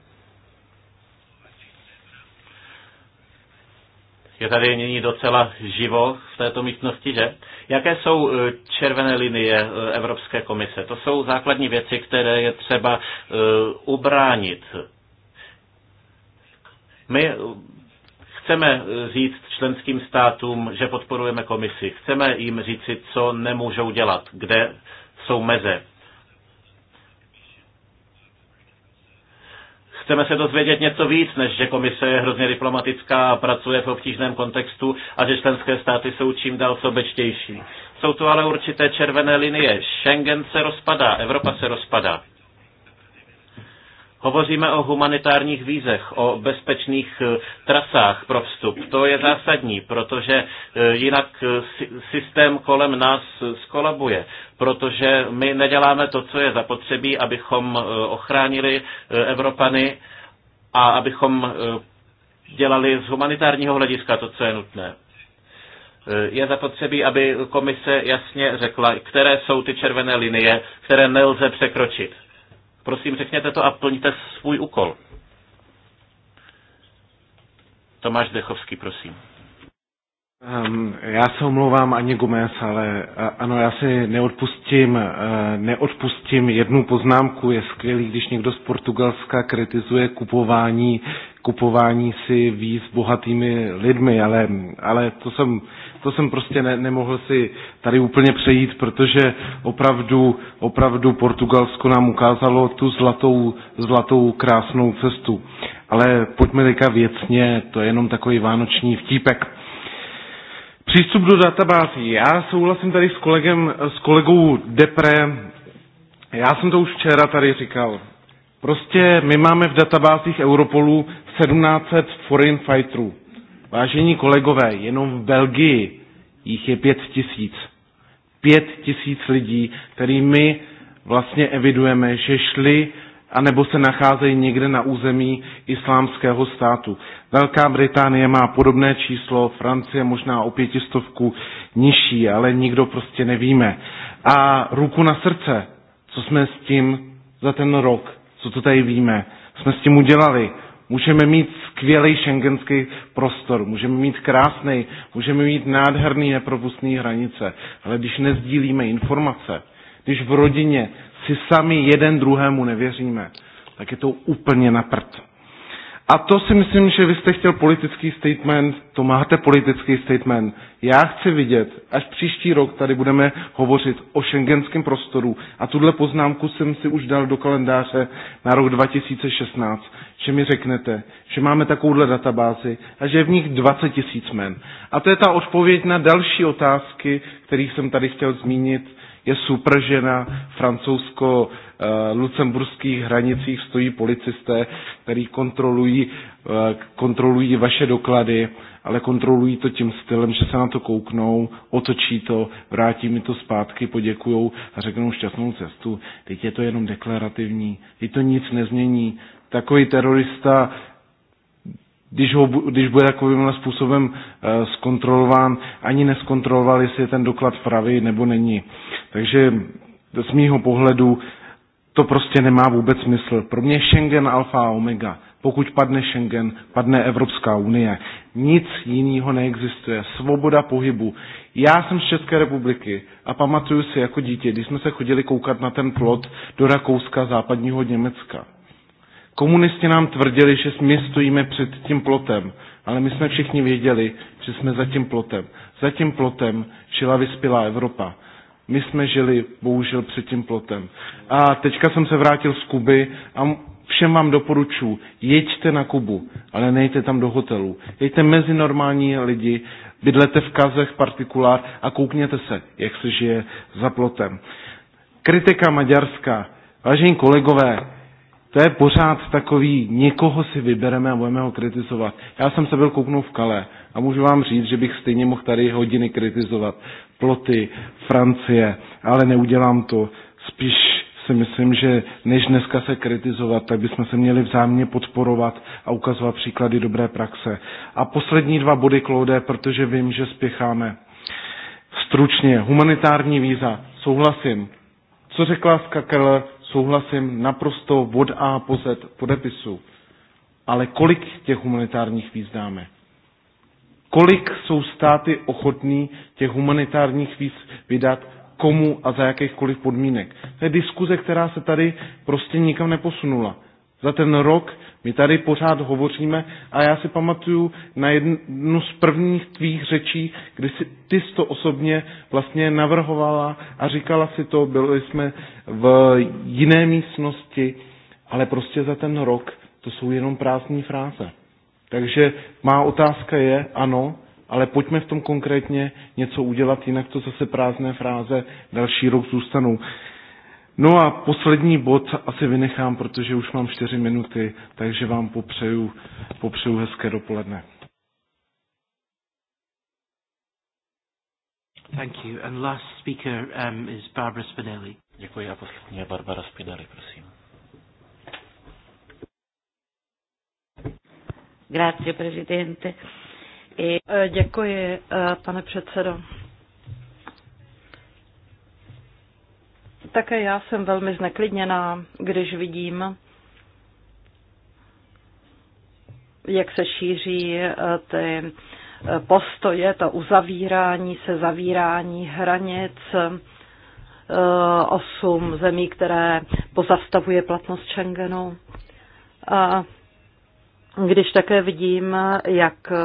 Je tady nyní docela živo v této místnosti, že? Jaké jsou e, červené linie e, Evropské komise? To jsou základní věci, které je třeba e, ubránit. My chceme říct členským státům, že podporujeme komisi. Chceme jim říci, co nemůžou dělat, kde jsou meze. Chceme se dozvědět něco víc, než že komise je hrozně diplomatická a pracuje v obtížném kontextu a že členské státy jsou čím dál sobečtější. Jsou tu ale určité červené linie. Schengen se rozpadá, Evropa se rozpadá. Hovoříme o humanitárních vízech, o bezpečných eh, trasách pro vstup. To je zásadní, protože eh, jinak eh, systém kolem nás skolabuje, protože my neděláme to, co je zapotřebí, abychom ochránili Evropany a abychom dělali z humanitárního hlediska to, co je nutné je zapotřebí, aby komise jasně řekla, které jsou ty červené linie, které nelze překročit. Prosím, řekněte to a plníte svůj úkol. Tomáš Dechovský, prosím. Um, já se omlouvám Ani Gomez, ale a, ano, já si neodpustím, uh, neodpustím jednu poznámku. Je skvělý, když někdo z Portugalska kritizuje kupování kupování si víz bohatými lidmi, ale, ale to, jsem, to jsem prostě ne, nemohl si tady úplně přejít, protože opravdu, opravdu Portugalsko nám ukázalo tu zlatou, zlatou krásnou cestu. Ale pojďme teďka věcně, to je jenom takový vánoční vtípek. Přístup do databází. Já souhlasím tady s, kolegem, s kolegou Depre. Já jsem to už včera tady říkal. Prostě my máme v databázích Europolu 1700 foreign fighterů. Vážení kolegové, jenom v Belgii jich je pět tisíc. Pět tisíc lidí, který my vlastně evidujeme, že šli anebo se nacházejí někde na území islámského státu. Velká Británie má podobné číslo, Francie možná o pětistovku nižší, ale nikdo prostě nevíme. A ruku na srdce, co jsme s tím za ten rok co to tady víme, jsme s tím udělali. Můžeme mít skvělý šengenský prostor, můžeme mít krásný, můžeme mít nádherný nepropustný hranice, ale když nezdílíme informace, když v rodině si sami jeden druhému nevěříme, tak je to úplně na prd. A to si myslím, že vy jste chtěl politický statement, to máte politický statement. Já chci vidět, až příští rok tady budeme hovořit o šengenském prostoru a tuhle poznámku jsem si už dal do kalendáře na rok 2016, že mi řeknete, že máme takovouhle databázi a že je v nich 20 tisíc men. A to je ta odpověď na další otázky, kterých jsem tady chtěl zmínit, je super, žena, Francouzsko Eh, lucemburských hranicích stojí policisté, který kontrolují, eh, kontrolují vaše doklady, ale kontrolují to tím stylem, že se na to kouknou, otočí to, vrátí mi to zpátky, poděkujou a řeknou šťastnou cestu. Teď je to jenom deklarativní, teď to nic nezmění. Takový terorista když, ho, když bude takovýmhle způsobem uh, zkontrolován, ani neskontroloval, jestli je ten doklad pravý nebo není. Takže z mýho pohledu to prostě nemá vůbec smysl. Pro mě Schengen alfa a omega. Pokud padne Schengen, padne Evropská unie. Nic jiného neexistuje. Svoboda pohybu. Já jsem z České republiky a pamatuju si jako dítě, když jsme se chodili koukat na ten plot do Rakouska, západního Německa. Komunisti nám tvrdili, že my stojíme před tím plotem, ale my jsme všichni věděli, že jsme za tím plotem. Za tím plotem šila vyspělá Evropa. My jsme žili bohužel před tím plotem. A teďka jsem se vrátil z Kuby a všem vám doporučuji, jeďte na Kubu, ale nejte tam do hotelu. Jeďte mezi normální lidi, bydlete v kazech partikulár a koukněte se, jak se žije za plotem. Kritika maďarská, Vážení kolegové, to je pořád takový, někoho si vybereme a budeme ho kritizovat. Já jsem se byl kouknout v Kale a můžu vám říct, že bych stejně mohl tady hodiny kritizovat ploty Francie, ale neudělám to. Spíš si myslím, že než dneska se kritizovat, tak bychom se měli vzájemně podporovat a ukazovat příklady dobré praxe. A poslední dva body, Claude, protože vím, že spěcháme. Stručně, humanitární víza, souhlasím. Co řekla Skakel, souhlasím naprosto od A po Z podepisu. Ale kolik těch humanitárních víz dáme? kolik jsou státy ochotní těch humanitárních víc vydat komu a za jakýchkoliv podmínek. To je diskuze, která se tady prostě nikam neposunula. Za ten rok my tady pořád hovoříme a já si pamatuju na jednu z prvních tvých řečí, kdy si ty jsi to osobně vlastně navrhovala a říkala si to, byli jsme v jiné místnosti, ale prostě za ten rok to jsou jenom prázdní fráze. Takže má otázka je, ano, ale pojďme v tom konkrétně něco udělat, jinak to zase prázdné fráze další rok zůstanou. No a poslední bod asi vynechám, protože už mám čtyři minuty, takže vám popřeju, popřeju hezké dopoledne. Thank you. And last speaker um, is Barbara Spinelli. Děkuji a poslední je Barbara Spinelli, prosím. Grazie, Presidente. E- e, děkuji, e, pane předsedo. Také já jsem velmi zneklidněná, když vidím, jak se šíří ty postoje, to uzavírání se, zavírání hranic, osm zemí, které pozastavuje platnost Schengenu. A když také vidím, jak eh,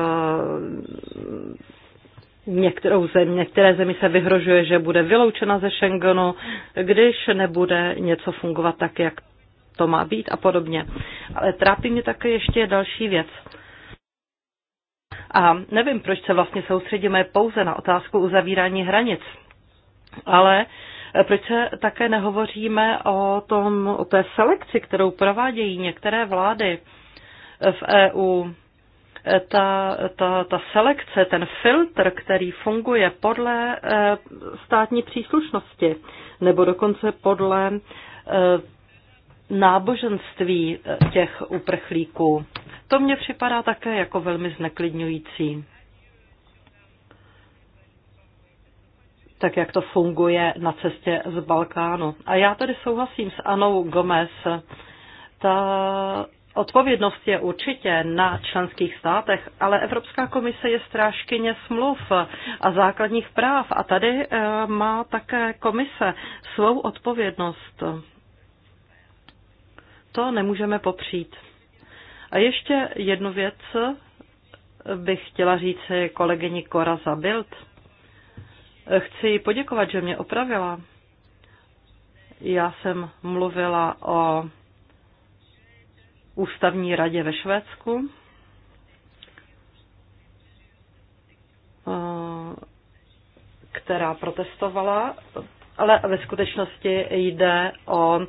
některou zemi, některé zemi se vyhrožuje, že bude vyloučena ze Schengenu, když nebude něco fungovat tak, jak to má být a podobně. Ale trápí mě také ještě další věc. A nevím, proč se vlastně soustředíme pouze na otázku uzavírání hranic, ale proč se také nehovoříme o, tom, o té selekci, kterou provádějí některé vlády v EU. E, ta, ta, ta selekce, ten filtr, který funguje podle e, státní příslušnosti nebo dokonce podle e, náboženství těch uprchlíků, to mně připadá také jako velmi zneklidňující. tak jak to funguje na cestě z Balkánu. A já tady souhlasím s Anou Gomez. Ta Odpovědnost je určitě na členských státech, ale Evropská komise je strážkyně smluv a základních práv a tady eh, má také komise svou odpovědnost. To nemůžeme popřít. A ještě jednu věc bych chtěla říct kolegyni Kora Zabilt. Chci poděkovat, že mě opravila. Já jsem mluvila o ústavní radě ve Švédsku. Eh, která protestovala, ale ve skutečnosti jde o eh,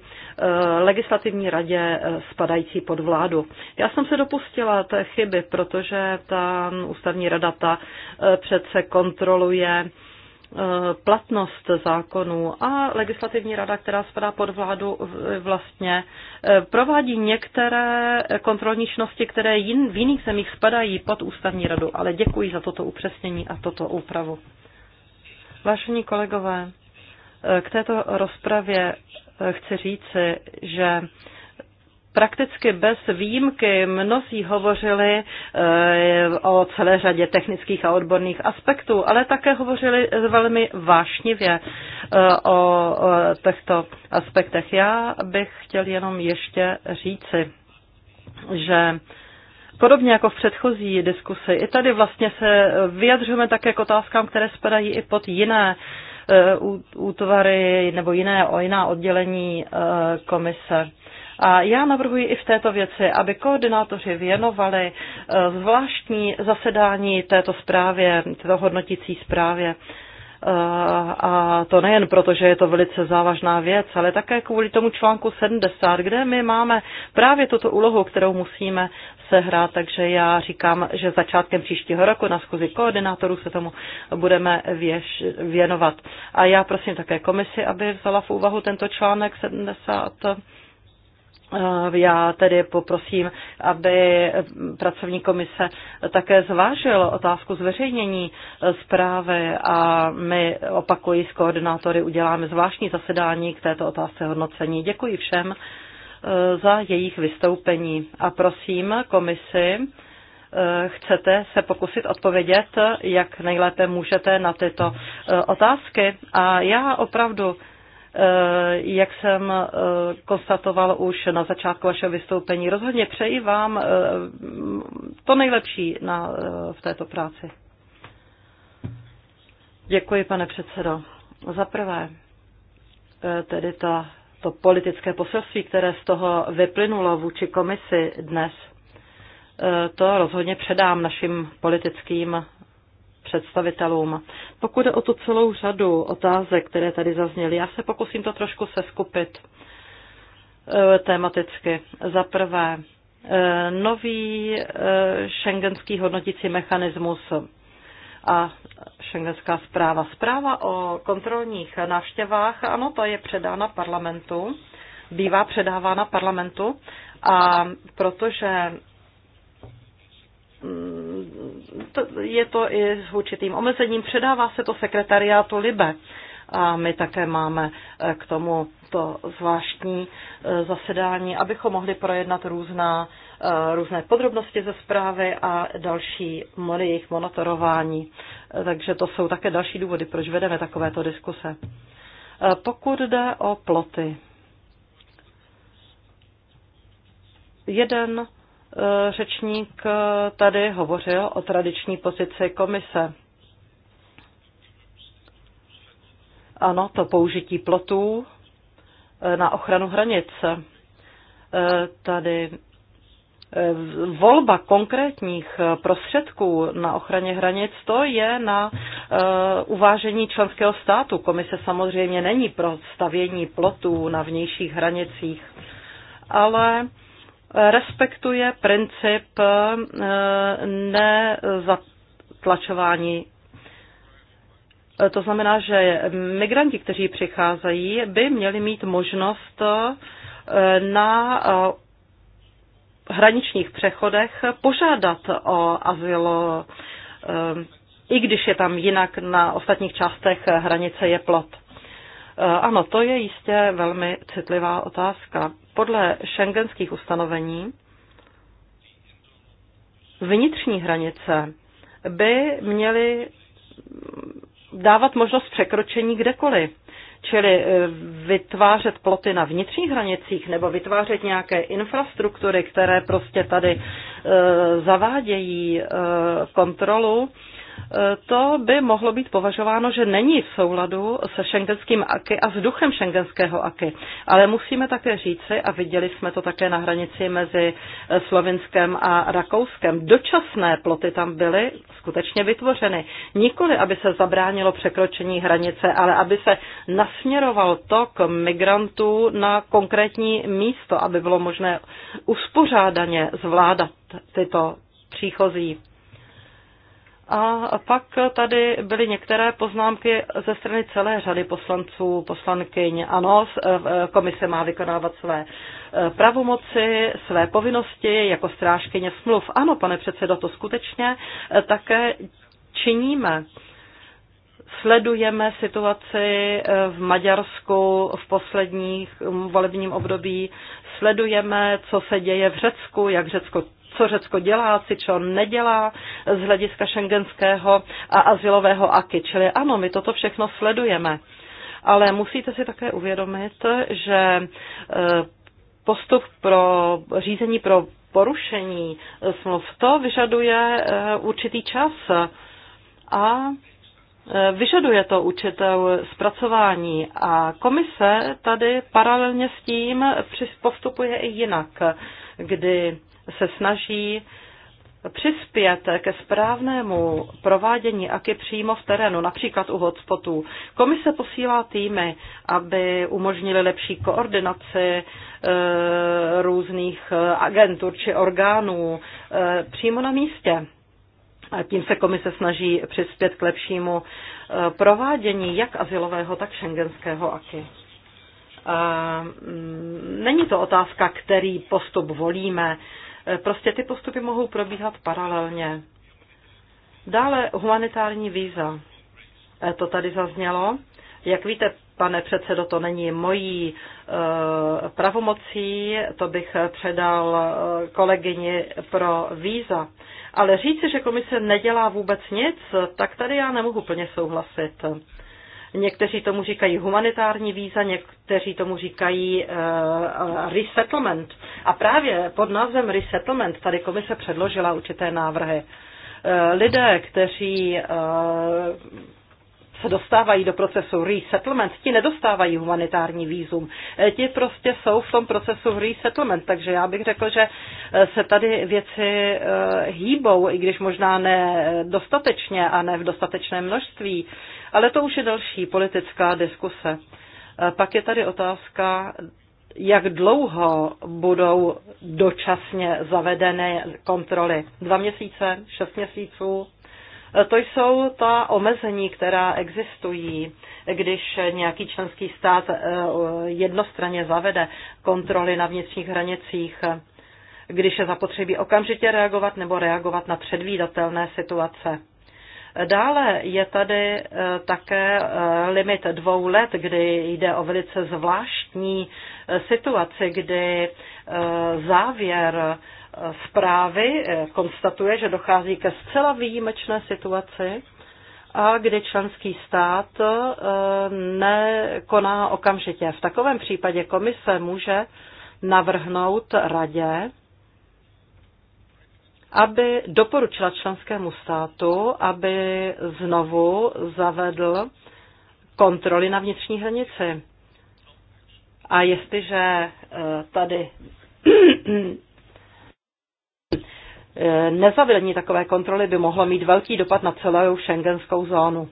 legislativní radě eh, spadající pod vládu. Já jsem se dopustila té chyby, protože ta ústavní rada ta přece kontroluje E, platnost zákonů a legislativní rada, která spadá pod vládu, vlastně e, provádí některé kontrolní činnosti, které jin, v jiných zemích spadají pod ústavní radu. Ale děkuji za toto upřesnění a toto úpravu. Vážení kolegové, e, k této rozpravě chci říci, že prakticky bez výjimky mnozí hovořili eh, o celé řadě technických a odborných aspektů, ale také hovořili velmi vášnivě eh, o těchto aspektech. Já bych chtěl jenom ještě říci, že Podobně jako v předchozí diskusi, i tady vlastně se vyjadřujeme také k otázkám, které spadají i pod jiné eh, útvary nebo jiné o jiná oddělení komise. A já navrhuji i v této věci, aby koordinátoři věnovali eh, zvláštní zasedání této zprávě, této hodnotící zprávě. Eh, a to nejen proto, že je to velice závažná věc, ale také kvůli tomu článku 70, kde my máme právě tuto úlohu, kterou musíme sehrát. Takže já říkám, že začátkem příštího roku na schůzi koordinátorů se tomu budeme věž, věnovat. A já prosím také komisi, aby vzala v úvahu tento článek 70 Eh, já tedy poprosím, aby pracovní komise také zvážil otázku zveřejnění eh, zprávy a my opakují s koordinátory uděláme zvláštní zasedání k této otázce hodnocení. Děkuji všem eh, za jejich vystoupení a prosím komisi, chcete se pokusit odpovědět, jak nejlépe můžete na tyto otázky. A já opravdu Eh, jak jsem eh, konstatoval už na začátku vašeho vystoupení. Rozhodně přeji vám eh, to nejlepší na, v této práci. Děkuji, pane předsedo. Za prvé, tedy ta, to politické poselství, které z toho vyplynulo vůči komisi dnes, to rozhodně předám našim politickým představitelům. Pokud jde o tu celou řadu otázek, které tady zazněly, já se pokusím to trošku seskupit eh, tematicky. Za prvé, eh, nový šengenský eh, hodnotící mechanismus a šengenská zpráva. Zpráva o kontrolních návštěvách, ano, to je předána parlamentu, bývá předávána parlamentu a protože je to i s určitým omezením, předává se to sekretariátu Libe. A my také máme eh, k tomu to zvláštní eh, zasedání, abychom mohli projednat různá, eh, různé podrobnosti ze zprávy a další jejich monitorování. Takže to jsou také další důvody, proč vedeme takovéto diskuse. Pokud jde o ploty, jeden Eh, řečník eh, tady hovořil o tradiční pozici komise. Ano, to použití plotů eh, na ochranu hranic. Tady volba konkrétních prostředků na ochraně hranic, to je na uvážení členského státu. Komise samozřejmě není pro stavění plotů na vnějších hranicích, ale respektuje princip eh, nezatlačování. Eh, to znamená, že migranti, kteří přicházejí, by měli mít možnost eh, na hraničních přechodech požádat o azyl, i když je tam jinak na ostatních částech hranice je plot. Eh, ano, to je jistě velmi citlivá otázka. Podle šengenských ustanovení vnitřní hranice by měly dávat možnost překročení kdekoliv. Čili eh, vytvářet ploty na vnitřních hranicích nebo vytvářet nějaké infrastruktury, které prostě tady e, zavádějí e, kontrolu, to by mohlo být považováno, že není v souladu se šengenským aky a s duchem šengenského aky. Ale musíme také říci, a viděli jsme to také na hranici mezi Slovinskem a Rakouskem, dočasné ploty tam byly skutečně vytvořeny. Nikoli, aby se zabránilo překročení hranice, ale aby se nasměroval tok migrantů na konkrétní místo, aby bylo možné uspořádaně zvládat tyto příchozí a pak tady byly některé poznámky ze strany celé řady poslanců, poslankyň. Ano, komise má vykonávat své eh, pravomoci, své povinnosti jako strážkyně smluv. Ano, pane předsedo, to skutečně eh, také činíme sledujeme situaci eh, v Maďarsku v posledních mm, volebním období, sledujeme, co se děje v Řecku, jak Řecko co Řecko dělá, si co nedělá z hlediska šengenského a asilového aky. Čili ano, my toto všechno sledujeme. Ale musíte si také uvědomit, že e, postup pro řízení pro porušení smluv, to vyžaduje e, určitý čas a e, Vyžaduje to určitou zpracování a komise tady paralelně s tím postupuje i jinak, kdy se snaží přispět ke správnému provádění AKY přímo v terénu, například u hotspotů. Komise posílá týmy, aby umožnili lepší koordinaci eh, různých eh, agentur či orgánů eh, přímo na místě. A tím se komise snaží přispět k lepšímu provádění jak asilového, tak šengenského AKY. Mm, není to otázka, který postup volíme. Eh, prostě ty postupy mohou probíhat paralelně. Dále humanitární víza. Eh, to tady zaznělo. Jak víte, pane předsedo, to není mojí eh, pravomocí, to bych předal kolegyni pro víza. Ale říci, že komise nedělá vůbec nic, tak tady já nemohu plně souhlasit. Někteří tomu říkají humanitární víza, někteří tomu říkají uh, resettlement. A právě pod názvem resettlement tady komise předložila určité návrhy. Eh, lidé, kteří eh, se dostávají do procesu resettlement, ti nedostávají humanitární výzum. E, ti prostě jsou v tom procesu resettlement, takže já bych řekl, že e, se tady věci e, hýbou, i když možná ne dostatečně a ne v dostatečném množství, ale to už je další politická diskuse. Pak je tady otázka, jak dlouho budou dočasně zavedeny kontroly. Dva měsíce, šest měsíců, to jsou ta omezení, která existují, když nějaký členský stát eh, jednostranně zavede kontroly na vnitřních hranicích, když je zapotřebí okamžitě reagovat nebo reagovat na předvídatelné situace. Dále je tady eh, také eh, limit dvou let, kdy jde o velice zvláštní situaci, kdy závěr zprávy eh, konstatuje, že dochází ke zcela výjimečné situaci, a kdy členský stát eh, nekoná okamžitě. V takovém případě komise může navrhnout radě, aby doporučila členskému státu, aby znovu zavedl kontroly na vnitřní hranici. A jestliže eh, tady nezavedení takové kontroly by mohlo mít velký dopad na celou šengenskou zónu.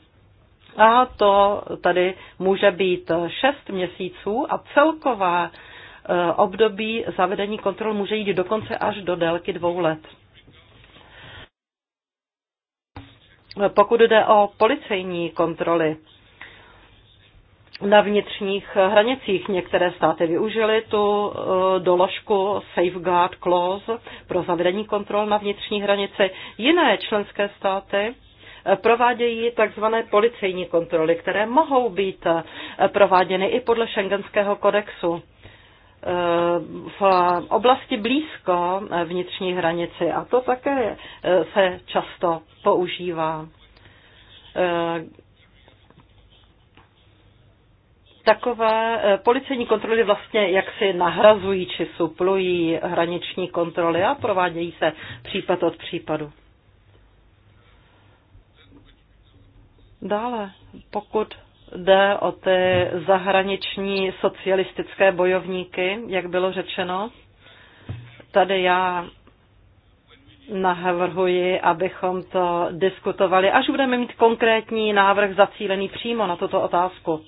A to tady může být 6 měsíců a celková e, období zavedení kontrol může jít dokonce až do délky dvou let. Pokud jde o policejní kontroly, na vnitřních eh, hranicích. Některé státy využily tu eh, doložku Safeguard Clause pro zavedení kontrol na vnitřní hranici. Jiné členské státy eh, provádějí tzv. policejní kontroly, které mohou být prováděny i podle šengenského kodexu v oblasti blízko vnitřní hranici a to také se často používá takové eh, policejní kontroly vlastně jaksi nahrazují či suplují hraniční kontroly a provádějí se případ od případu. Dále, pokud jde o ty zahraniční socialistické bojovníky, jak bylo řečeno, tady já navrhuji, abychom to diskutovali, až budeme mít konkrétní návrh zacílený přímo na tuto otázku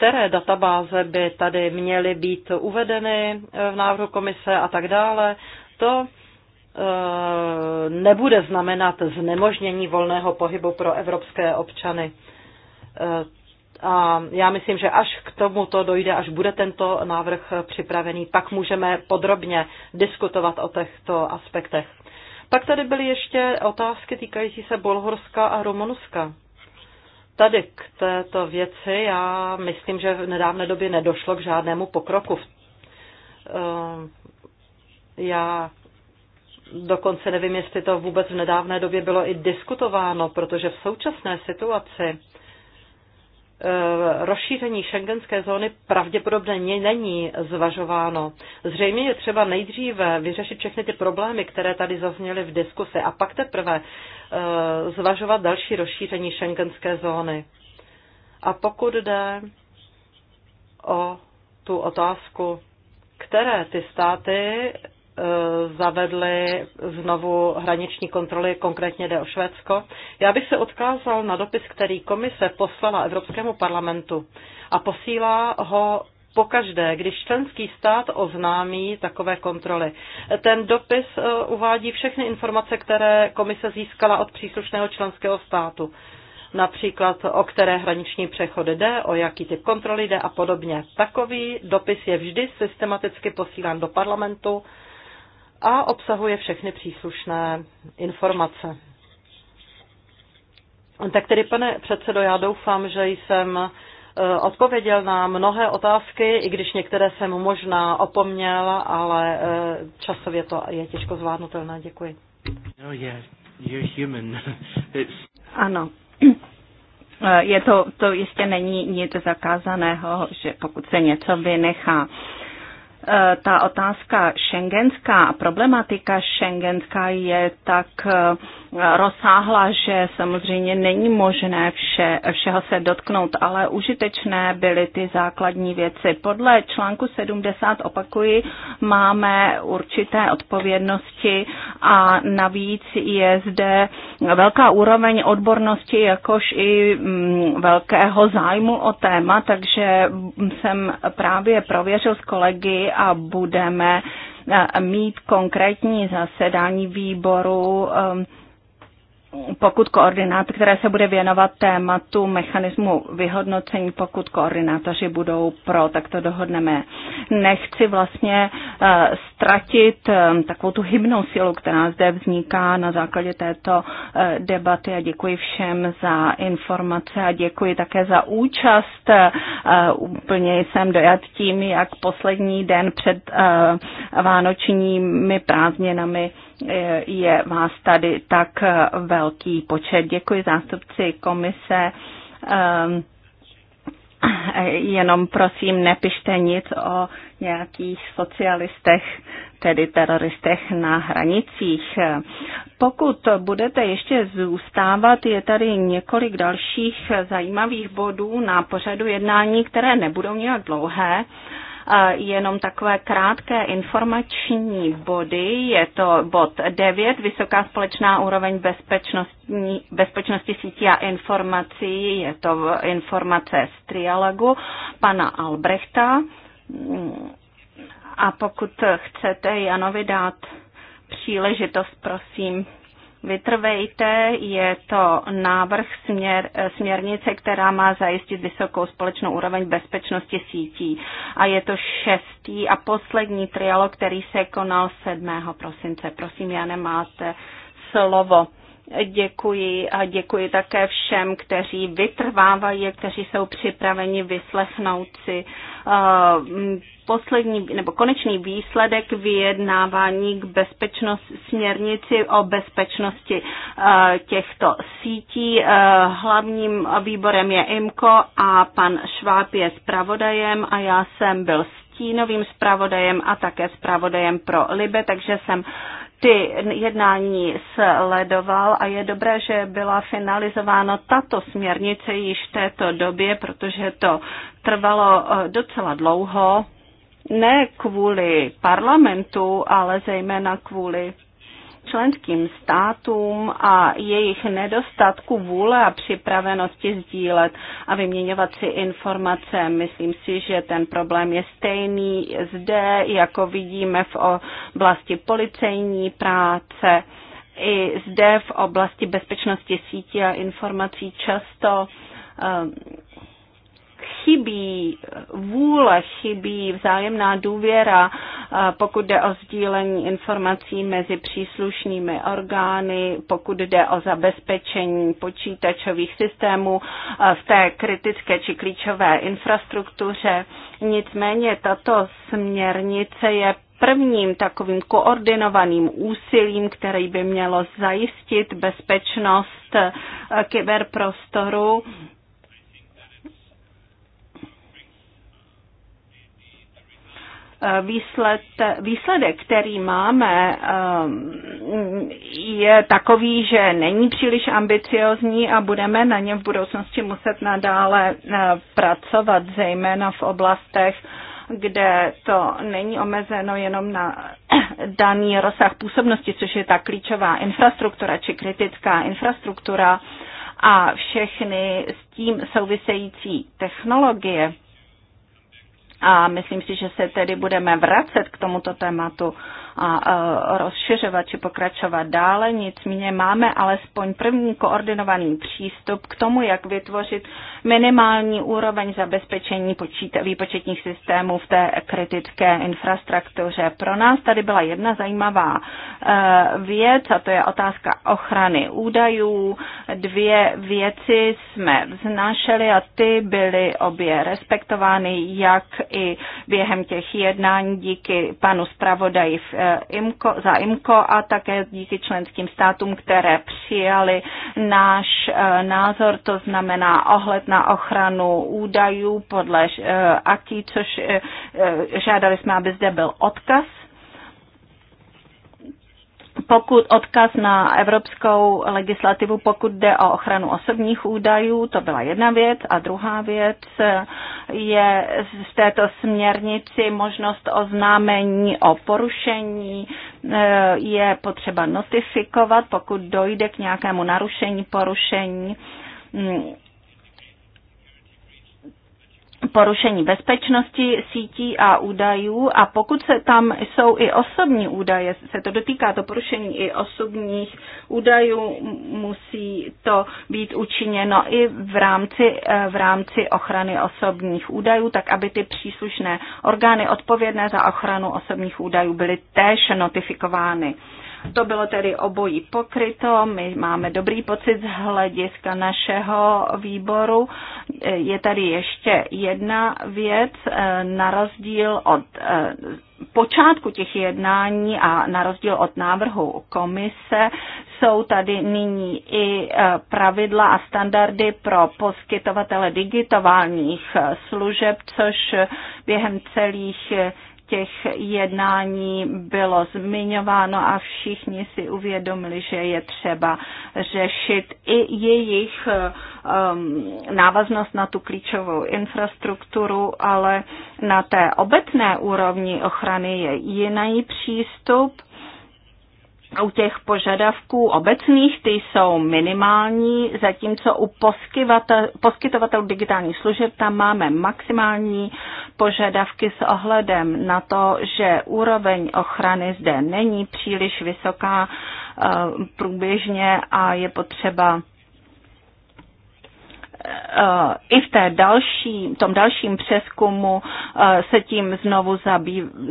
které databáze by tady měly být uvedeny eh, v návrhu komise a tak dále, to eh, nebude znamenat znemožnění volného pohybu pro evropské občany. Eh, a já myslím, že až k tomu to dojde, až bude tento návrh připravený, pak můžeme podrobně diskutovat o těchto aspektech. Pak tady byly ještě otázky týkající se Bulhorska a Rumunska. Tady k této věci já myslím, že v nedávné době nedošlo k žádnému pokroku. Eh, já dokonce nevím, jestli to vůbec v nedávné době bylo i diskutováno, protože v současné situaci Eh, rozšíření šengenské zóny pravděpodobně není zvažováno. Zřejmě je třeba nejdříve vyřešit všechny ty problémy, které tady zazněly v diskusi a pak teprve eh, zvažovat další rozšíření šengenské zóny. A pokud jde o tu otázku, které ty státy E, zavedly znovu hraniční kontroly, konkrétně jde o Švédsko. Já bych se odkázal na dopis, který komise poslala Evropskému parlamentu a posílá ho pokaždé, když členský stát oznámí takové kontroly. Ten dopis e, uvádí všechny informace, které komise získala od příslušného členského státu. Například o které hraniční přechody jde, o jaký typ kontroly jde a podobně. Takový dopis je vždy systematicky posílán do parlamentu a obsahuje všechny příslušné informace. Tak tedy, pane předsedo, já doufám, že jsem e, odpověděl na mnohé otázky, i když některé jsem možná opomněl, ale e, časově to je těžko zvládnutelné. Děkuji. Oh yeah, you're human. (laughs) It's... Ano. (clears throat) E, je to, to jistě není nic zakázaného, že pokud se něco vynechá. Eh, ta otázka šengenská, problematika šengenská je tak eh, rozsáhla, že samozřejmě není možné vše, všeho se dotknout, ale užitečné byly ty základní věci. Podle článku 70, opakuji, máme určité odpovědnosti a navíc je zde velká úroveň odbornosti, jakož i mm, velkého zájmu o téma, takže jsem právě prověřil s kolegy a budeme eh, mít konkrétní zasedání výboru um, pokud koordinát, které se bude věnovat tématu mechanismu vyhodnocení, pokud koordinátoři budou pro, tak to dohodneme. Nechci vlastně eh, ztratit eh, takovou tu hybnou silu, která zde vzniká na základě této eh, debaty a děkuji všem za informace a děkuji také za účast. Eh, úplně jsem dojat tím, jak poslední den před vánočními prázdninami je vás tady tak velký počet. Děkuji zástupci komise Eh, jenom prosím nepište nic o nějakých socialistech, tedy teroristech na hranicích. Pokud budete ještě zůstávat, je tady několik dalších zajímavých bodů na pořadu jednání, které nebudou nějak dlouhé jenom takové krátké informační body. Je to bod 9, vysoká společná úroveň bezpečnosti, bezpečnosti sítí a informací. Je to informace z trialogu pana Albrechta. A pokud chcete Janovi dát příležitost, prosím, vytrvejte, je to návrh směr, směrnice, která má zajistit vysokou společnou úroveň bezpečnosti sítí. A je to šestý a poslední trialog, který se konal 7. prosince. Prosím, já nemáte slovo. Děkuji a děkuji také všem, kteří vytrvávají, kteří jsou připraveni vyslechnout si eh, poslední nebo konečný výsledek vyjednávání k bezpečnosti směrnici o bezpečnosti eh, těchto sítí. Eh, hlavním výborem je IMCO a pan Šváb je zpravodajem a já jsem byl stínovým zpravodajem a také zpravodajem pro Libe, takže jsem ty jednání sledoval a je dobré, že byla finalizována tato směrnice již v této době, protože to trvalo eh, docela dlouho, ne kvůli parlamentu, ale zejména kvůli členským státům a jejich nedostatku vůle a připravenosti sdílet a vyměňovat si informace. Myslím si, že ten problém je stejný zde, jako vidíme v oblasti policejní práce. I zde v oblasti bezpečnosti sítí a informací často eh, chybí vůle, chybí vzájemná důvěra, eh, pokud jde o sdílení informací mezi příslušnými orgány, pokud jde o zabezpečení počítačových systémů eh, v té kritické či klíčové infrastruktuře. Nicméně tato směrnice je prvním takovým koordinovaným úsilím, který by mělo zajistit bezpečnost eh, kyberprostoru výsled, výsledek, který máme, eh, je takový, že není příliš ambiciozní a budeme na něm v budoucnosti muset nadále eh, pracovat, zejména v oblastech, kde to není omezeno jenom na (clears throat) daný rozsah působnosti, což je ta klíčová infrastruktura či kritická infrastruktura a všechny s tím související technologie a myslím si, že se tedy budeme vracet k tomuto tématu a e, rozšiřovat či pokračovat dále. Nicméně máme alespoň první koordinovaný přístup k tomu, jak vytvořit minimální úroveň zabezpečení výpočetních systémů v té kritické infrastruktuře. Pro nás tady byla jedna zajímavá e, věc, a to je otázka ochrany údajů. Dvě věci jsme vznášeli a ty byly obě respektovány, jak i během těch jednání díky panu zpravodaji eh, IMCO, za IMCO a také díky členským státům, které přijali náš eh, názor, to znamená ohled na ochranu údajů podle eh, AKI, což žádali jsme, aby zde byl odkaz pokud odkaz na evropskou legislativu, pokud jde o ochranu osobních údajů, to byla jedna věc. A druhá věc eh, je v této směrnici možnost oznámení o porušení. Eh, je potřeba notifikovat, pokud dojde k nějakému narušení, porušení hmm porušení bezpečnosti sítí a údajů a pokud se tam jsou i osobní údaje, se to dotýká to porušení i osobních údajů, musí to být učiněno i v rámci, eh, v rámci ochrany osobních údajů, tak aby ty příslušné orgány odpovědné za ochranu osobních údajů byly též notifikovány. To bylo tedy obojí pokryto. My máme dobrý pocit z hlediska našeho výboru. Je tady ještě jedna věc, eh, na rozdíl od eh, počátku těch jednání a na rozdíl od návrhu komise jsou tady nyní i eh, pravidla a standardy pro poskytovatele digitálních služeb, což během celých těch jednání bylo zmiňováno a všichni si uvědomili, že je třeba řešit i jejich um, návaznost na tu klíčovou infrastrukturu, ale na té obecné úrovni ochrany je jiný přístup u těch požadavků obecných ty jsou minimální, zatímco u poskytovatelů digitálních služeb tam máme maximální požadavky s ohledem na to, že úroveň ochrany zde není příliš vysoká eh, průběžně a je potřeba Eh, i v té další, tom dalším přeskumu eh, se tím znovu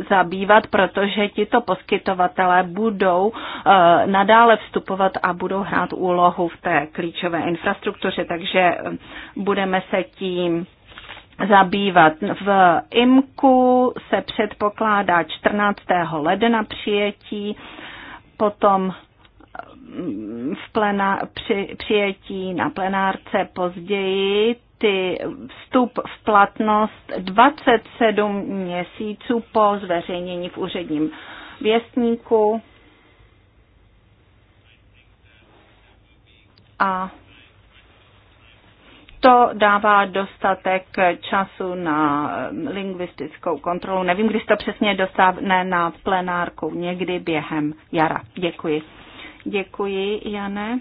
zabývat, protože tito poskytovatelé budou eh, nadále vstupovat a budou hrát úlohu v té klíčové infrastruktuře, takže budeme se tím zabývat. V IMKU se předpokládá 14. ledna přijetí, potom v plena, při přijetí na plenárce později ty vstup v platnost 27 měsíců po zveřejnění v úředním věstníku. A to dává dostatek času na lingvistickou kontrolu. Nevím, kdy to přesně dostane na plenárku, někdy během jara. Děkuji. Děkuji, Jane.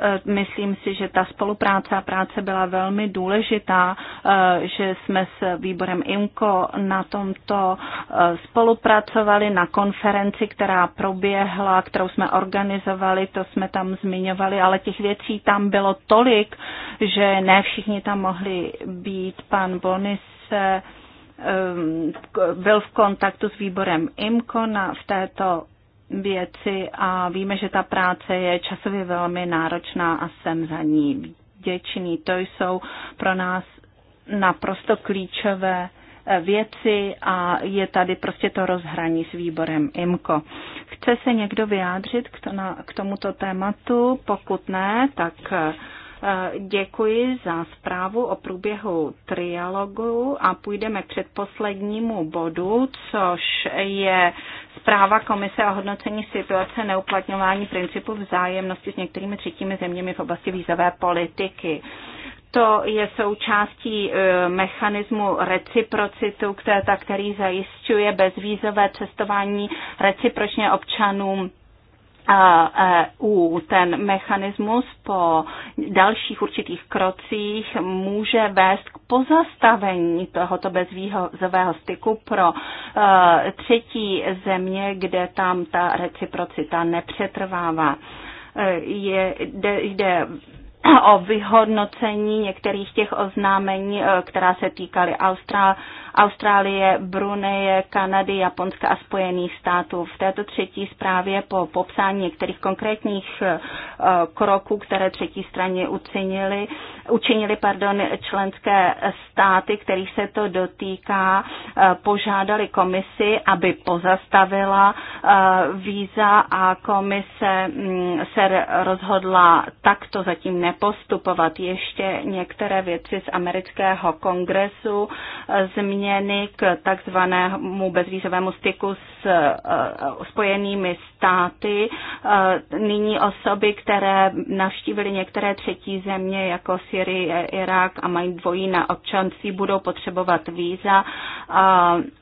Eh, myslím si, že ta spolupráce a práce byla velmi důležitá, eh, že jsme s výborem IMCO na tomto eh, spolupracovali na konferenci, která proběhla, kterou jsme organizovali, to jsme tam zmiňovali, ale těch věcí tam bylo tolik, že ne všichni tam mohli být. Pan Bonis byl v kontaktu s výborem IMCO na, v této věci a víme, že ta práce je časově velmi náročná a jsem za ní vděčný. To jsou pro nás naprosto klíčové eh, věci a je tady prostě to rozhraní s výborem IMKO. Chce se někdo vyjádřit k, to, na, k tomuto tématu? Pokud ne, tak eh, Děkuji za zprávu o průběhu trialogu a půjdeme k předposlednímu bodu, což je zpráva Komise o hodnocení situace neuplatňování principu vzájemnosti s některými třetími zeměmi v oblasti vízové politiky. To je součástí eh, mechanismu reciprocitu, který zajišťuje bezvízové cestování recipročně občanům E u Ten mechanismus po dalších určitých krocích může vést k pozastavení tohoto bezvýhozového styku pro e, třetí země, kde tam ta reciprocita nepřetrvává. E, je, jde, jde o vyhodnocení některých těch oznámení, která se týkaly Austrálie, Austrálie, Bruneje, Kanady, Japonska a Spojených států. V této třetí zprávě po popsání některých konkrétních eh, kroků, které třetí straně ucenili, učinili pardon, členské státy, kterých se to dotýká, eh, požádali komisi, aby pozastavila eh, víza a komise mm, se rozhodla takto zatím nepostupovat. Ještě některé věci z amerického kongresu zmínili změny k takzvanému bezvízovému styku s eh, eh, spojenými státy. Eh, nyní osoby, které navštívily některé třetí země jako Syrie, Irák a mají dvojí na občanství, budou potřebovat víza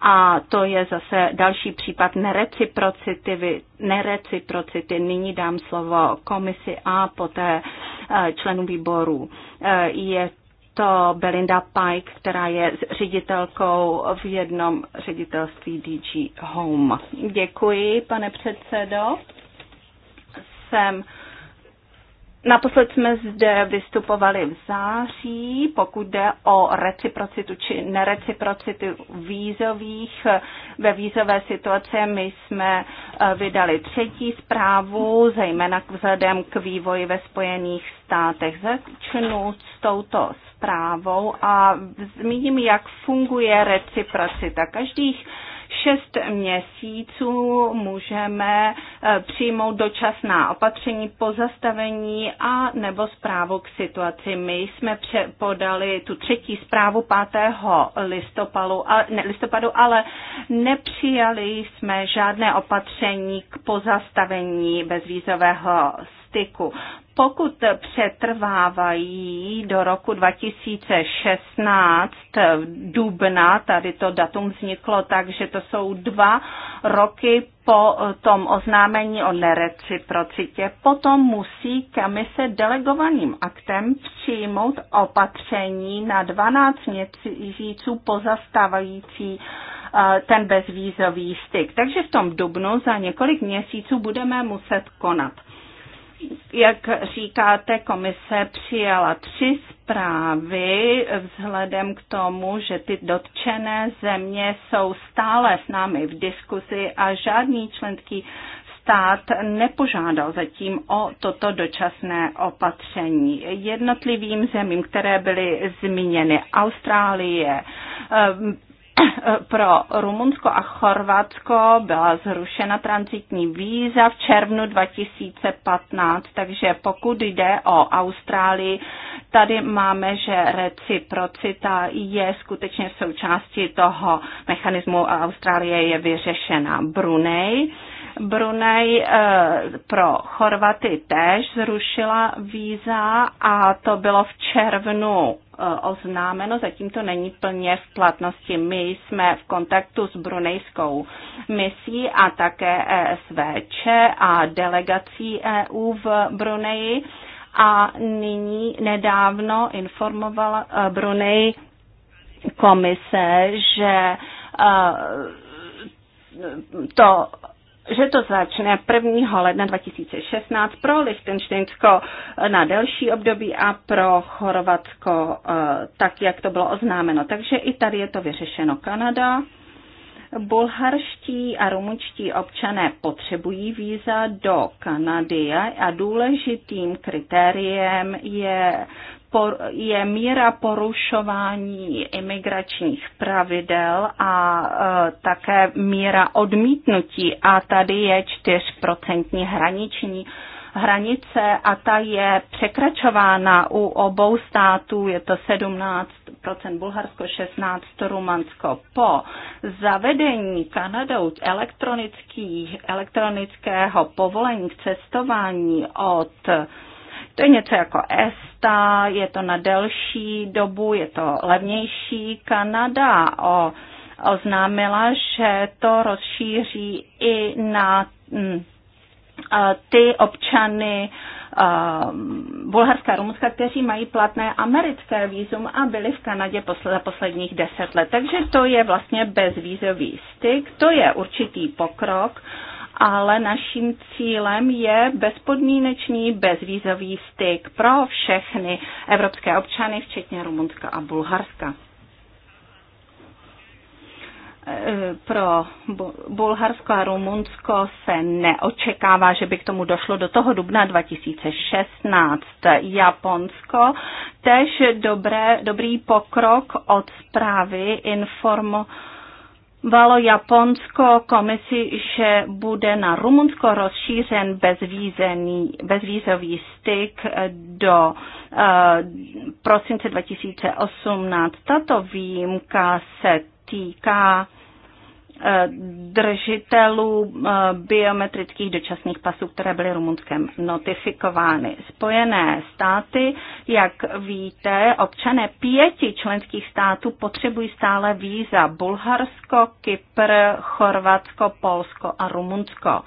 a to je zase další případ nereciprocity. nereciprocity. Nyní dám slovo komisi a poté členům výboru. Je to Belinda Pike, která je ředitelkou v jednom ředitelství DG Home. Děkuji, pane předsedo. Jsem Naposled jsme zde vystupovali v září, pokud jde o reciprocitu či nereciprocitu vízových. Ve vízové situaci my jsme eh, vydali třetí zprávu, zejména vzhledem k vývoji ve Spojených státech. Začnu s touto zprávou a zmíním, jak funguje reciprocita. Každých šest měsíců můžeme eh, přijmout dočasná opatření, pozastavení a nebo zprávu k situaci. My jsme podali tu třetí zprávu 5. Listopadu, ne, listopadu, ale nepřijali jsme žádné opatření k pozastavení bezvízového styku. Pokud přetrvávají do roku 2016 dubna, tady to datum vzniklo tak, že to jsou dva roky po tom oznámení o nereciprocitě, potom musí komise delegovaným aktem přijmout opatření na 12 měsíců pozastávající eh, ten bezvízový styk. Takže v tom dubnu za několik měsíců budeme muset konat jak říkáte, komise přijala tři zprávy vzhledem k tomu, že ty dotčené země jsou stále s námi v diskuzi a žádný členský stát nepožádal zatím o toto dočasné opatření. Jednotlivým zemím, které byly zmíněny, Austrálie, (clears throat) pro Rumunsko a Chorvatsko byla zrušena transitní víza v červnu 2015, takže pokud jde o Austrálii, tady máme, že reciprocita je skutečně součástí toho mechanismu a Austrálie je vyřešena. Brunei Brunei eh, pro Chorvaty též zrušila víza a to bylo v červnu eh, oznámeno, zatím to není plně v platnosti. My jsme v kontaktu s brunejskou misí a také ESVČ a delegací EU v Bruneji a nyní nedávno informoval eh, Brunej komise, že to že to začne 1. ledna 2016 pro Lichtensteinsko na delší období a pro Chorvatsko eh, tak, jak to bylo oznámeno. Takže i tady je to vyřešeno. Kanada. Bulharští a rumunští občané potřebují víza do Kanady a důležitým kritériem je je míra porušování imigračních pravidel a e, také míra odmítnutí a tady je 4% hraniční hranice a ta je překračována u obou států, je to 17 Bulharsko, 16 Rumansko. Po zavedení Kanadou elektronických, elektronického povolení k cestování od to je něco jako ESTA, je to na delší dobu, je to levnější. Kanada o, oznámila, že to rozšíří i na hm, ty občany Bulharska a Rumunska, kteří mají platné americké vízum a byli v Kanadě za posledních deset let. Takže to je vlastně bezvízový styk, to je určitý pokrok, ale naším cílem je bezpodmínečný bezvízový styk pro všechny evropské občany, včetně Rumunska a Bulharska pro Bulharsko a Rumunsko se neočekává, že by k tomu došlo do toho dubna 2016. Japonsko tež dobré, dobrý pokrok od zprávy informo Valo Japonsko komisi, že bude na Rumunsko rozšířen bezvízený, bezvízový styk do uh, prosince 2018. Tato výjimka se týká eh, držitelů eh, biometrických dočasných pasů, které byly Rumunskem notifikovány. Spojené státy, jak víte, občané pěti členských států potřebují stále víza Bulharsko, Kypr, Chorvatsko, Polsko a Rumunsko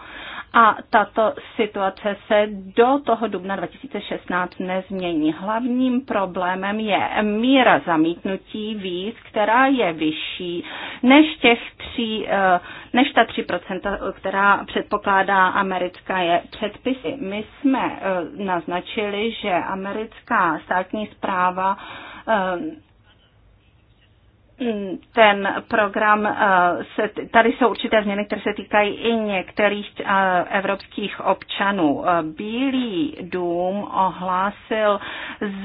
a tato situace se do toho dubna 2016 nezmění. Hlavním problémem je míra zamítnutí víz, která je vyšší než, těch tří, eh, než ta 3%, která předpokládá americká je předpisy. My jsme eh, naznačili, že americká státní zpráva eh, ten program, eh, se, tady jsou určité změny, které se týkají i některých eh, evropských občanů. Eh, Bílý dům ohlásil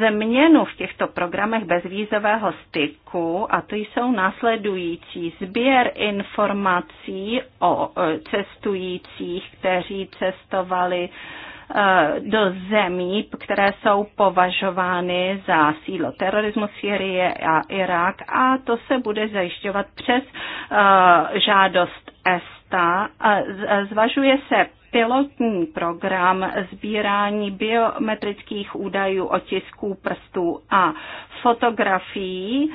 změnu v těchto programech bezvízového styku a to jsou následující sběr informací o cestujících, kteří cestovali Eh, do zemí, které jsou považovány za sílo terorismu Syrie a Irák a to se bude zajišťovat přes eh, žádost ESTA. Zvažuje se pilotní program sbírání biometrických údajů otisků prstů a fotografií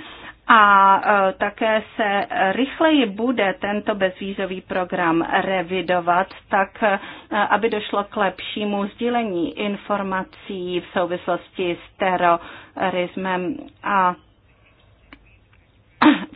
a e, také se rychleji bude tento bezvízový program revidovat, tak e, aby došlo k lepšímu sdílení informací v souvislosti s terorismem a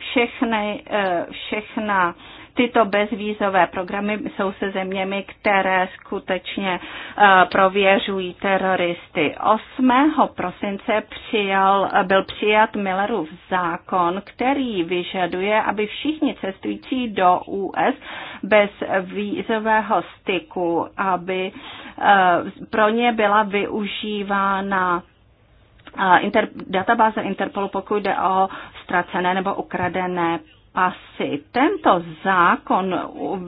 všechny, e, všechna tyto bezvízové programy jsou se zeměmi, které skutečně eh, prověřují teroristy. 8. prosince přijal, byl přijat Millerův zákon, který vyžaduje, aby všichni cestující do US bez vízového styku, aby eh, pro ně byla využívána eh, inter, databáze Interpolu, pokud jde o ztracené nebo ukradené asi Tento zákon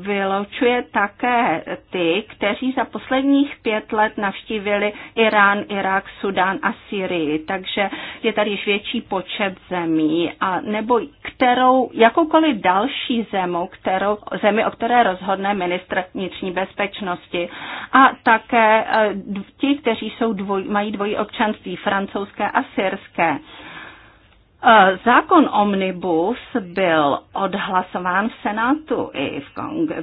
vylučuje také ty, kteří za posledních pět let navštívili Irán, Irák, Sudán a Syrii, takže je tady již větší počet zemí, a nebo kterou, jakoukoliv další zemu, kterou, zemi, o které rozhodne ministr vnitřní bezpečnosti. A také eh, ti, kteří jsou dvoj, mají dvojí občanství, francouzské a syrské. Eh, zákon Omnibus byl odhlasován v Senátu i v, kong-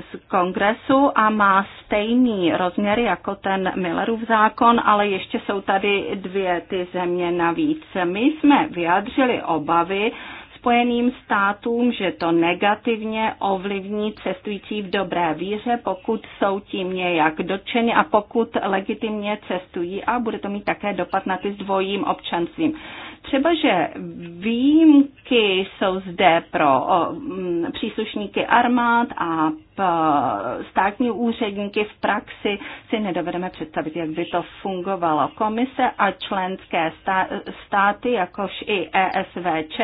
v, kongresu a má stejný rozměr jako ten Millerův zákon, ale ještě jsou tady dvě ty země navíc. My jsme vyjádřili obavy, Spojeným státům, že to negativně ovlivní cestující v dobré víře, pokud jsou tím nějak dotčeni a pokud legitimně cestují a bude to mít také dopad na ty s dvojím občanstvím. Třeba, že výjimky jsou zde pro příslušníky armád a E, státní úředníky v praxi si nedovedeme představit, jak by to fungovalo. Komise a členské státy, jakož i ESVČ,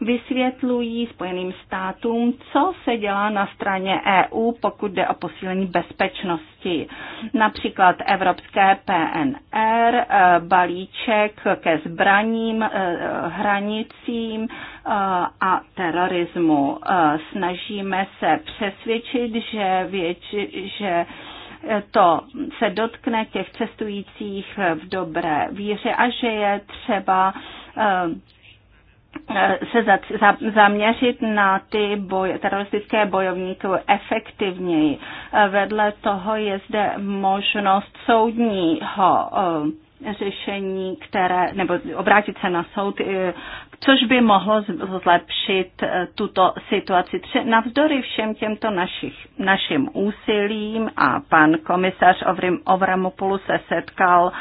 vysvětlují Spojeným státům, co se dělá na straně EU, pokud jde o posílení bezpečnosti. Například Evropské PNR, e, balíček ke zbraním, e, hranicím, a terorismu. Snažíme se přesvědčit, že, věč, že to se dotkne těch cestujících v dobré víře a že je třeba se za, za, zaměřit na ty boj, teroristické bojovníky efektivněji. Vedle toho je zde možnost soudního řešení, které, nebo obrátit se na soud, eh, což by mohlo zlepšit eh, tuto situaci. Navzdory všem těmto našich, našim úsilím a pan komisař Ovramopulu se setkal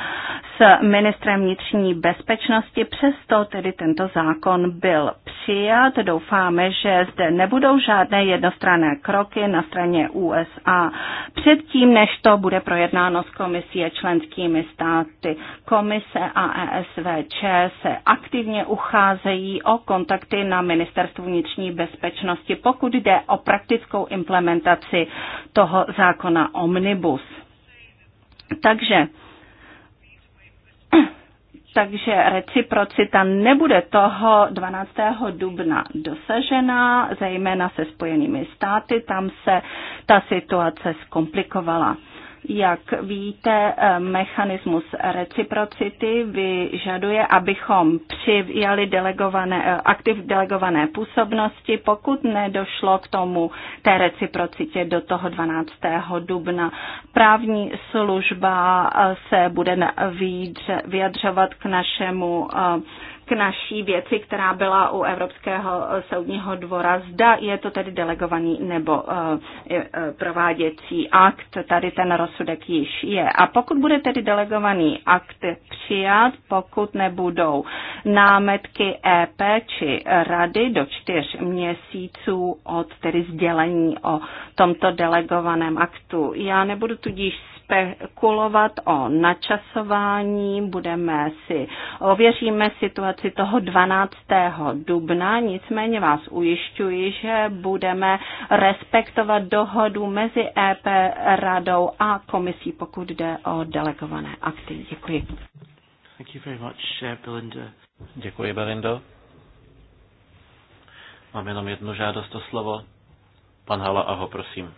s ministrem vnitřní bezpečnosti, přesto tedy tento zákon byl přijat. Doufáme, že zde nebudou žádné jednostranné kroky na straně USA předtím, než to bude projednáno s komisí a členskými státy. Komise a ESVČ se aktivně ucházejí o kontakty na Ministerstvu vnitřní bezpečnosti, pokud jde o praktickou implementaci toho zákona Omnibus. Takže (clears throat) takže reciprocita nebude toho 12. dubna dosažená, zejména se Spojenými státy, tam se ta situace zkomplikovala. Jak víte, eh, mechanismus reciprocity vyžaduje, abychom přijali delegované, eh, aktiv delegované působnosti, pokud nedošlo k tomu té reciprocitě do toho 12. dubna. Právní služba eh, se bude vyjadřovat k našemu naší věci, která byla u Evropského soudního dvora. Zda je to tedy delegovaný nebo eh, eh, prováděcí akt, tady ten rozsudek již je. A pokud bude tedy delegovaný akt přijat, pokud nebudou námetky EP či rady do čtyř měsíců od tedy sdělení o tomto delegovaném aktu. Já nebudu tudíž spekulovat o načasování, budeme si, ověříme situaci toho 12. dubna, nicméně vás ujišťuji, že budeme respektovat dohodu mezi EP radou a komisí, pokud jde o delegované akty. Děkuji. Thank you very much, uh, Belinda. Děkuji, Belindo. Mám jenom jednu žádost o slovo. Pan Hala, aho, prosím.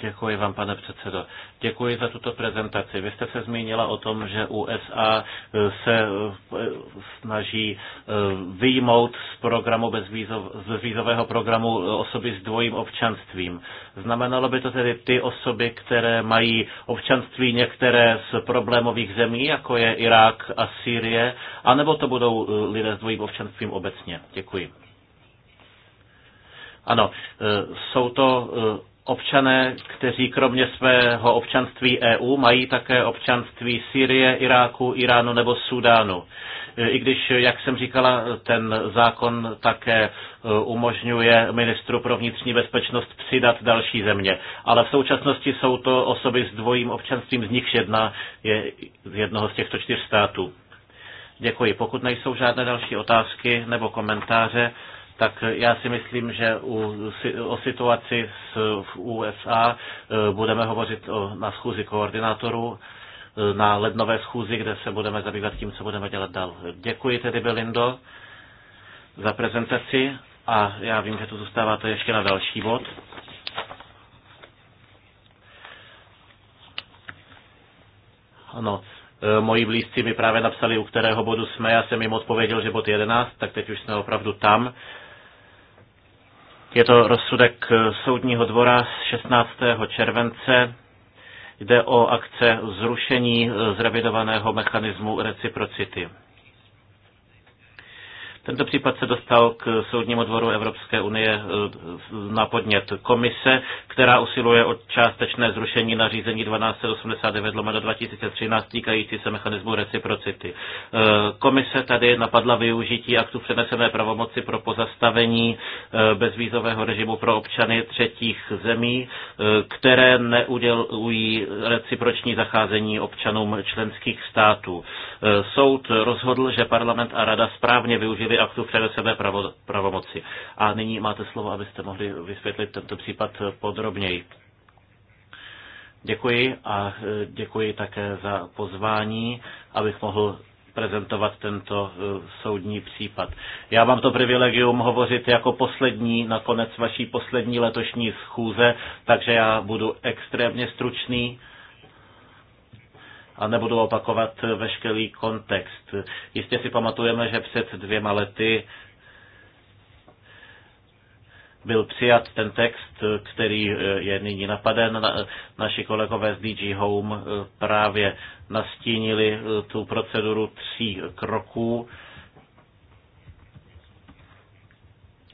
Děkuji vám, pane předsedo. Děkuji za tuto prezentaci. Vy jste se zmínila o tom, že USA eh, se eh, snaží eh, vyjmout z programu bezvízového programu osoby s dvojím občanstvím. Znamenalo by to tedy ty osoby, které mají občanství některé z problémových zemí, jako je Irák a Sýrie, anebo to budou lidé s dvojím občanstvím obecně? Děkuji. Ano, jsou to občané, kteří kromě svého občanství EU mají také občanství Syrie, Iráku, Iránu nebo Súdánu. I když, jak jsem říkala, ten zákon také e, umožňuje ministru pro vnitřní bezpečnost přidat další země. Ale v současnosti jsou to osoby s dvojím občanstvím, z nichž jedna je z jednoho z těchto čtyř států. Děkuji. Pokud nejsou žádné další otázky nebo komentáře, tak já si myslím, že u, o situaci s, v USA e, budeme hovořit o, na schůzi koordinátorů, e, na lednové schůzi, kde se budeme zabývat tím, co budeme dělat dál. Děkuji tedy, Belindo, za prezentaci a já vím, že tu to ještě na další bod. Ano, e, moji blízci mi právě napsali, u kterého bodu jsme, já jsem jim odpověděl, že bod 11, tak teď už jsme opravdu tam. Je to rozsudek eh, soudního dvora z 16. července. Jde o akce zrušení eh, zrevidovaného mechanismu reciprocity. Tento případ se dostal k Soudnímu dvoru Evropské unie eh, na podnět komise, která usiluje o částečné zrušení nařízení 1289 lomeno 2013 týkající se mechanismu reciprocity. Eh, komise tady napadla využití aktu přenesené pravomoci pro pozastavení eh, bezvízového režimu pro občany třetích zemí, které neudělují reciproční zacházení občanům členských států. Eh, soud rozhodl, že parlament a rada správně využili aktu sebe pravo, pravomoci. A nyní máte slovo, abyste mohli vysvětlit tento případ podrobněji. Děkuji a eh, děkuji také za pozvání, abych mohl prezentovat tento eh, soudní případ. Já mám to privilegium hovořit jako poslední na konec vaší poslední letošní schůze, takže já budu extrémně stručný a nebudu opakovat veškerý kontext. Jistě si pamatujeme, že před dvěma lety byl přijat ten text, který eh, je nyní napaden. Naši kolegové z DG Home eh, právě nastínili eh, tu proceduru tří kroků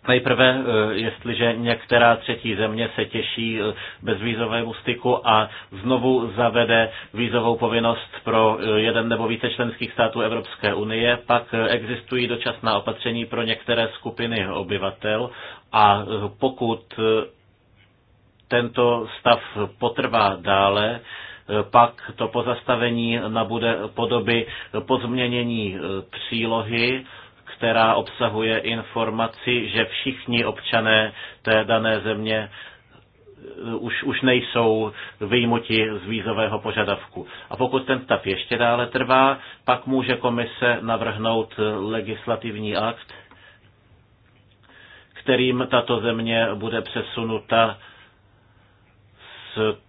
Nejprve, eh, jestliže některá třetí země se těší eh, bezvízovému styku a znovu zavede vízovou povinnost pro eh, jeden nebo více členských států Evropské unie, pak existují dočasná opatření pro některé skupiny obyvatel a pokud tento stav potrvá dále, pak to pozastavení nabude podoby pozměnění přílohy která obsahuje informaci, že všichni občané té dané země eh, už, už nejsou výjimuti z vízového požadavku. A pokud ten stav ještě dále trvá, pak může komise navrhnout legislativní akt, kterým tato země bude přesunuta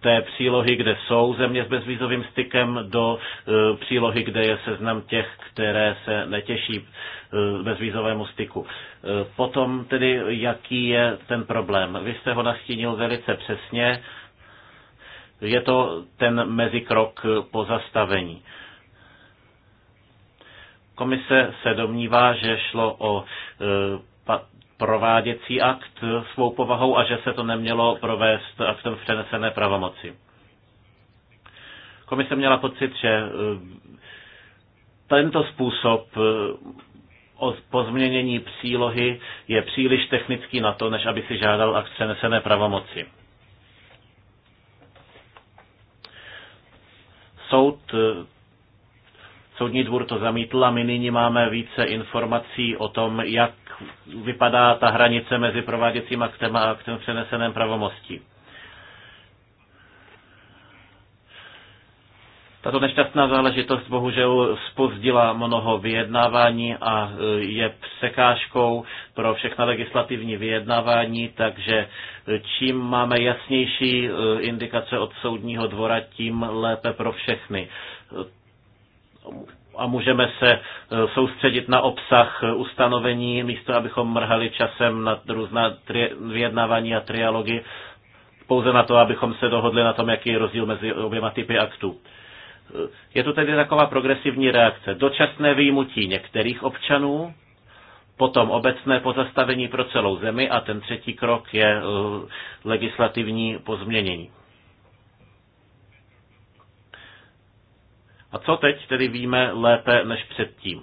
té přílohy, kde jsou země s bezvízovým stykem, do e, přílohy, kde je seznam těch, které se netěší e, bezvízovému styku. E, potom tedy, jaký je ten problém? Vy jste ho nastínil velice přesně. Je to ten mezikrok pozastavení. Komise se domnívá, že šlo o prováděcí akt svou povahou a že se to nemělo provést aktem v přenesené pravomoci. Komise měla pocit, že eh, tento způsob eh, o pozměnění přílohy je příliš technický na to, než aby si žádal akt přenesené pravomoci. Soud, eh, soudní dvůr to zamítl a my nyní máme více informací o tom, jak vypadá ta hranice mezi prováděcím aktem a aktem přeneseném pravomostí. Tato nešťastná záležitost bohužel spozdila mnoho vyjednávání a e, je překážkou pro všechna legislativní vyjednávání, takže e, čím máme jasnější e, indikace od soudního dvora, tím lépe pro všechny a můžeme se e, soustředit na obsah e, ustanovení, místo abychom mrhali časem na různá tri, vyjednávání a trialogy, pouze na to, abychom se dohodli na tom, jaký je rozdíl mezi oběma typy aktů. E, je tu tedy taková progresivní reakce. Dočasné výjimutí některých občanů, potom obecné pozastavení pro celou zemi a ten třetí krok je legislativní pozměnění. A co teď tedy víme lépe než předtím?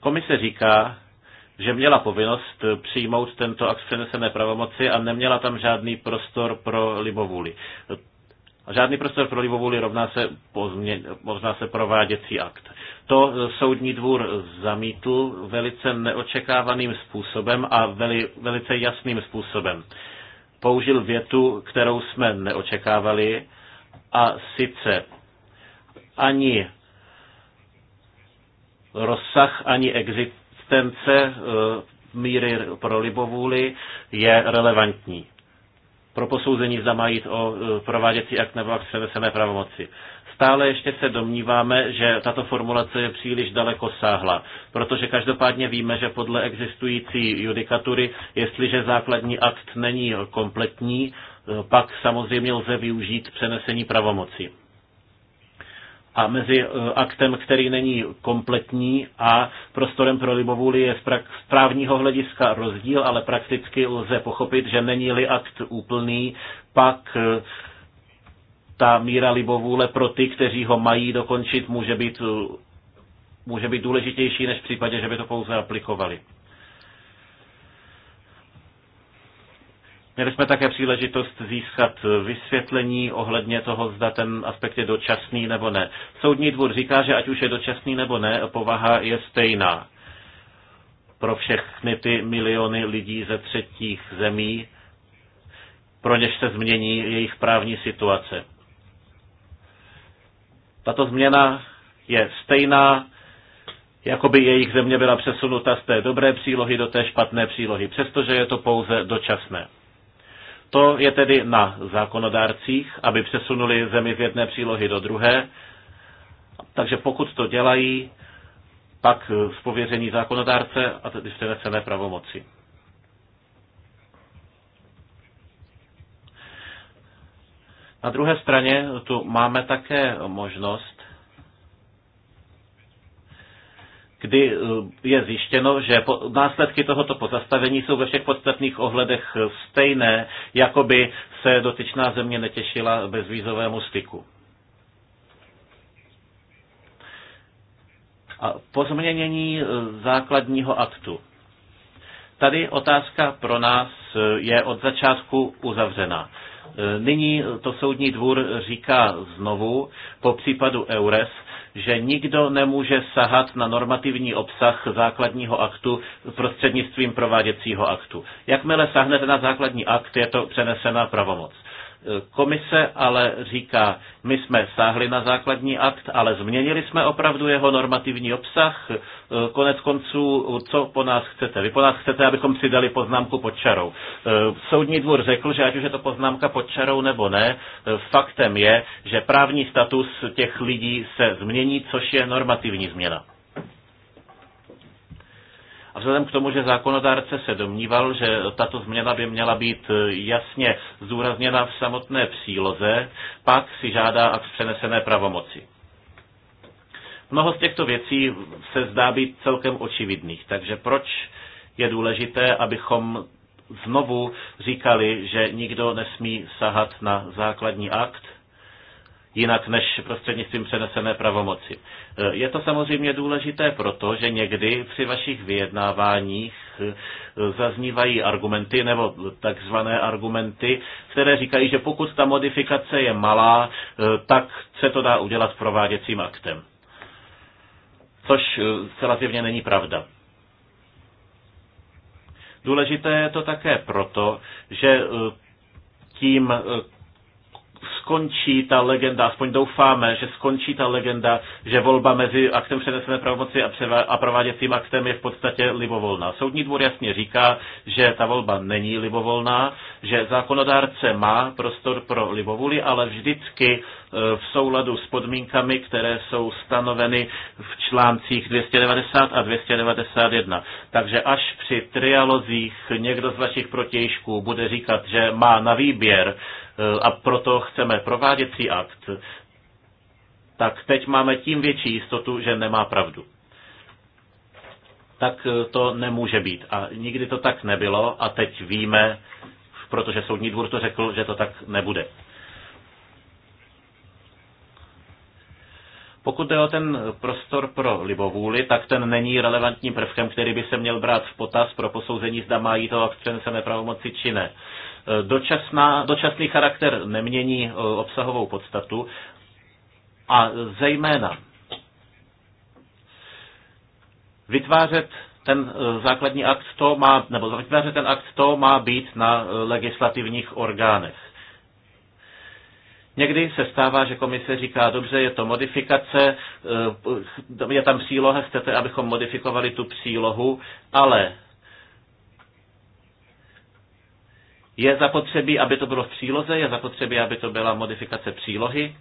Komise říká, že měla povinnost přijmout tento akt přenesené pravomoci a neměla tam žádný prostor pro libovůli. A žádný prostor pro libovůli rovná se, pozmě, možná se prováděcí akt. To soudní dvůr zamítl velice neočekávaným způsobem a veli, velice jasným způsobem. Použil větu, kterou jsme neočekávali, a sice ani rozsah, ani existence eh, míry pro libovůli je relevantní pro posouzení, zda má jít o eh, prováděcí akt nebo akt přenesené pravomoci. Stále ještě se domníváme, že tato formulace je příliš daleko sáhla, protože každopádně víme, že podle existující judikatury, jestliže základní akt není kompletní, eh, pak samozřejmě lze využít přenesení pravomoci a mezi eh, aktem, který není kompletní a prostorem pro libovůli je z právního hlediska rozdíl, ale prakticky lze pochopit, že není-li akt úplný, pak eh, ta míra libovůle pro ty, kteří ho mají dokončit, může být, eh, může být důležitější než v případě, že by to pouze aplikovali. Měli jsme také příležitost získat vysvětlení ohledně toho, zda ten aspekt je dočasný nebo ne. Soudní dvůr říká, že ať už je dočasný nebo ne, povaha je stejná pro všechny ty miliony lidí ze třetích zemí, pro něž se změní jejich právní situace. Tato změna je stejná, jako by jejich země byla přesunuta z té dobré přílohy do té špatné přílohy, přestože je to pouze dočasné. To je tedy na zákonodárcích, aby přesunuli zemi z jedné přílohy do druhé. Takže pokud to dělají, pak z pověření zákonodárce a tedy přenesené pravomoci. Na druhé straně tu máme také možnost, kdy eh, je zjištěno, že následky tohoto pozastavení jsou ve všech podstatných ohledech eh, stejné, jako by se dotyčná země netěšila bezvízovému styku. A pozměnění eh, základního aktu. Tady otázka pro nás eh, je od začátku uzavřená. Eh, nyní to soudní dvůr říká znovu po případu EURES, že nikdo nemůže sahat na normativní obsah základního aktu prostřednictvím prováděcího aktu. Jakmile sahnete na základní akt, je to přenesená pravomoc. Komise ale říká, my jsme sáhli na základní akt, ale změnili jsme opravdu jeho normativní obsah. Konec konců, co po nás chcete? Vy po nás chcete, abychom si dali poznámku pod čarou. Soudní dvůr řekl, že ať už je to poznámka pod čarou nebo ne, faktem je, že právní status těch lidí se změní, což je normativní změna. A vzhledem k tomu, že zákonodárce se domníval, že tato změna by měla být eh, jasně zúrazněna v samotné příloze, pak si žádá akt přenesené pravomoci. Mnoho z těchto věcí se zdá být celkem očividných, takže proč je důležité, abychom znovu říkali, že nikdo nesmí sahat na základní akt? jinak než prostřednictvím přenesené pravomoci. Je to samozřejmě důležité proto, že někdy při vašich vyjednáváních eh, zaznívají argumenty nebo takzvané argumenty, které říkají, že pokud ta modifikace je malá, eh, tak se to dá udělat prováděcím aktem. Což eh, relativně není pravda. Důležité je to také proto, že tím skončí ta legenda, aspoň doufáme, že skončí ta legenda, že volba mezi aktem přenesené pravomoci a, a prováděcím aktem je v podstatě libovolná. Soudní dvůr jasně říká, že ta volba není libovolná, že zákonodárce má prostor pro libovůli, ale vždycky e, v souladu s podmínkami, které jsou stanoveny v článcích 290 a 291. Takže až při trialozích někdo z vašich protějšků bude říkat, že má na výběr, Eh, a proto chceme prováděcí akt, tak teď máme tím větší jistotu, že nemá pravdu. Tak eh, to nemůže být. A nikdy to tak nebylo a teď víme, protože soudní dvůr to řekl, že to tak nebude. Pokud jde o ten prostor pro libovůli, tak ten není relevantním prvkem, který by se měl brát v potaz pro posouzení, zda mají to akce přenesené pravomoci či ne. Eh, dočasná, dočasný charakter nemění eh, obsahovou podstatu a zejména vytvářet ten eh, základní akt to má, nebo vytvářet ten akt to má být na legislativních orgánech. Někdy se stává, že komise říká, dobře, je to modifikace, je tam příloha, chcete, abychom modifikovali tu přílohu, ale Je zapotřebí, aby to bylo v příloze, je zapotřebí, aby to byla modifikace přílohy.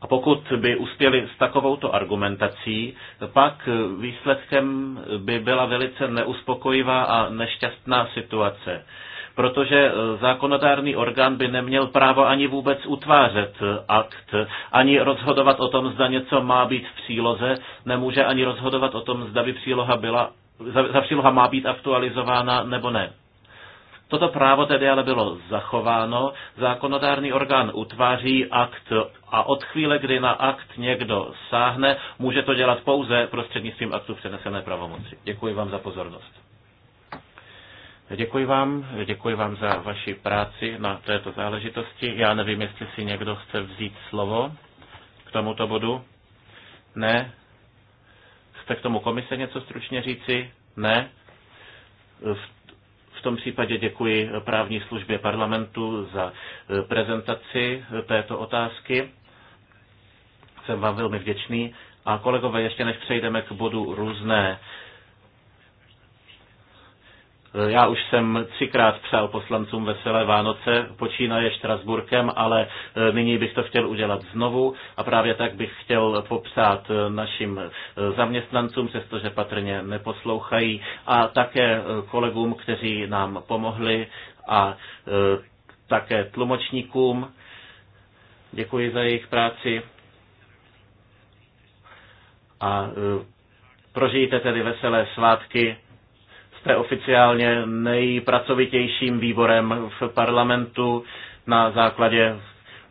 A pokud by uspěli s takovouto argumentací, pak výsledkem by byla velice neuspokojivá a nešťastná situace protože eh, zákonodárný orgán by neměl právo ani vůbec utvářet eh, akt, ani rozhodovat o tom, zda něco má být v příloze, nemůže ani rozhodovat o tom, zda by příloha byla, za příloha má být aktualizována nebo ne. Toto právo tedy ale bylo zachováno, zákonodárný orgán utváří akt a od chvíle, kdy na akt někdo sáhne, může to dělat pouze prostřednictvím aktu přenesené pravomoci. Děkuji vám za pozornost. Děkuji vám, děkuji vám za vaši práci na této záležitosti. Já nevím, jestli si někdo chce vzít slovo k tomuto bodu. Ne? Chce k tomu komise něco stručně říci? Ne? V tom případě děkuji právní službě parlamentu za eh, prezentaci eh, této otázky. Jsem vám velmi vděčný. A kolegové, ještě než přejdeme k bodu různé, já už jsem třikrát přál poslancům veselé Vánoce, počínaje Štrasburkem, ale e, nyní bych to chtěl udělat znovu a právě tak bych chtěl popsat e, našim e, zaměstnancům, přestože patrně neposlouchají, a také kolegům, kteří nám pomohli a také tlumočníkům. Děkuji za jejich práci. A prožijte tedy veselé svátky Jste oficiálně nejpracovitějším výborem v parlamentu na základě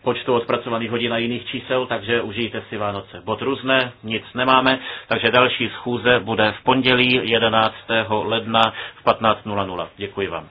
počtu odpracovaných hodin a jiných čísel, takže užijte si Vánoce. Bod různé, nic nemáme, takže další schůze bude v pondělí 11. ledna v 15.00. Děkuji vám.